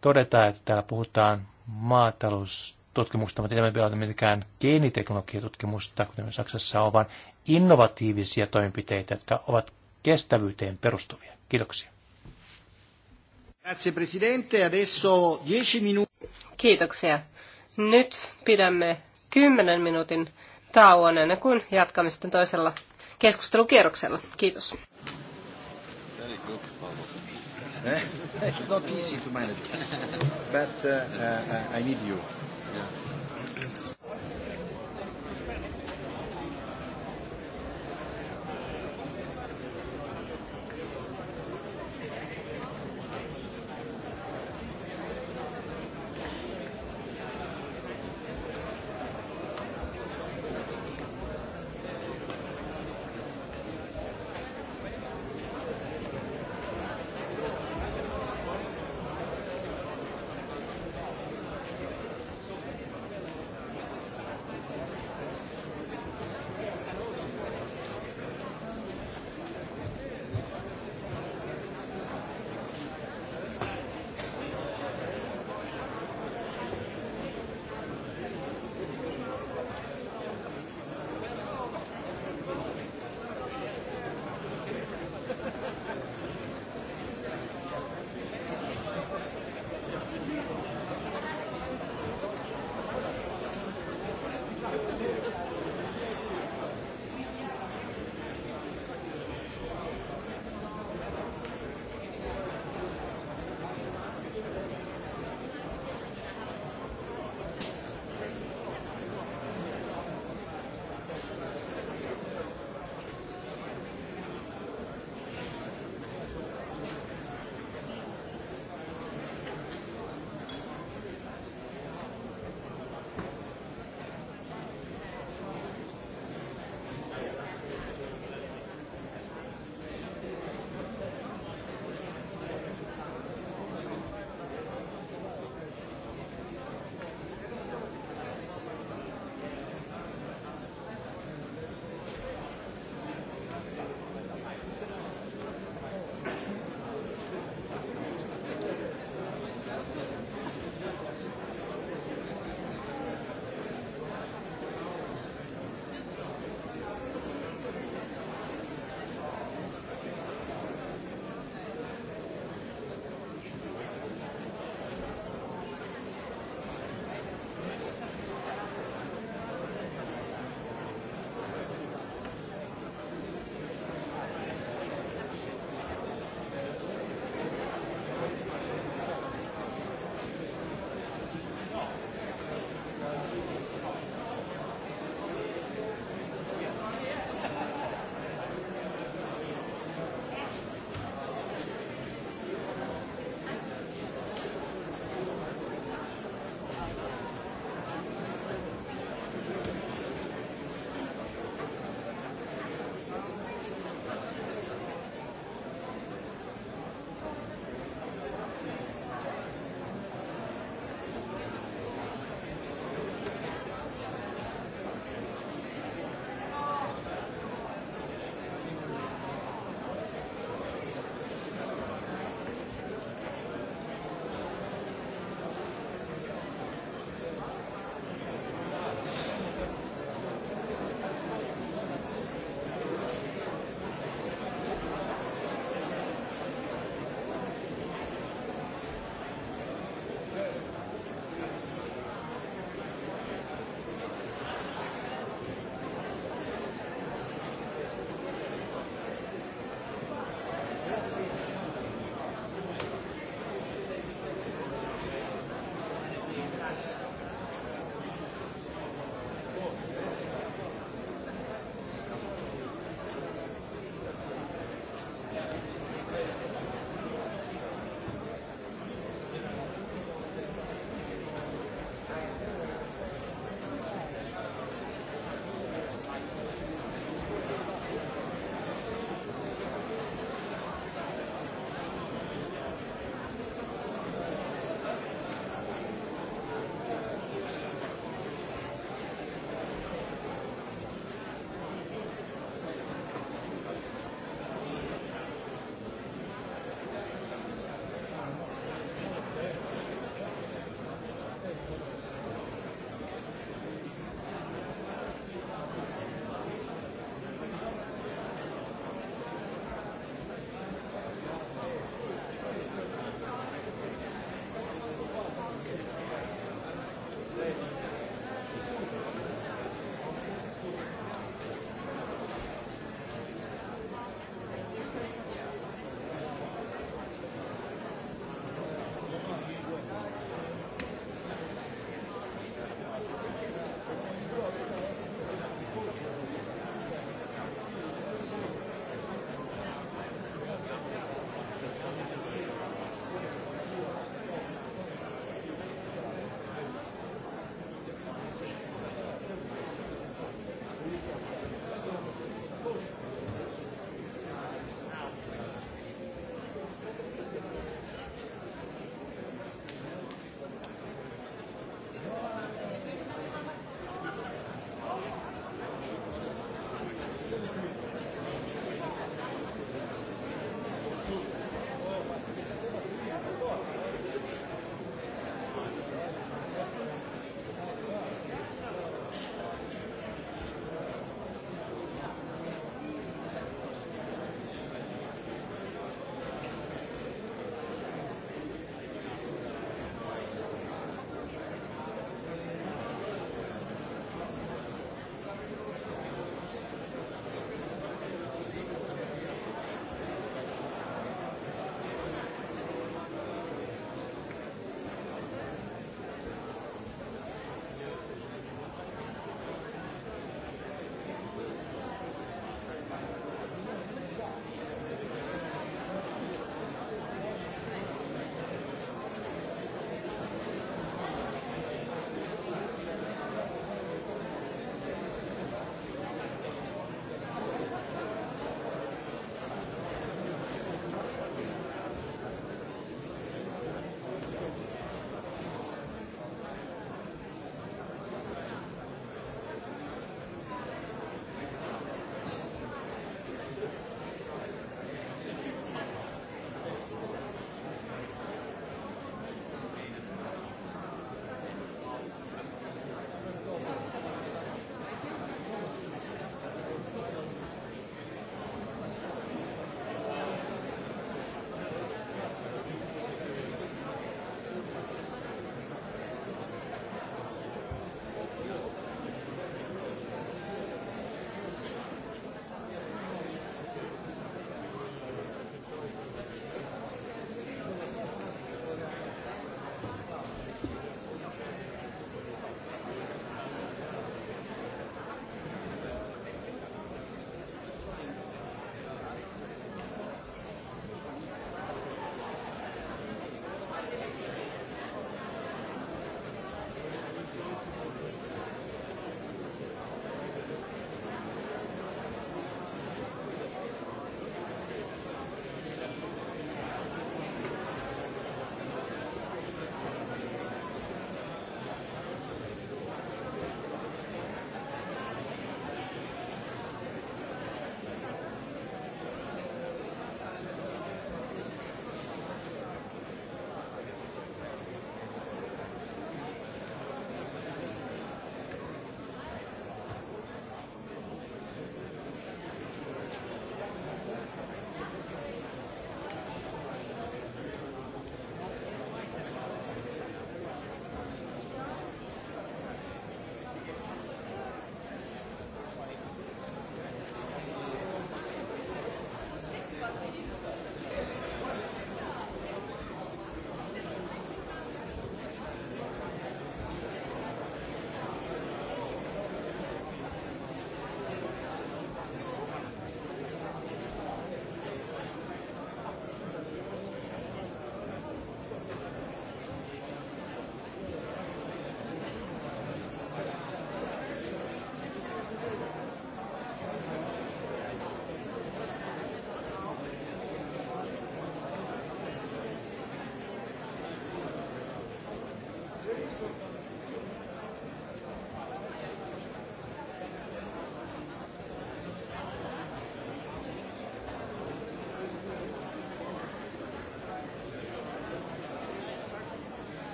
todeta, että täällä puhutaan maataloustutkimusta, mutta ei ole mitenkään geeniteknologiatutkimusta, kuten Saksassa on, vaan innovatiivisia toimenpiteitä, jotka ovat kestävyyteen perustuvia. Kiitoksia. Grazie Presidente. Adesso Kiitoksia. Nyt pidämme 10 minuutin tauon ennen kuin jatkamme sitten toisella keskustelukierroksella. Kiitos. Eh? It's not easy to manage, but uh, uh, uh, I need you. Yeah.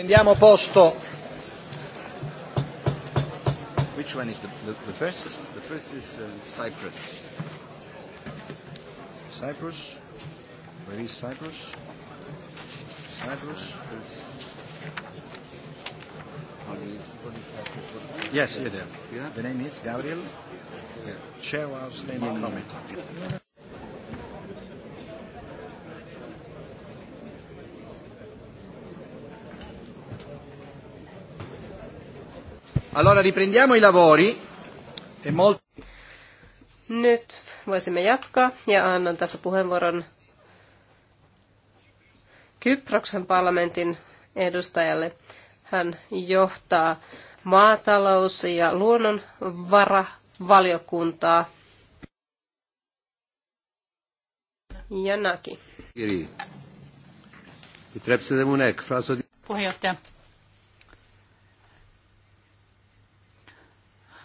Prendiamo posto. Which one is the, the, the first? The first is uh, Cyprus. Cyprus? Where is Cyprus? Cyprus? Yes, you're there. Yeah. The name is Gabriel. Yeah. Chair of Standing Committee. Allora riprendiamo i lavori. E molto... Nyt voisimme jatkaa ja annan tässä puheenvuoron Kyproksen parlamentin edustajalle. Hän johtaa maatalous- ja luonnonvaravaliokuntaa. Janaki. Puheenjohtaja,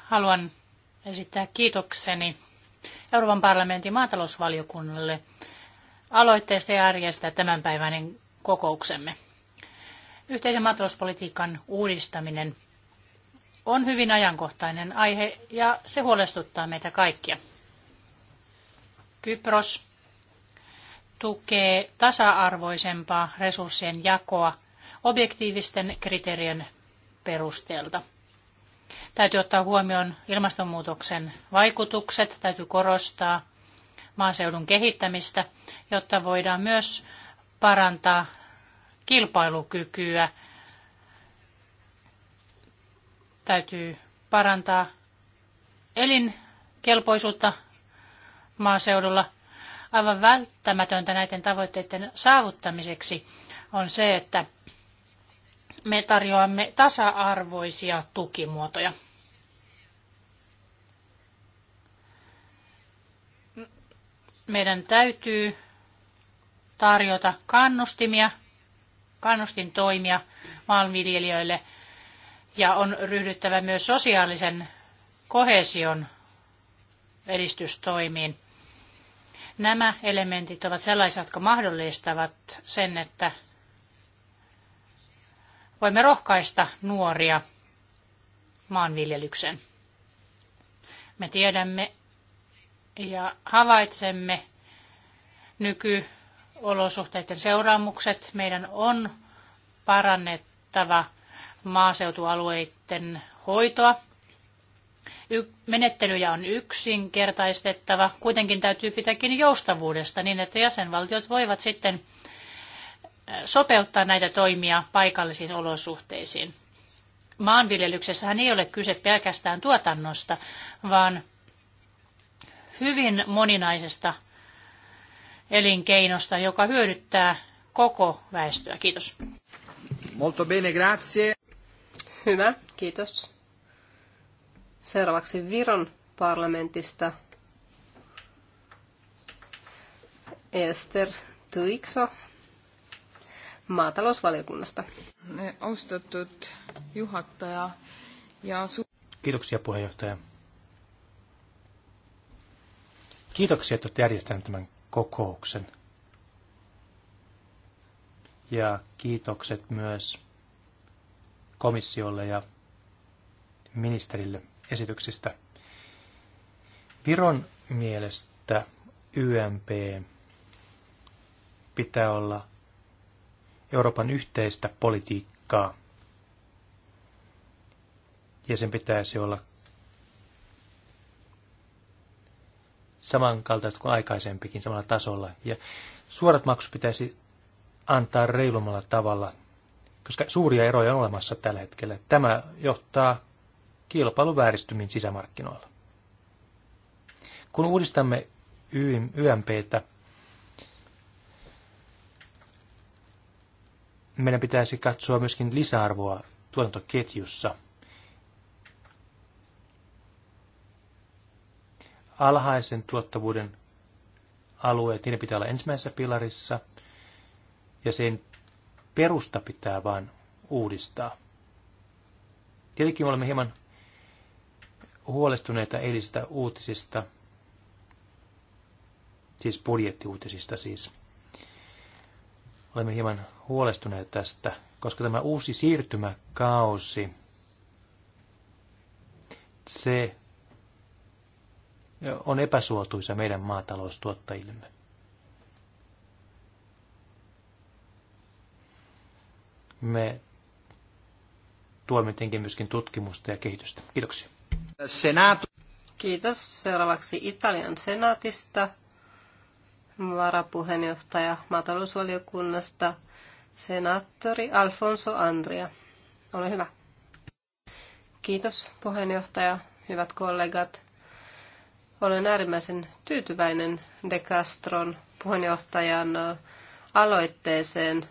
Haluan esittää kiitokseni Euroopan parlamentin maatalousvaliokunnalle aloitteesta järjestää tämänpäiväinen kokouksemme. Yhteisen maatalouspolitiikan uudistaminen on hyvin ajankohtainen aihe ja se huolestuttaa meitä kaikkia. Kypros tukee tasa-arvoisempaa resurssien jakoa objektiivisten kriteerien perusteelta – Täytyy ottaa huomioon ilmastonmuutoksen vaikutukset, täytyy korostaa maaseudun kehittämistä, jotta voidaan myös parantaa kilpailukykyä. Täytyy parantaa elinkelpoisuutta maaseudulla. Aivan välttämätöntä näiden tavoitteiden saavuttamiseksi on se, että me tarjoamme tasa-arvoisia tukimuotoja. Meidän täytyy tarjota kannustimia, kannustin toimia maanviljelijöille ja on ryhdyttävä myös sosiaalisen kohesion edistystoimiin. Nämä elementit ovat sellaisia, jotka mahdollistavat sen, että voimme rohkaista nuoria maanviljelykseen. Me tiedämme ja havaitsemme nykyolosuhteiden seuraamukset. Meidän on parannettava maaseutualueiden hoitoa. menettelyjä on yksinkertaistettava. Kuitenkin täytyy pitääkin joustavuudesta niin, että jäsenvaltiot voivat sitten sopeuttaa näitä toimia paikallisiin olosuhteisiin. Maanviljelyksessähän ei ole kyse pelkästään tuotannosta, vaan hyvin moninaisesta elinkeinosta, joka hyödyttää koko väestöä. Kiitos. Molto bene, grazie. Hyvä, kiitos. Seuraavaksi Viron parlamentista Ester Tuikso maatalousvaliokunnasta. Ostetut juhattaja ja su- Kiitoksia puheenjohtaja. Kiitoksia, että olette järjestäneet tämän kokouksen. Ja kiitokset myös komissiolle ja ministerille esityksistä. Viron mielestä YMP pitää olla Euroopan yhteistä politiikkaa. Ja sen pitäisi olla samankaltaista kuin aikaisempikin samalla tasolla. Ja suorat maksut pitäisi antaa reilummalla tavalla, koska suuria eroja on olemassa tällä hetkellä. Tämä johtaa kilpailun sisämarkkinoilla. Kun uudistamme YMPtä, meidän pitäisi katsoa myöskin lisäarvoa tuotantoketjussa. Alhaisen tuottavuuden alueet, niiden pitää olla ensimmäisessä pilarissa, ja sen perusta pitää vain uudistaa. Tietenkin olemme hieman huolestuneita eilisistä uutisista, siis budjettiuutisista siis olemme hieman huolestuneet tästä, koska tämä uusi siirtymäkausi, se on epäsuotuisa meidän maataloustuottajillemme. Me tuomme tietenkin myöskin tutkimusta ja kehitystä. Kiitoksia. Senaatu. Kiitos. Seuraavaksi Italian senaatista varapuheenjohtaja maatalousvaliokunnasta, senaattori Alfonso Andria. Ole hyvä. Kiitos puheenjohtaja, hyvät kollegat. Olen äärimmäisen tyytyväinen De Castron puheenjohtajan aloitteeseen.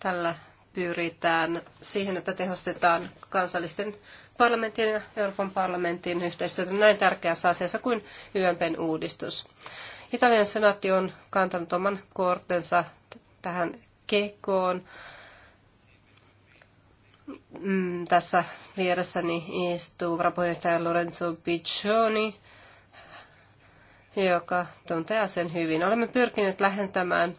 Tällä pyritään siihen, että tehostetaan kansallisten parlamentin ja Euroopan parlamentin yhteistyötä näin tärkeässä asiassa kuin YMPn uudistus. Italian senaatti on kantanut oman kortensa tähän kekoon. Mm, tässä vieressäni istuu varapuheenjohtaja Lorenzo Piccioni, joka tuntee sen hyvin. Olemme pyrkineet lähentämään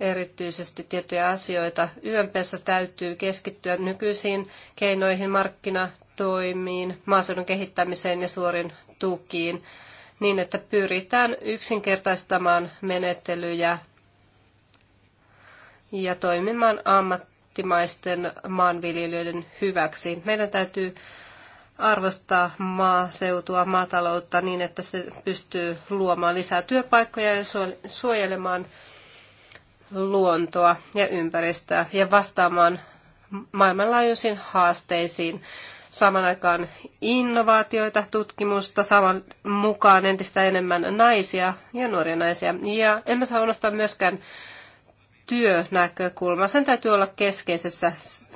erityisesti tiettyjä asioita. YMPssä täytyy keskittyä nykyisiin keinoihin, markkinatoimiin, maaseudun kehittämiseen ja suorin tukiin niin, että pyritään yksinkertaistamaan menettelyjä ja toimimaan ammattimaisten maanviljelijöiden hyväksi. Meidän täytyy arvostaa maaseutua, maataloutta niin, että se pystyy luomaan lisää työpaikkoja ja suojelemaan luontoa ja ympäristöä ja vastaamaan maailmanlaajuisiin haasteisiin, saamaan aikaan innovaatioita, tutkimusta, saamaan mukaan entistä enemmän naisia ja nuoria naisia. Ja emme saa unohtaa myöskään työnäkökulmaa. Sen täytyy olla keskeisessä,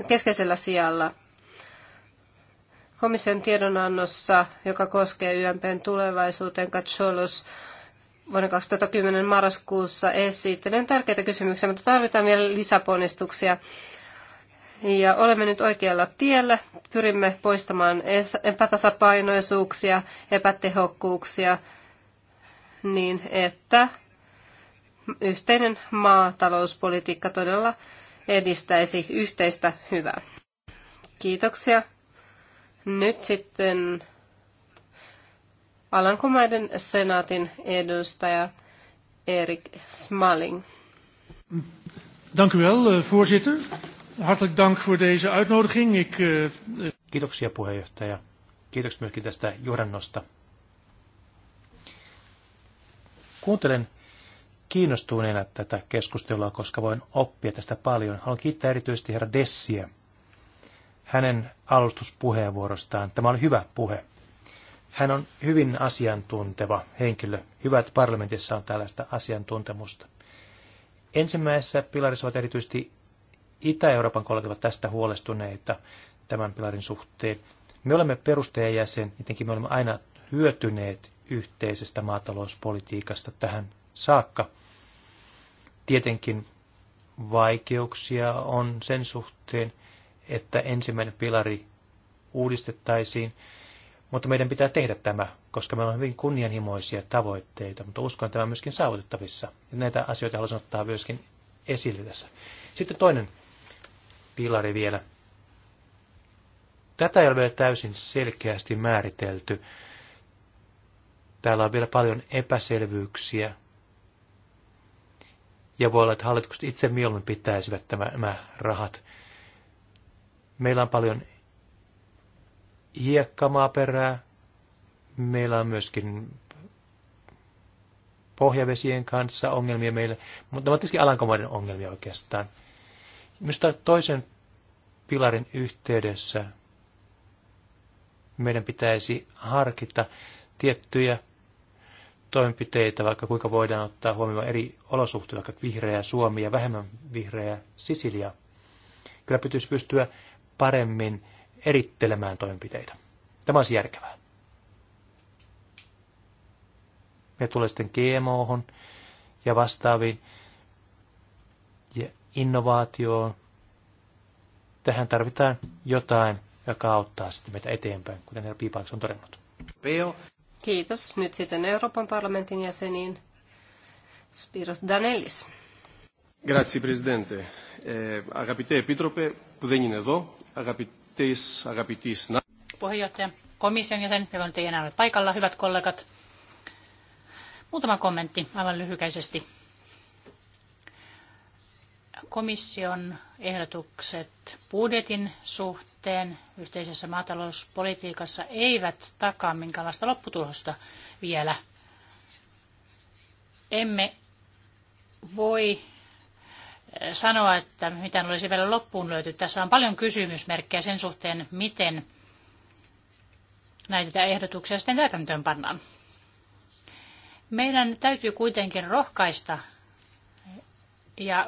keskeisellä sijalla. Komission tiedonannossa, joka koskee YMPn tulevaisuuteen, Katsolos vuonna 2010 marraskuussa esittelen tärkeitä kysymyksiä, mutta tarvitaan vielä lisäponnistuksia ja olemme nyt oikealla tiellä. Pyrimme poistamaan epätasapainoisuuksia, epätehokkuuksia niin, että yhteinen maatalouspolitiikka todella edistäisi yhteistä hyvää. Kiitoksia. Nyt sitten Alankomaiden senaatin edustaja Erik Smalling. Dank u wel, eh, voorzitter. Hartelijk dank voor deze uitnodiging. Ik, uh... Kiitoksia puheenjohtaja. Kiitoksia myöskin tästä johdannosta. Kuuntelen kiinnostuneena tätä keskustelua, koska voin oppia tästä paljon. Haluan kiittää erityisesti herra Dessiä hänen alustuspuheenvuorostaan. Tämä oli hyvä puhe. Hän on hyvin asiantunteva henkilö. Hyvä, että parlamentissa on tällaista asiantuntemusta. Ensimmäisessä pilarissa ovat erityisesti Itä-Euroopan kollegat tästä huolestuneita tämän pilarin suhteen. Me olemme perustajajäsen, jotenkin me olemme aina hyötyneet yhteisestä maatalouspolitiikasta tähän saakka. Tietenkin vaikeuksia on sen suhteen, että ensimmäinen pilari uudistettaisiin, mutta meidän pitää tehdä tämä, koska meillä on hyvin kunnianhimoisia tavoitteita, mutta uskon, että tämä on myöskin saavutettavissa. Ja näitä asioita haluaisin ottaa myöskin esille tässä. Sitten toinen pilari vielä. Tätä ei ole vielä täysin selkeästi määritelty. Täällä on vielä paljon epäselvyyksiä. Ja voi olla, että hallitukset itse mieluummin pitäisivät tämä, nämä rahat. Meillä on paljon hiekkamaaperää. Meillä on myöskin pohjavesien kanssa ongelmia meillä, mutta ne ovat tietysti Alankomaiden ongelmia oikeastaan. Minusta toisen pilarin yhteydessä meidän pitäisi harkita tiettyjä toimenpiteitä, vaikka kuinka voidaan ottaa huomioon eri olosuhteita, vaikka vihreä Suomi ja vähemmän vihreä Sisilia. Kyllä pitäisi pystyä paremmin erittelemään toimenpiteitä. Tämä olisi järkevää. Me tulee sitten gmo ja vastaaviin innovaatioon. Tähän tarvitaan jotain, joka auttaa sitten meitä eteenpäin, kuten herra Piipaks on todennut. Kiitos. Nyt sitten Euroopan parlamentin jäseniin Spiros Danelis. Grazie, Presidente. Eh, agapite Epitrope, που δεν είναι εδώ, αγαπητές, Puheenjohtaja, komission jäsen, joka nyt ei enää ole paikalla, hyvät kollegat. Muutama kommentti aivan lyhykäisesti komission ehdotukset budjetin suhteen yhteisessä maatalouspolitiikassa eivät takaa minkäänlaista lopputulosta vielä. Emme voi eh, sanoa, että mitä olisi vielä loppuun löyty. Tässä on paljon kysymysmerkkejä sen suhteen, miten näitä ehdotuksia sitten täytäntöön pannaan. Meidän täytyy kuitenkin rohkaista ja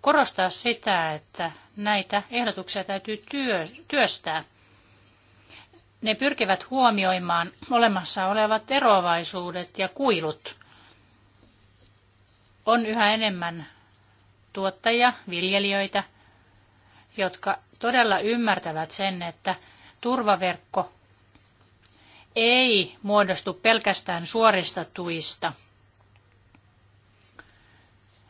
korostaa sitä, että näitä ehdotuksia täytyy työ, työstää. Ne pyrkivät huomioimaan olemassa olevat eroavaisuudet ja kuilut. On yhä enemmän tuottajia, viljelijöitä, jotka todella ymmärtävät sen, että turvaverkko ei muodostu pelkästään suorista tuista.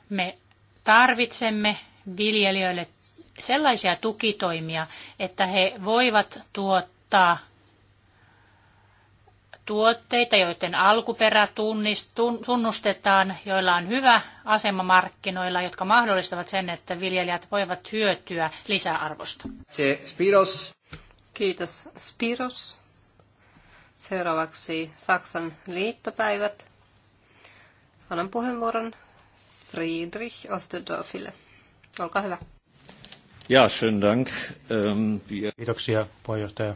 Me Tarvitsemme viljelijöille sellaisia tukitoimia, että he voivat tuottaa tuotteita, joiden alkuperä tunnustetaan, joilla on hyvä asema markkinoilla, jotka mahdollistavat sen, että viljelijät voivat hyötyä lisäarvosta. Se Spiros. Kiitos Spiros. Seuraavaksi Saksan liittopäivät. Annan puheenvuoron Friedrich Ostendorfille. Olkaa hyvä. Ja, schönen Dank. Ähm, Kiitoksia, puheenjohtaja.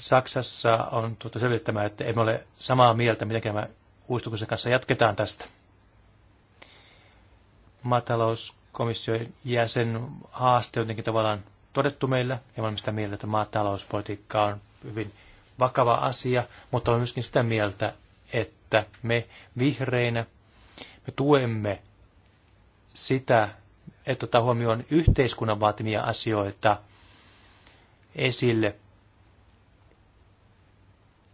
Saksassa on tultu selvittämään, että emme ole samaa mieltä, miten me uudistuksen kanssa jatketaan tästä. Maatalouskomission jäsen haaste on jotenkin tavallaan todettu meillä, ja olemme sitä mieltä, että maatalouspolitiikka on hyvin vakava asia, mutta olemme myöskin sitä mieltä, että me vihreinä me tuemme sitä, että ottaa huomioon yhteiskunnan vaatimia asioita esille.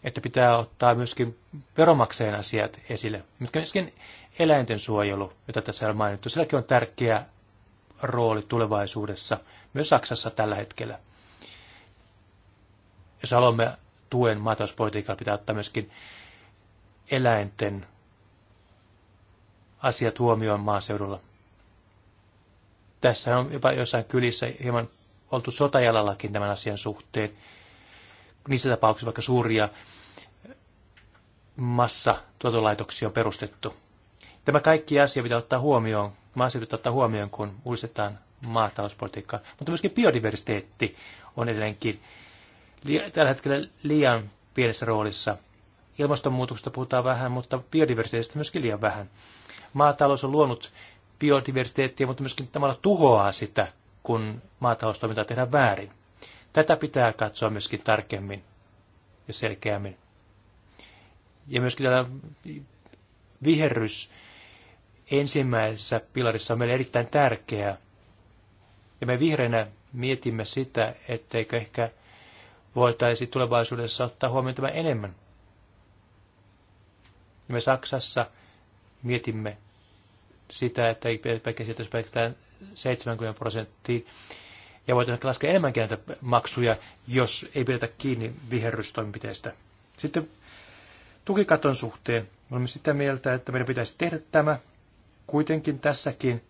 Että pitää ottaa myöskin veromakseen asiat esille, mitkä myöskin eläinten suojelu, jota tässä on mainittu, silläkin on tärkeä rooli tulevaisuudessa, myös Saksassa tällä hetkellä. Jos haluamme tuen maatalouspolitiikalla, pitää ottaa myöskin eläinten asiat huomioon maaseudulla. Tässä on jopa jossain kylissä hieman oltu sotajalallakin tämän asian suhteen. Niissä tapauksissa vaikka suuria massa tuotolaitoksia on perustettu. Tämä kaikki asia pitää ottaa huomioon, maaseutu pitää ottaa huomioon, kun uudistetaan maatalouspolitiikkaa. Mutta myöskin biodiversiteetti on edelleenkin tällä hetkellä liian pienessä roolissa – Ilmastonmuutoksesta puhutaan vähän, mutta biodiversiteetistä myöskin liian vähän. Maatalous on luonut biodiversiteettiä, mutta myöskin tämällä tuhoaa sitä, kun maataloustoimintaa tehdään väärin. Tätä pitää katsoa myöskin tarkemmin ja selkeämmin. Ja myöskin tämä viherrys ensimmäisessä pilarissa on meille erittäin tärkeää. Ja me vihreänä mietimme sitä, etteikö ehkä voitaisiin tulevaisuudessa ottaa huomioon tämä enemmän. Ja me Saksassa mietimme sitä, että ei pelkästään 70 prosenttia, ja voitaisiin laskea enemmänkin näitä maksuja, jos ei pidetä kiinni viherrystoimenpiteistä. Sitten tukikaton suhteen olemme sitä mieltä, että meidän pitäisi tehdä tämä. Kuitenkin tässäkin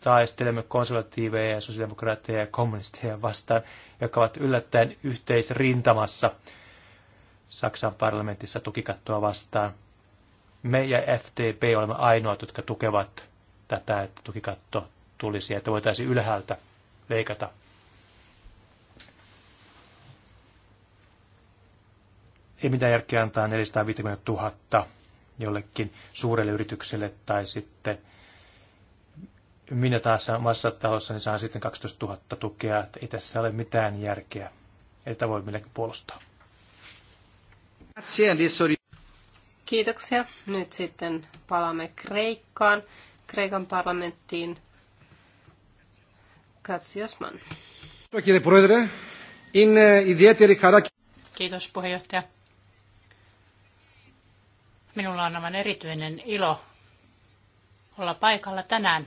taistelemme konservatiiveja ja sosiaalidemokraatteja ja kommunisteja vastaan, jotka ovat yllättäen yhteisrintamassa – Saksan parlamentissa tukikattoa vastaan. Me ja FTP olemme ainoat, jotka tukevat tätä, että tukikatto tulisi, että voitaisiin ylhäältä leikata. Ei mitään järkeä antaa 450 000 jollekin suurelle yritykselle tai sitten minä taas omassa niin saan sitten 12 000 tukea, että ei tässä ole mitään järkeä. että voi millekin puolustaa. Kiitoksia. Nyt sitten palaamme Kreikkaan, Kreikan parlamenttiin. Katsiosman. Kiitos puheenjohtaja. Minulla on aivan erityinen ilo olla paikalla tänään.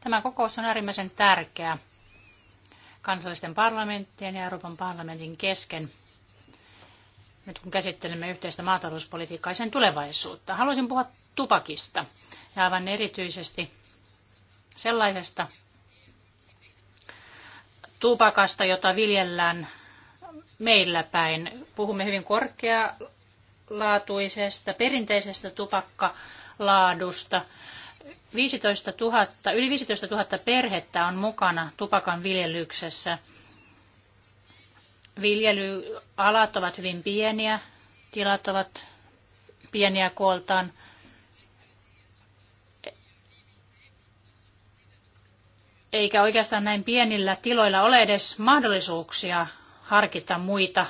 Tämä kokous on äärimmäisen tärkeä kansallisten parlamenttien ja Euroopan parlamentin kesken – nyt kun käsittelemme yhteistä maatalouspolitiikkaa ja sen tulevaisuutta. Haluaisin puhua tupakista ja aivan erityisesti sellaisesta tupakasta, jota viljellään meillä päin. Puhumme hyvin korkealaatuisesta, perinteisestä tupakkalaadusta. 15 000, yli 15 000 perhettä on mukana tupakan viljelyksessä – Viljelyalat ovat hyvin pieniä, tilat ovat pieniä kooltaan. Eikä oikeastaan näin pienillä tiloilla ole edes mahdollisuuksia harkita muita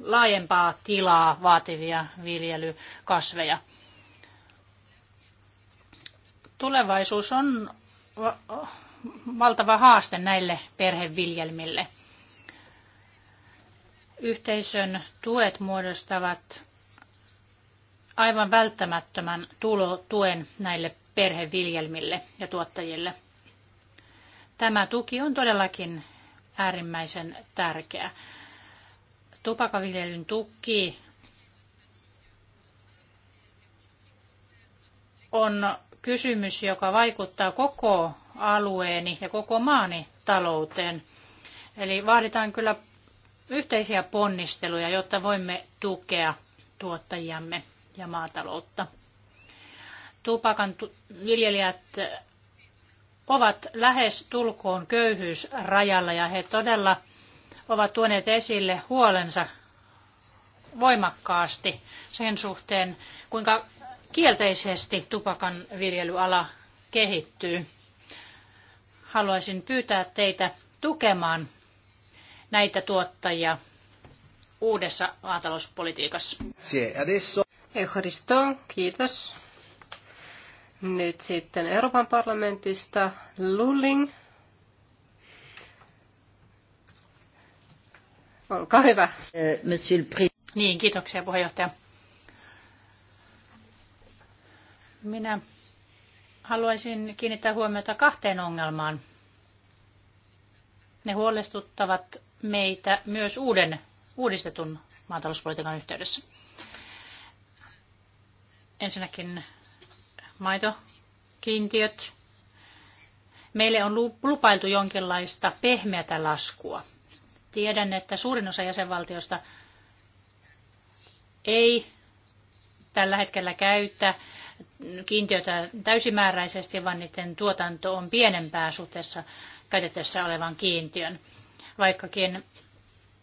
laajempaa tilaa vaativia viljelykasveja. Tulevaisuus on valtava haaste näille perheviljelmille. Yhteisön tuet muodostavat aivan välttämättömän tulotuen näille perheviljelmille ja tuottajille. Tämä tuki on todellakin äärimmäisen tärkeä. Tupakaviljelyn tuki on kysymys, joka vaikuttaa koko alueeni ja koko maani talouteen. Eli vaaditaan kyllä yhteisiä ponnisteluja, jotta voimme tukea tuottajiamme ja maataloutta. Tupakan viljelijät ovat lähes tulkoon köyhyysrajalla ja he todella ovat tuoneet esille huolensa voimakkaasti sen suhteen, kuinka kielteisesti tupakan viljelyala kehittyy. Haluaisin pyytää teitä tukemaan näitä tuottajia uudessa maatalouspolitiikassa. Eucharisto, kiitos. Nyt sitten Euroopan parlamentista Lulling. Olkaa hyvä. Monsieur le Président. Niin, kiitoksia puheenjohtaja. Minä haluaisin kiinnittää huomiota kahteen ongelmaan. Ne huolestuttavat meitä myös uuden, uudistetun maatalouspolitiikan yhteydessä. Ensinnäkin maitokiintiöt. Meille on lupailtu jonkinlaista pehmeätä laskua. Tiedän, että suurin osa jäsenvaltiosta ei tällä hetkellä käytä kiintiötä täysimääräisesti, vaan niiden tuotanto on pienempää suhteessa käytettävissä olevan kiintiön vaikkakin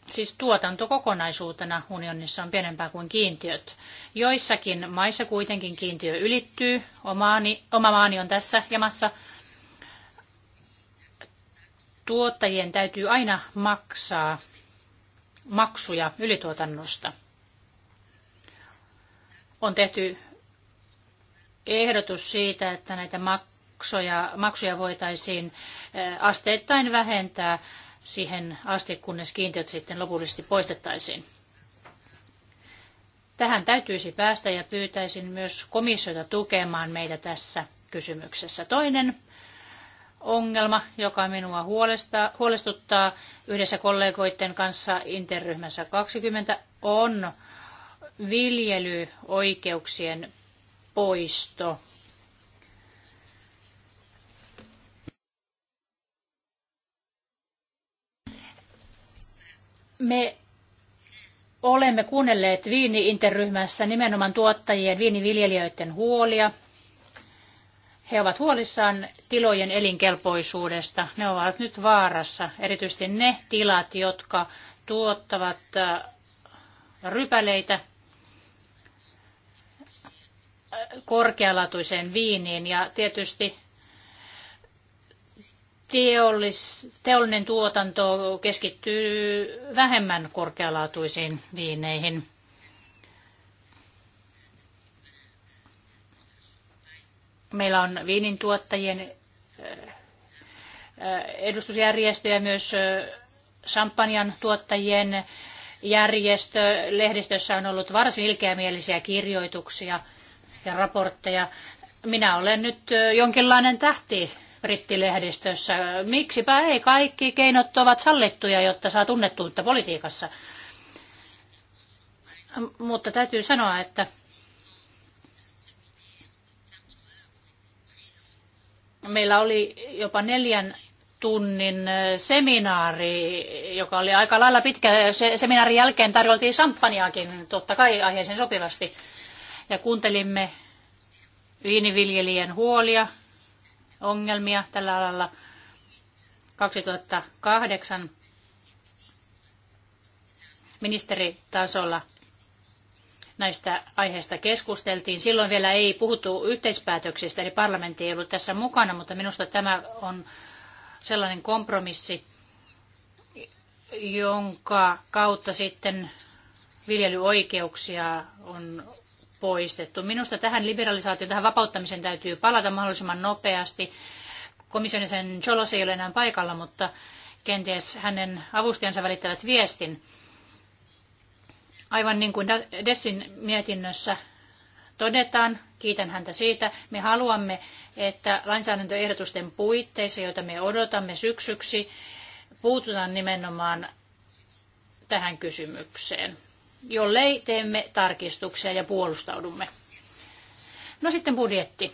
siis tuotanto kokonaisuutena unionissa on pienempää kuin kiintiöt. Joissakin maissa kuitenkin kiintiö ylittyy, Omaani, oma maani on tässä jamassa. Tuottajien täytyy aina maksaa maksuja ylituotannosta. On tehty ehdotus siitä, että näitä maksuja, maksuja voitaisiin asteittain vähentää siihen asti, kunnes kiintiöt sitten lopullisesti poistettaisiin. Tähän täytyisi päästä ja pyytäisin myös komissiota tukemaan meitä tässä kysymyksessä. Toinen ongelma, joka minua huolestuttaa yhdessä kollegoiden kanssa interryhmässä 20, on viljelyoikeuksien poisto Me olemme kuunnelleet viini-interryhmässä nimenomaan tuottajien, viiniviljelijöiden huolia. He ovat huolissaan tilojen elinkelpoisuudesta. Ne ovat nyt vaarassa, erityisesti ne tilat, jotka tuottavat äh, rypäleitä korkealaatuiseen viiniin. Ja tietysti teollis, teollinen tuotanto keskittyy vähemmän korkealaatuisiin viineihin. Meillä on viinin tuottajien äh, äh, edustusjärjestöjä, myös sampanjan äh, tuottajien järjestö. Lehdistössä on ollut varsin ilkeämielisiä kirjoituksia ja raportteja. Minä olen nyt jonkinlainen tähti brittilehdistössä. Miksipä ei? Kaikki keinot ovat sallittuja, jotta saa tunnettuutta politiikassa. Mutta täytyy sanoa, että meillä oli jopa neljän tunnin seminaari, joka oli aika lailla pitkä. Se, seminaarin jälkeen tarjoltiin samppaniakin, totta kai aiheeseen sopivasti. Ja kuuntelimme viiniviljelijän huolia, ongelmia tällä alalla. 2008 ministeritasolla näistä aiheista keskusteltiin. Silloin vielä ei puhuttu yhteispäätöksistä, eli parlamentti ei ollut tässä mukana, mutta minusta tämä on sellainen kompromissi, jonka kautta sitten viljelyoikeuksia on poistettu. Minusta tähän liberalisaatioon, tähän vapauttamiseen täytyy palata mahdollisimman nopeasti. Komission sen Cholos ei ole enää paikalla, mutta kenties hänen avustajansa välittävät viestin. Aivan niin kuin Dessin mietinnössä todetaan, kiitän häntä siitä, me haluamme, että lainsäädäntöehdotusten puitteissa, joita me odotamme syksyksi, puututaan nimenomaan tähän kysymykseen jollei teemme tarkistuksia ja puolustaudumme. No sitten budjetti.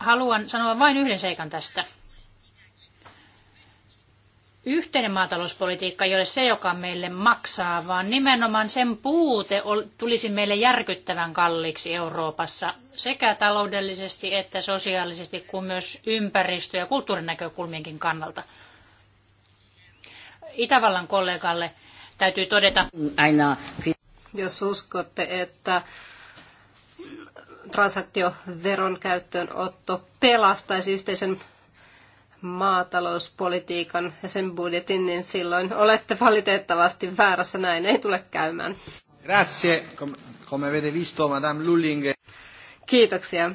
Haluan sanoa vain yhden seikan tästä. Yhteinen maatalouspolitiikka ei ole se, joka meille maksaa, vaan nimenomaan sen puute tulisi meille järkyttävän kalliiksi Euroopassa sekä taloudellisesti että sosiaalisesti kuin myös ympäristö- ja kulttuurinäkökulmienkin kannalta. Itävallan kollegalle täytyy todeta. Aina. Jos uskotte, että transaktioveron käyttöönotto pelastaisi yhteisen maatalouspolitiikan ja sen budjetin, niin silloin olette valitettavasti väärässä. Näin ei tule käymään. Grazie, come avete visto, Madame Lulling. Kiitoksia.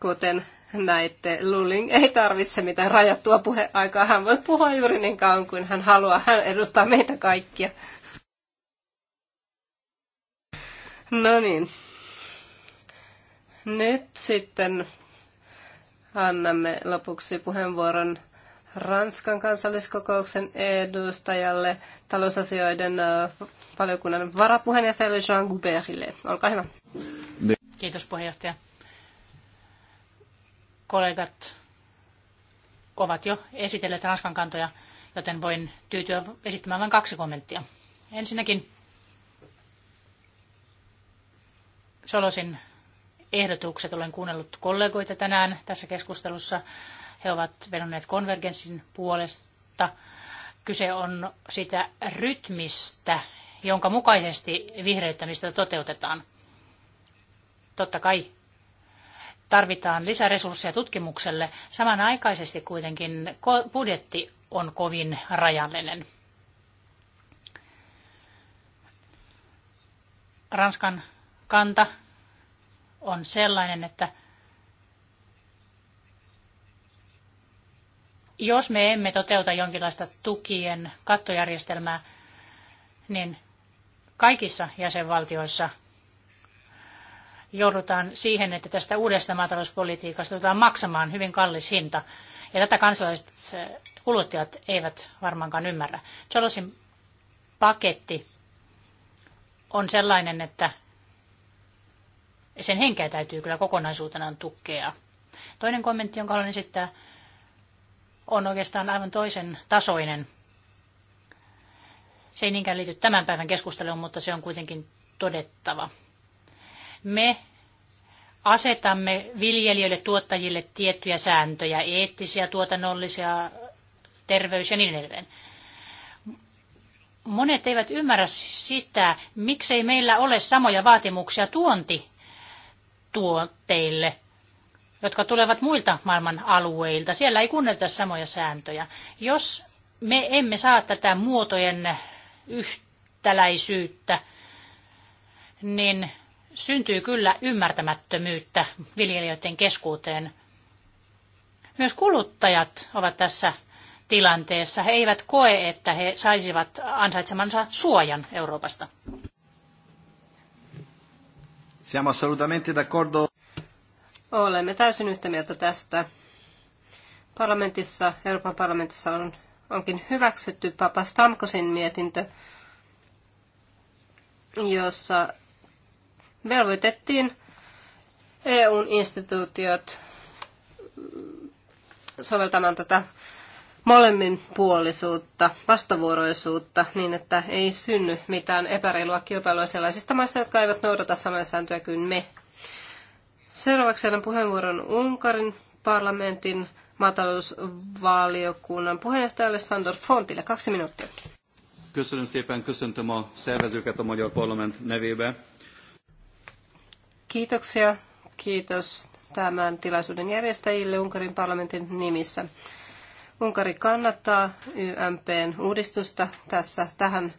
Kuten näitte, Lulling ei tarvitse mitään rajattua puheaikaa. Hän voi puhua juuri niin kauan kuin hän haluaa. Hän edustaa meitä kaikkia. No niin. Nyt sitten annamme lopuksi puheenvuoron Ranskan kansalliskokouksen edustajalle, talousasioiden valiokunnan varapuheenjohtajalle Jean Goubertille. Olkaa hyvä. Kiitos puheenjohtaja. Kollegat ovat jo esitelleet Ranskan kantoja, joten voin tyytyä esittämään vain kaksi kommenttia. Ensinnäkin Solosin ehdotukset. Olen kuunnellut kollegoita tänään tässä keskustelussa. He ovat vedonneet konvergenssin puolesta. Kyse on sitä rytmistä, jonka mukaisesti vihreyttämistä toteutetaan. Totta kai tarvitaan lisäresursseja tutkimukselle. Samanaikaisesti kuitenkin budjetti on kovin rajallinen. Ranskan kanta on sellainen, että jos me emme toteuta jonkinlaista tukien kattojärjestelmää, niin kaikissa jäsenvaltioissa joudutaan siihen, että tästä uudesta maatalouspolitiikasta joudutaan maksamaan hyvin kallis hinta. Ja tätä kansalaiset kuluttajat eivät varmaankaan ymmärrä. Jolosin paketti on sellainen, että sen henkeä täytyy kyllä kokonaisuutenaan tukea. Toinen kommentti, jonka haluan esittää, on oikeastaan aivan toisen tasoinen. Se ei niinkään liity tämän päivän keskusteluun, mutta se on kuitenkin todettava. Me asetamme viljelijöille, tuottajille tiettyjä sääntöjä, eettisiä, tuotannollisia, terveys ja niin edelleen. Monet eivät ymmärrä sitä, miksei meillä ole samoja vaatimuksia tuonti tuotteille, jotka tulevat muilta maailman alueilta. Siellä ei kunnioiteta samoja sääntöjä. Jos me emme saa tätä muotojen yhtäläisyyttä, niin syntyy kyllä ymmärtämättömyyttä viljelijöiden keskuuteen. Myös kuluttajat ovat tässä tilanteessa. He eivät koe, että he saisivat ansaitsemansa suojan Euroopasta. Siamo assolutamente d'accordo. Olemme täysin yhtä mieltä tästä. Parlamentissa, Euroopan parlamentissa on, onkin hyväksytty Papa Stamkosin mietintö, jossa velvoitettiin EUn instituutiot soveltamaan tätä molemmin puolisuutta, vastavuoroisuutta, niin että ei synny mitään epäreilua kilpailua sellaisista maista, jotka eivät noudata samaa sääntöä kuin me. Seuraavaksi annan puheenvuoron Unkarin parlamentin maatalousvaliokunnan puheenjohtajalle Sandor Fontille. Kaksi minuuttia. Köszönöm szépen, köszöntöm a szervezőket a Magyar Parlament nevébe. Kiitoksia. Kiitos tämän tilaisuuden järjestäjille Unkarin parlamentin nimissä. Unkari kannattaa YMPn uudistusta tässä tähän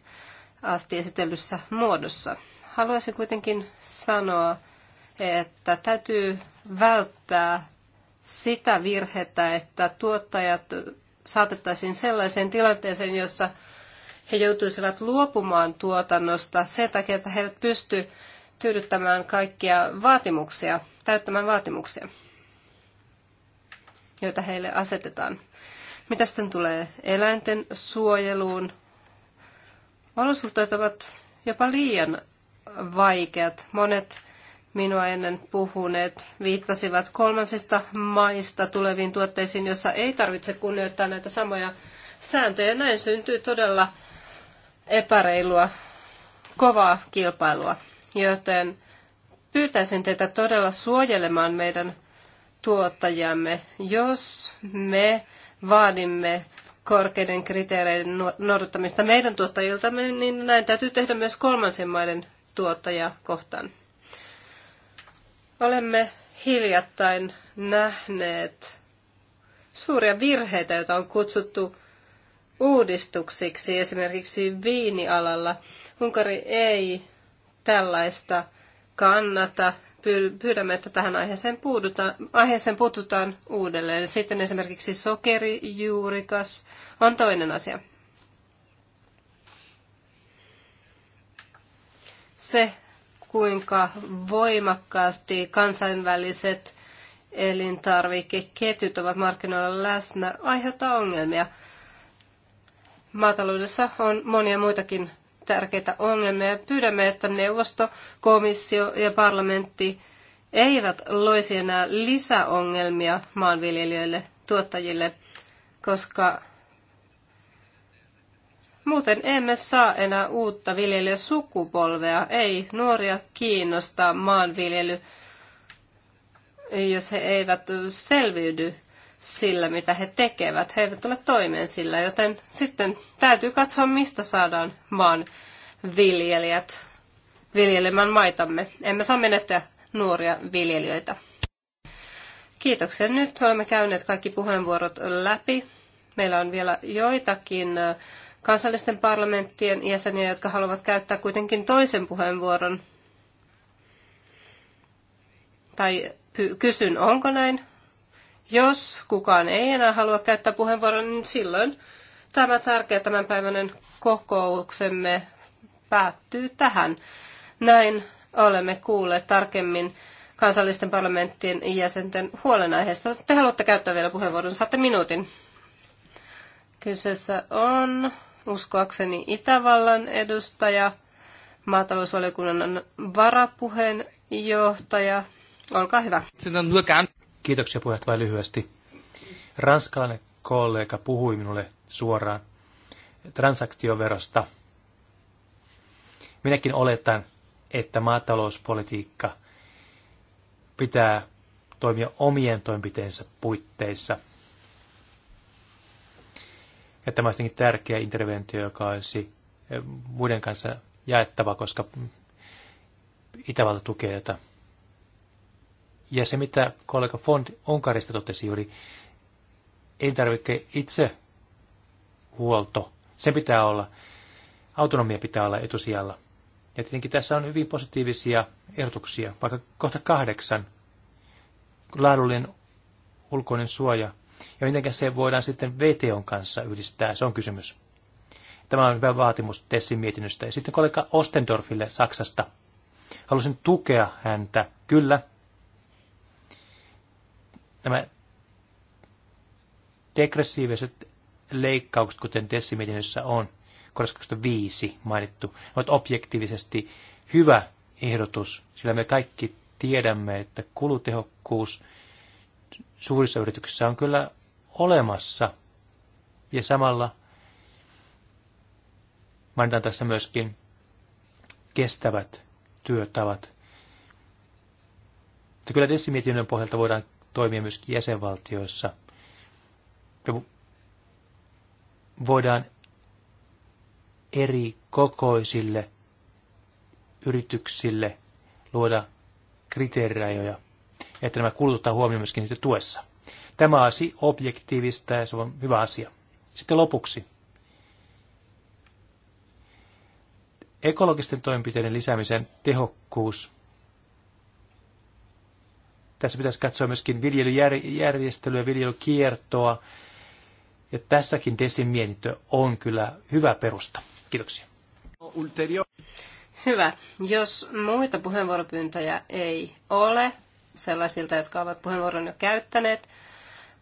asti esitellyssä muodossa. Haluaisin kuitenkin sanoa, että täytyy välttää sitä virhettä, että tuottajat saatettaisiin sellaiseen tilanteeseen, jossa he joutuisivat luopumaan tuotannosta sen takia, että he eivät pysty tyydyttämään kaikkia vaatimuksia, täyttämään vaatimuksia, joita heille asetetaan. Mitä sitten tulee eläinten suojeluun? Olosuhteet ovat jopa liian vaikeat. Monet minua ennen puhuneet viittasivat kolmansista maista tuleviin tuotteisiin, jossa ei tarvitse kunnioittaa näitä samoja sääntöjä. Näin syntyy todella epäreilua, kovaa kilpailua. Joten pyytäisin teitä todella suojelemaan meidän tuottajamme, jos me vaadimme korkeiden kriteereiden noudattamista meidän tuottajiltamme, niin näin täytyy tehdä myös kolmansien maiden tuottajia kohtaan. Olemme hiljattain nähneet suuria virheitä, joita on kutsuttu uudistuksiksi esimerkiksi viinialalla. Unkari ei tällaista kannata pyydämme, että tähän aiheeseen puututaan, aiheeseen puututaan uudelleen. Sitten esimerkiksi sokerijuurikas on toinen asia. Se, kuinka voimakkaasti kansainväliset elintarvikeketjut ovat markkinoilla läsnä, aiheuttaa ongelmia. Maataloudessa on monia muitakin tärkeitä ongelmia ja pyydämme, että neuvosto, komissio ja parlamentti eivät loisi enää lisäongelmia maanviljelijöille, tuottajille, koska muuten emme saa enää uutta viljelijäsukupolvea. Ei nuoria kiinnosta maanviljely, jos he eivät selviydy sillä, mitä he tekevät. He eivät tule toimeen sillä, joten sitten täytyy katsoa, mistä saadaan maan viljelijät viljelemään maitamme. Emme saa menettää nuoria viljelijöitä. Kiitoksia. Nyt olemme käyneet kaikki puheenvuorot läpi. Meillä on vielä joitakin äh, kansallisten parlamenttien jäseniä, jotka haluavat käyttää kuitenkin toisen puheenvuoron. Tai kysyn, onko näin? Jos kukaan ei enää halua käyttää puheenvuoroa, niin silloin tämä tärkeä tämänpäiväinen kokouksemme päättyy tähän. Näin olemme kuulleet tarkemmin kansallisten parlamenttien jäsenten huolenaiheesta. Te haluatte käyttää vielä puheenvuoron, saatte minuutin. Kyseessä on uskoakseni Itävallan edustaja, maatalousvaliokunnan varapuheenjohtaja. Olkaa hyvä. Kiitoksia puheenjohtaja vain lyhyesti. Ranskalainen kollega puhui minulle suoraan transaktioverosta. Minäkin oletan, että maatalouspolitiikka pitää toimia omien toimenpiteensä puitteissa. Ja tämä olisi tärkeä interventio, joka olisi eh, muiden kanssa jaettava, koska Itävalta tukee tätä ja se, mitä kollega Fond Onkarista totesi, ei tarvitse itse huolto. Sen pitää olla, autonomia pitää olla etusijalla. Ja tietenkin tässä on hyvin positiivisia ehdotuksia, vaikka kohta kahdeksan, laadullinen ulkoinen suoja. Ja miten se voidaan sitten VTOn kanssa yhdistää, se on kysymys. Tämä on hyvä vaatimus Tessin mietinnöstä. Ja sitten kollega Ostendorfille Saksasta. Halusin tukea häntä. Kyllä, nämä degressiiviset leikkaukset, kuten Dessimietinnössä on, 25 mainittu, ovat objektiivisesti hyvä ehdotus, sillä me kaikki tiedämme, että kulutehokkuus suurissa yrityksissä on kyllä olemassa. Ja samalla mainitaan tässä myöskin kestävät työtavat. Mutta kyllä Dessimietinnön pohjalta voidaan toimia myöskin jäsenvaltioissa. Me voidaan eri kokoisille yrityksille luoda kriteerirajoja, että nämä kulutetaan huomioon myöskin niitä tuessa. Tämä on objektiivista ja se on hyvä asia. Sitten lopuksi. Ekologisten toimenpiteiden lisäämisen tehokkuus tässä pitäisi katsoa myöskin viljelyjärjestelyä, viljelykiertoa. Ja tässäkin desimietintö on kyllä hyvä perusta. Kiitoksia. Hyvä. Jos muita puheenvuoropyyntöjä ei ole, sellaisilta, jotka ovat puheenvuoron jo käyttäneet,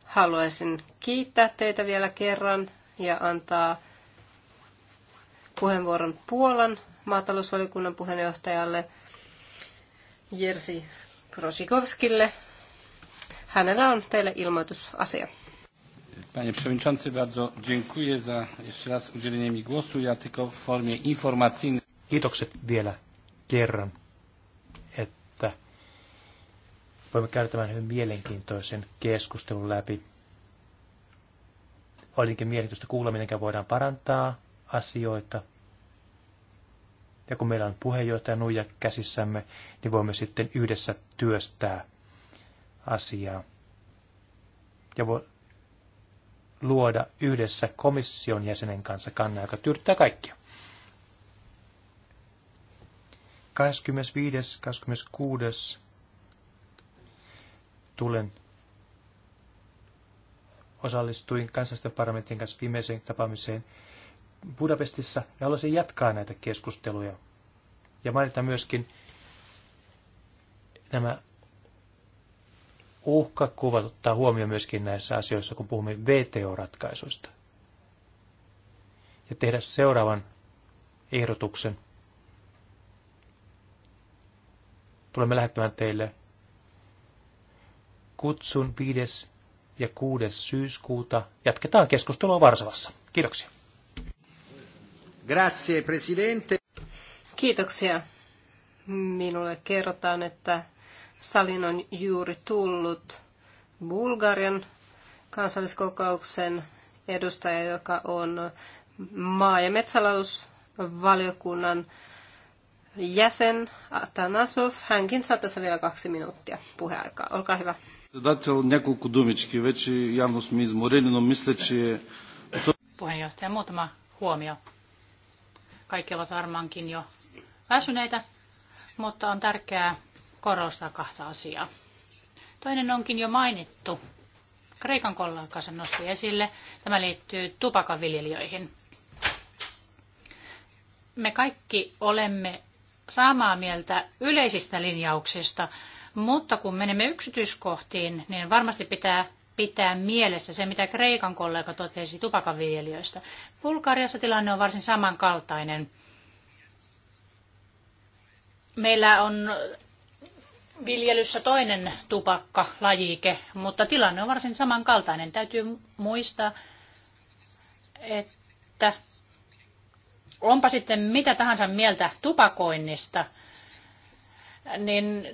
haluaisin kiittää teitä vielä kerran ja antaa puheenvuoron Puolan maatalousvaliokunnan puheenjohtajalle Jersi Rosikovskille. Hänellä on teille ilmoitusasia. Panie Przewodniczący, bardzo dziękuję za jeszcze raz udzielenie mi głosu. Ja tylko w formie informacyjnej. Kiitokset vielä kerran, että voimme käydä tämän hyvin mielenkiintoisen keskustelun läpi. Olikin mielenkiintoista kuulla, miten voidaan parantaa asioita ja kun meillä on puheenjohtaja Nuija käsissämme, niin voimme sitten yhdessä työstää asiaa. Ja voi luoda yhdessä komission jäsenen kanssa kannan, joka tyydyttää kaikkia. 25. 26. tulen osallistuin kansallisten parlamentin kanssa viimeiseen tapaamiseen – Budapestissa ja haluaisin jatkaa näitä keskusteluja. Ja mainita myöskin nämä uhkakuvat ottaa huomioon myöskin näissä asioissa, kun puhumme VTO-ratkaisuista. Ja tehdä seuraavan ehdotuksen. Tulemme lähettämään teille kutsun 5. ja 6. syyskuuta. Jatketaan keskustelua Varsovassa. Kiitoksia. Grazie, presidente. Kiitoksia. Minulle kerrotaan, että salin on juuri tullut Bulgarian kansalliskokouksen edustaja, joka on maa- ja metsälausvaliokunnan jäsen Atanasov. Hänkin saa tässä vielä kaksi minuuttia puheaikaa. Olkaa hyvä. Председател, Puheenjohtaja, muutama huomio. Kaikki ovat varmaankin jo väsyneitä, mutta on tärkeää korostaa kahta asiaa. Toinen onkin jo mainittu. Kreikan kollega sen nosti esille. Tämä liittyy tupakaviljelijöihin. Me kaikki olemme samaa mieltä yleisistä linjauksista, mutta kun menemme yksityiskohtiin, niin varmasti pitää pitää mielessä se, mitä Kreikan kollega totesi tupakaviljelijöistä. Bulgariassa tilanne on varsin samankaltainen. Meillä on viljelyssä toinen tupakkalajike, mutta tilanne on varsin samankaltainen. Täytyy muistaa, että onpa sitten mitä tahansa mieltä tupakoinnista, niin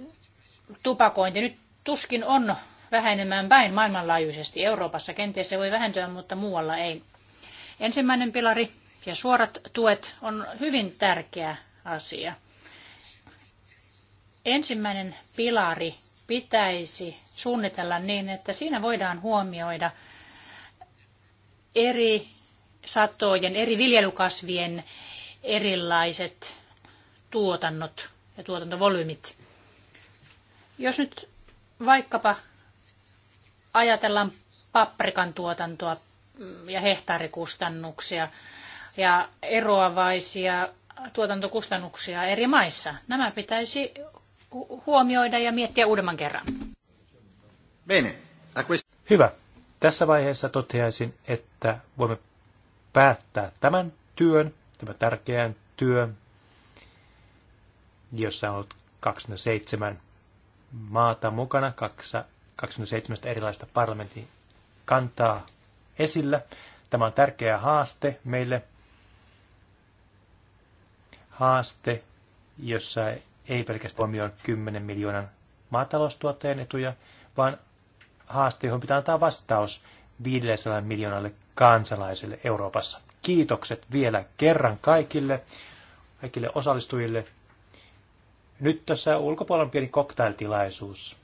tupakointi nyt tuskin on vähenemään päin maailmanlaajuisesti. Euroopassa kenties se voi vähentyä, mutta muualla ei. Ensimmäinen pilari ja suorat tuet on hyvin tärkeä asia. Ensimmäinen pilari pitäisi suunnitella niin, että siinä voidaan huomioida eri satojen, eri viljelykasvien erilaiset tuotannot ja tuotantovolyymit. Jos nyt vaikkapa ajatellaan paprikan tuotantoa ja hehtaarikustannuksia ja eroavaisia tuotantokustannuksia eri maissa. Nämä pitäisi huomioida ja miettiä uudemman kerran. Hyvä. Tässä vaiheessa toteaisin, että voimme päättää tämän työn, tämän tärkeän työn, jossa on ollut 27 maata mukana, 27 erilaista parlamentin kantaa esillä. Tämä on tärkeä haaste meille. Haaste, jossa ei pelkästään huomioon 10 miljoonan maataloustuottajan etuja, vaan haaste, johon pitää antaa vastaus 500 miljoonalle kansalaiselle Euroopassa. Kiitokset vielä kerran kaikille, kaikille osallistujille. Nyt tässä ulkopuolella on pieni koktailtilaisuus.